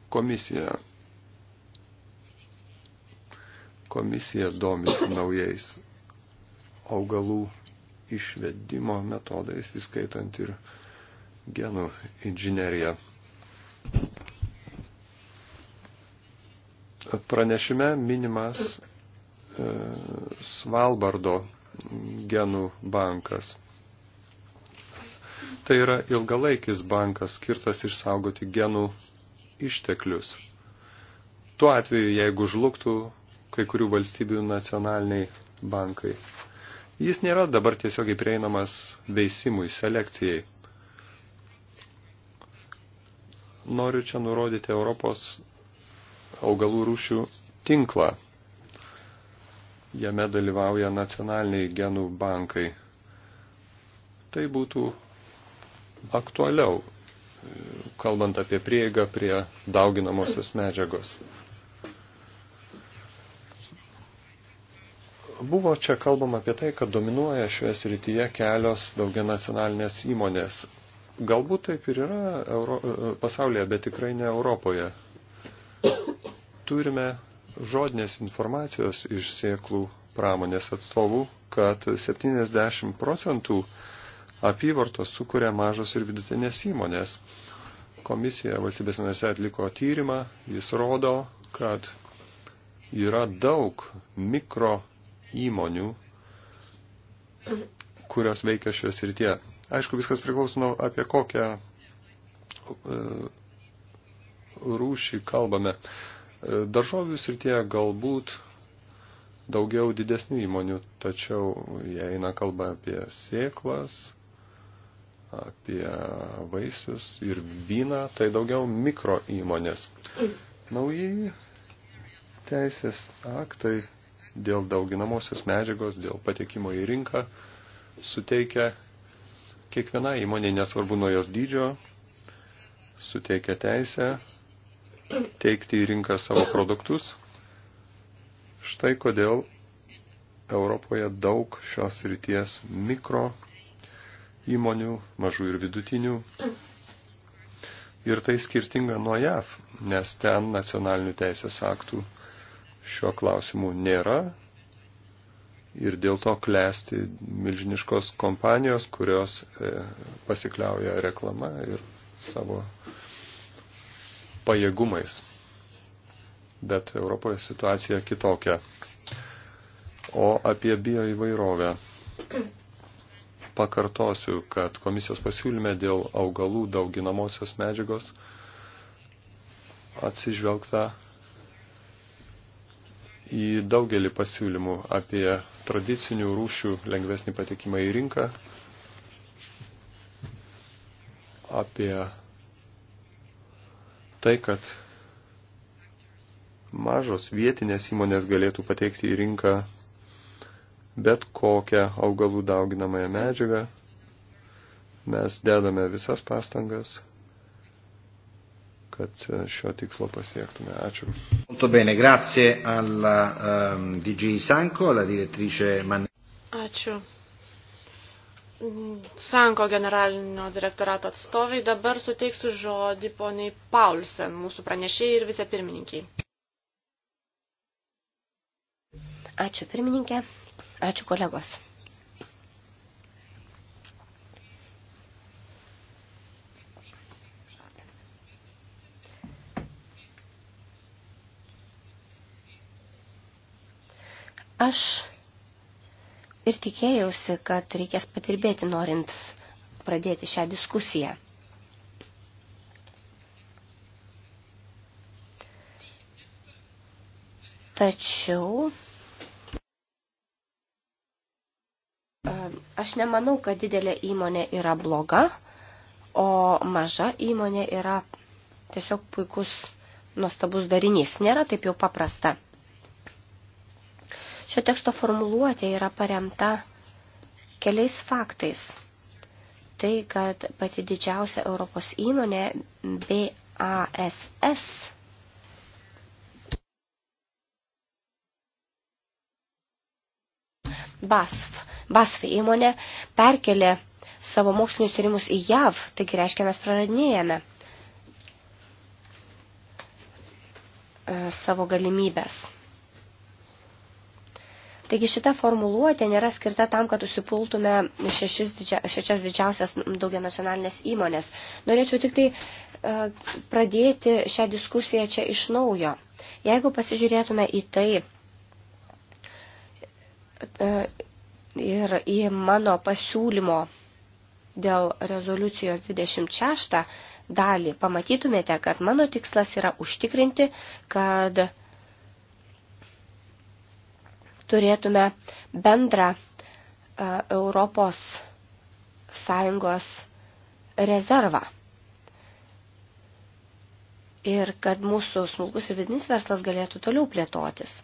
komisija. Komisija domisi naujais augalų išvedimo metodais, įskaitant ir genų inžineriją. Pranešime minimas e, Svalbardo genų bankas. Tai yra ilgalaikis bankas skirtas išsaugoti genų išteklius. Tuo atveju, jeigu žlugtų kai kurių valstybių nacionaliniai bankai, jis nėra dabar tiesiogiai prieinamas veisimui, selekcijai. Noriu čia nurodyti Europos augalų rūšių tinklą. Jame dalyvauja nacionaliniai genų bankai. Tai būtų aktualiau, kalbant apie prieigą prie dauginamosios medžiagos. Buvo čia kalbama apie tai, kad dominuoja šioje srityje kelios daugia nacionalinės įmonės. Galbūt taip ir yra Euro, pasaulyje, bet tikrai ne Europoje. Turime žodinės informacijos iš sėklų pramonės atstovų, kad 70 procentų apyvartos sukuria mažos ir vidutinės įmonės. Komisija valstybės narėse atliko tyrimą, jis rodo, kad yra daug mikro įmonių, kurios veikia šioje srityje. Aišku, viskas priklauso nuo apie kokią e, rūšį kalbame. E, daržovių srityje galbūt daugiau didesnių įmonių, tačiau jei eina kalba apie sėklas, apie vaisius ir vyną, tai daugiau mikro įmonės. Naujai teisės aktai dėl dauginamosios medžiagos, dėl patekimo į rinką suteikia kiekviena įmonė, nesvarbu nuo jos dydžio, suteikia teisę teikti į rinką savo produktus. Štai kodėl Europoje daug šios ryties mikro įmonių, mažų ir vidutinių. Ir tai skirtinga nuo JAV, nes ten nacionalinių teisės aktų šiuo klausimu nėra. Ir dėl to klesti milžiniškos kompanijos, kurios e, pasikliauja reklama ir savo pajėgumais. Bet Europoje situacija kitokia. O apie bioįvairovę pakartosiu, kad komisijos pasiūlyme dėl augalų dauginamosios medžiagos atsižvelgta į daugelį pasiūlymų apie tradicinių rūšių lengvesnį patekimą į rinką, apie tai, kad mažos vietinės įmonės galėtų pateikti į rinką bet kokią augalų dauginamąją medžiagą. Mes dedame visas pastangas, kad e, šio tikslo pasiektume. Ačiū. Molto bene, grazie alla um, ehm, DG Sanko, alla direttrice Man... Ačiū. Sanko generalinio direktorato atstovai, dabar suteiksiu žodį poniai Paulsen, mūsų pranešėjai ir vicepirmininkiai. Ačiū pirmininkė, Ačiū kolegos. Aš ir tikėjausi, kad reikės patirbėti norint pradėti šią diskusiją. Tačiau Aš nemanau, kad didelė įmonė yra bloga, o maža įmonė yra tiesiog puikus, nuostabus darinys. Nėra taip jau paprasta. Šio teksto formuluotė yra paremta keliais faktais. Tai, kad pati didžiausia Europos įmonė BASS BASF BASF įmonė perkelė savo mokslinius tyrimus į JAV, taigi reiškia mes praradinėjame e, savo galimybės. Taigi šita formuluotė nėra skirta tam, kad užsipultume šešias, didžia, šešias didžiausias daugianacionalinės įmonės. Norėčiau tik tai e, pradėti šią diskusiją čia iš naujo. Jeigu pasižiūrėtume į tai, e, ir į mano pasiūlymo dėl rezoliucijos 26 dalį pamatytumėte, kad mano tikslas yra užtikrinti, kad turėtume bendrą e, Europos Sąjungos rezervą. Ir kad mūsų smulkus ir vidinis verslas galėtų toliau plėtotis.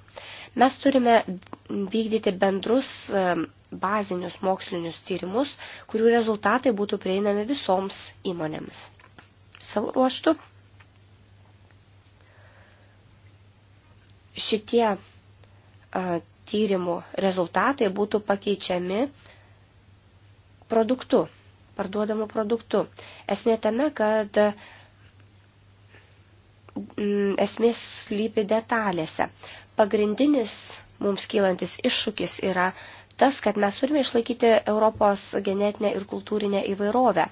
Mes turime vykdyti bendrus e, bazinius mokslinius tyrimus, kurių rezultatai būtų prieinami visoms įmonėms. Savo ruoštų šitie a, tyrimų rezultatai būtų pakeičiami produktu, parduodamu produktu. Esmė tame, kad esmės slypi detalėse. Pagrindinis mums kylantis iššūkis yra tas, kad mes turime išlaikyti Europos genetinę ir kultūrinę įvairovę,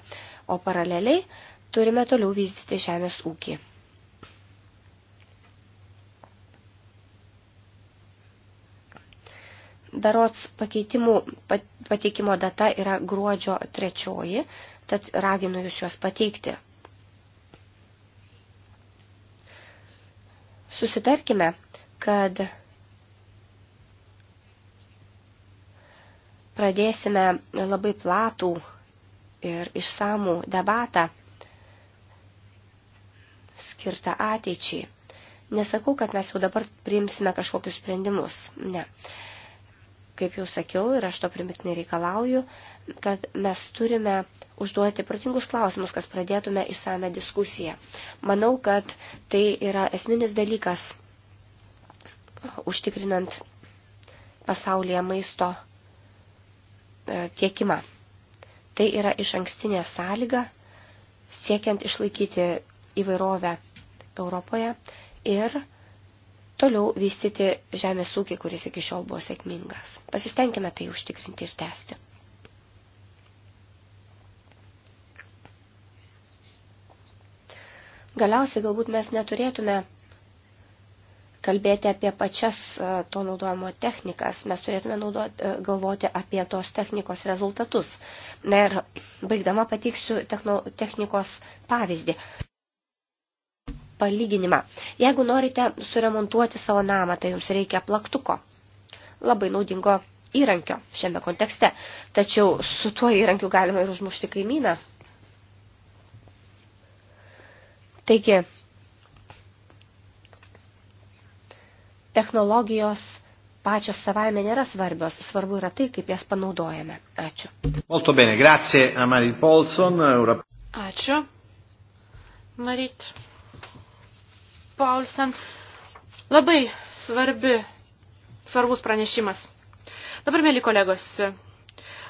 o paraleliai turime toliau vystyti žemės ūkį. Darots pakeitimų pateikimo data yra gruodžio trečioji, tad raginu jūs juos pateikti. Susitarkime, kad pradėsime labai platų ir išsamų debatą skirtą ateičiai. Nesakau, kad mes jau dabar priimsime kažkokius sprendimus. Ne. Kaip jau sakiau, ir aš to primiktinai reikalauju, kad mes turime užduoti protingus klausimus, kas pradėtume įsame diskusiją. Manau, kad tai yra esminis dalykas užtikrinant pasaulyje maisto E, tiekimą. Tai yra iš ankstinė sąlyga, siekiant išlaikyti įvairovę Europoje ir toliau vystyti žemės ūkį, kuris iki šiol buvo sėkmingas. Pasistengime tai užtikrinti ir tęsti. Galiausiai galbūt mes neturėtume kalbėti apie pačias e, to naudojimo technikas. Mes turėtume naudoti, e, galvoti apie tos technikos rezultatus. Na ir baigdama pateiksiu techno, technikos pavyzdį. Palyginimą. Jeigu norite suremontuoti savo namą, tai jums reikia plaktuko. Labai naudingo įrankio šiame kontekste. Tačiau su tuo įrankiu galima ir užmušti kaimyną. Taigi, technologijos pačios savaime nėra svarbios, svarbu yra tai, kaip jas panaudojame. Ačiū. Molto bene, grazie a Marit Paulson. Euro... Ačiū. Marit Paulsen. Labai svarbi, svarbus pranešimas. Dabar, mėly kolegos,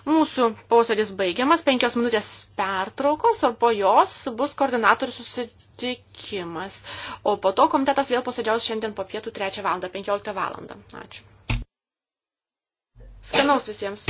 mūsų posėdis baigiamas, penkios minutės pertraukos, o po jos bus koordinatorių susitikti susitikimas. O po to komitetas vėl posėdžiaus šiandien po pietų 3 val. 15 val. Ačiū. Skanaus visiems.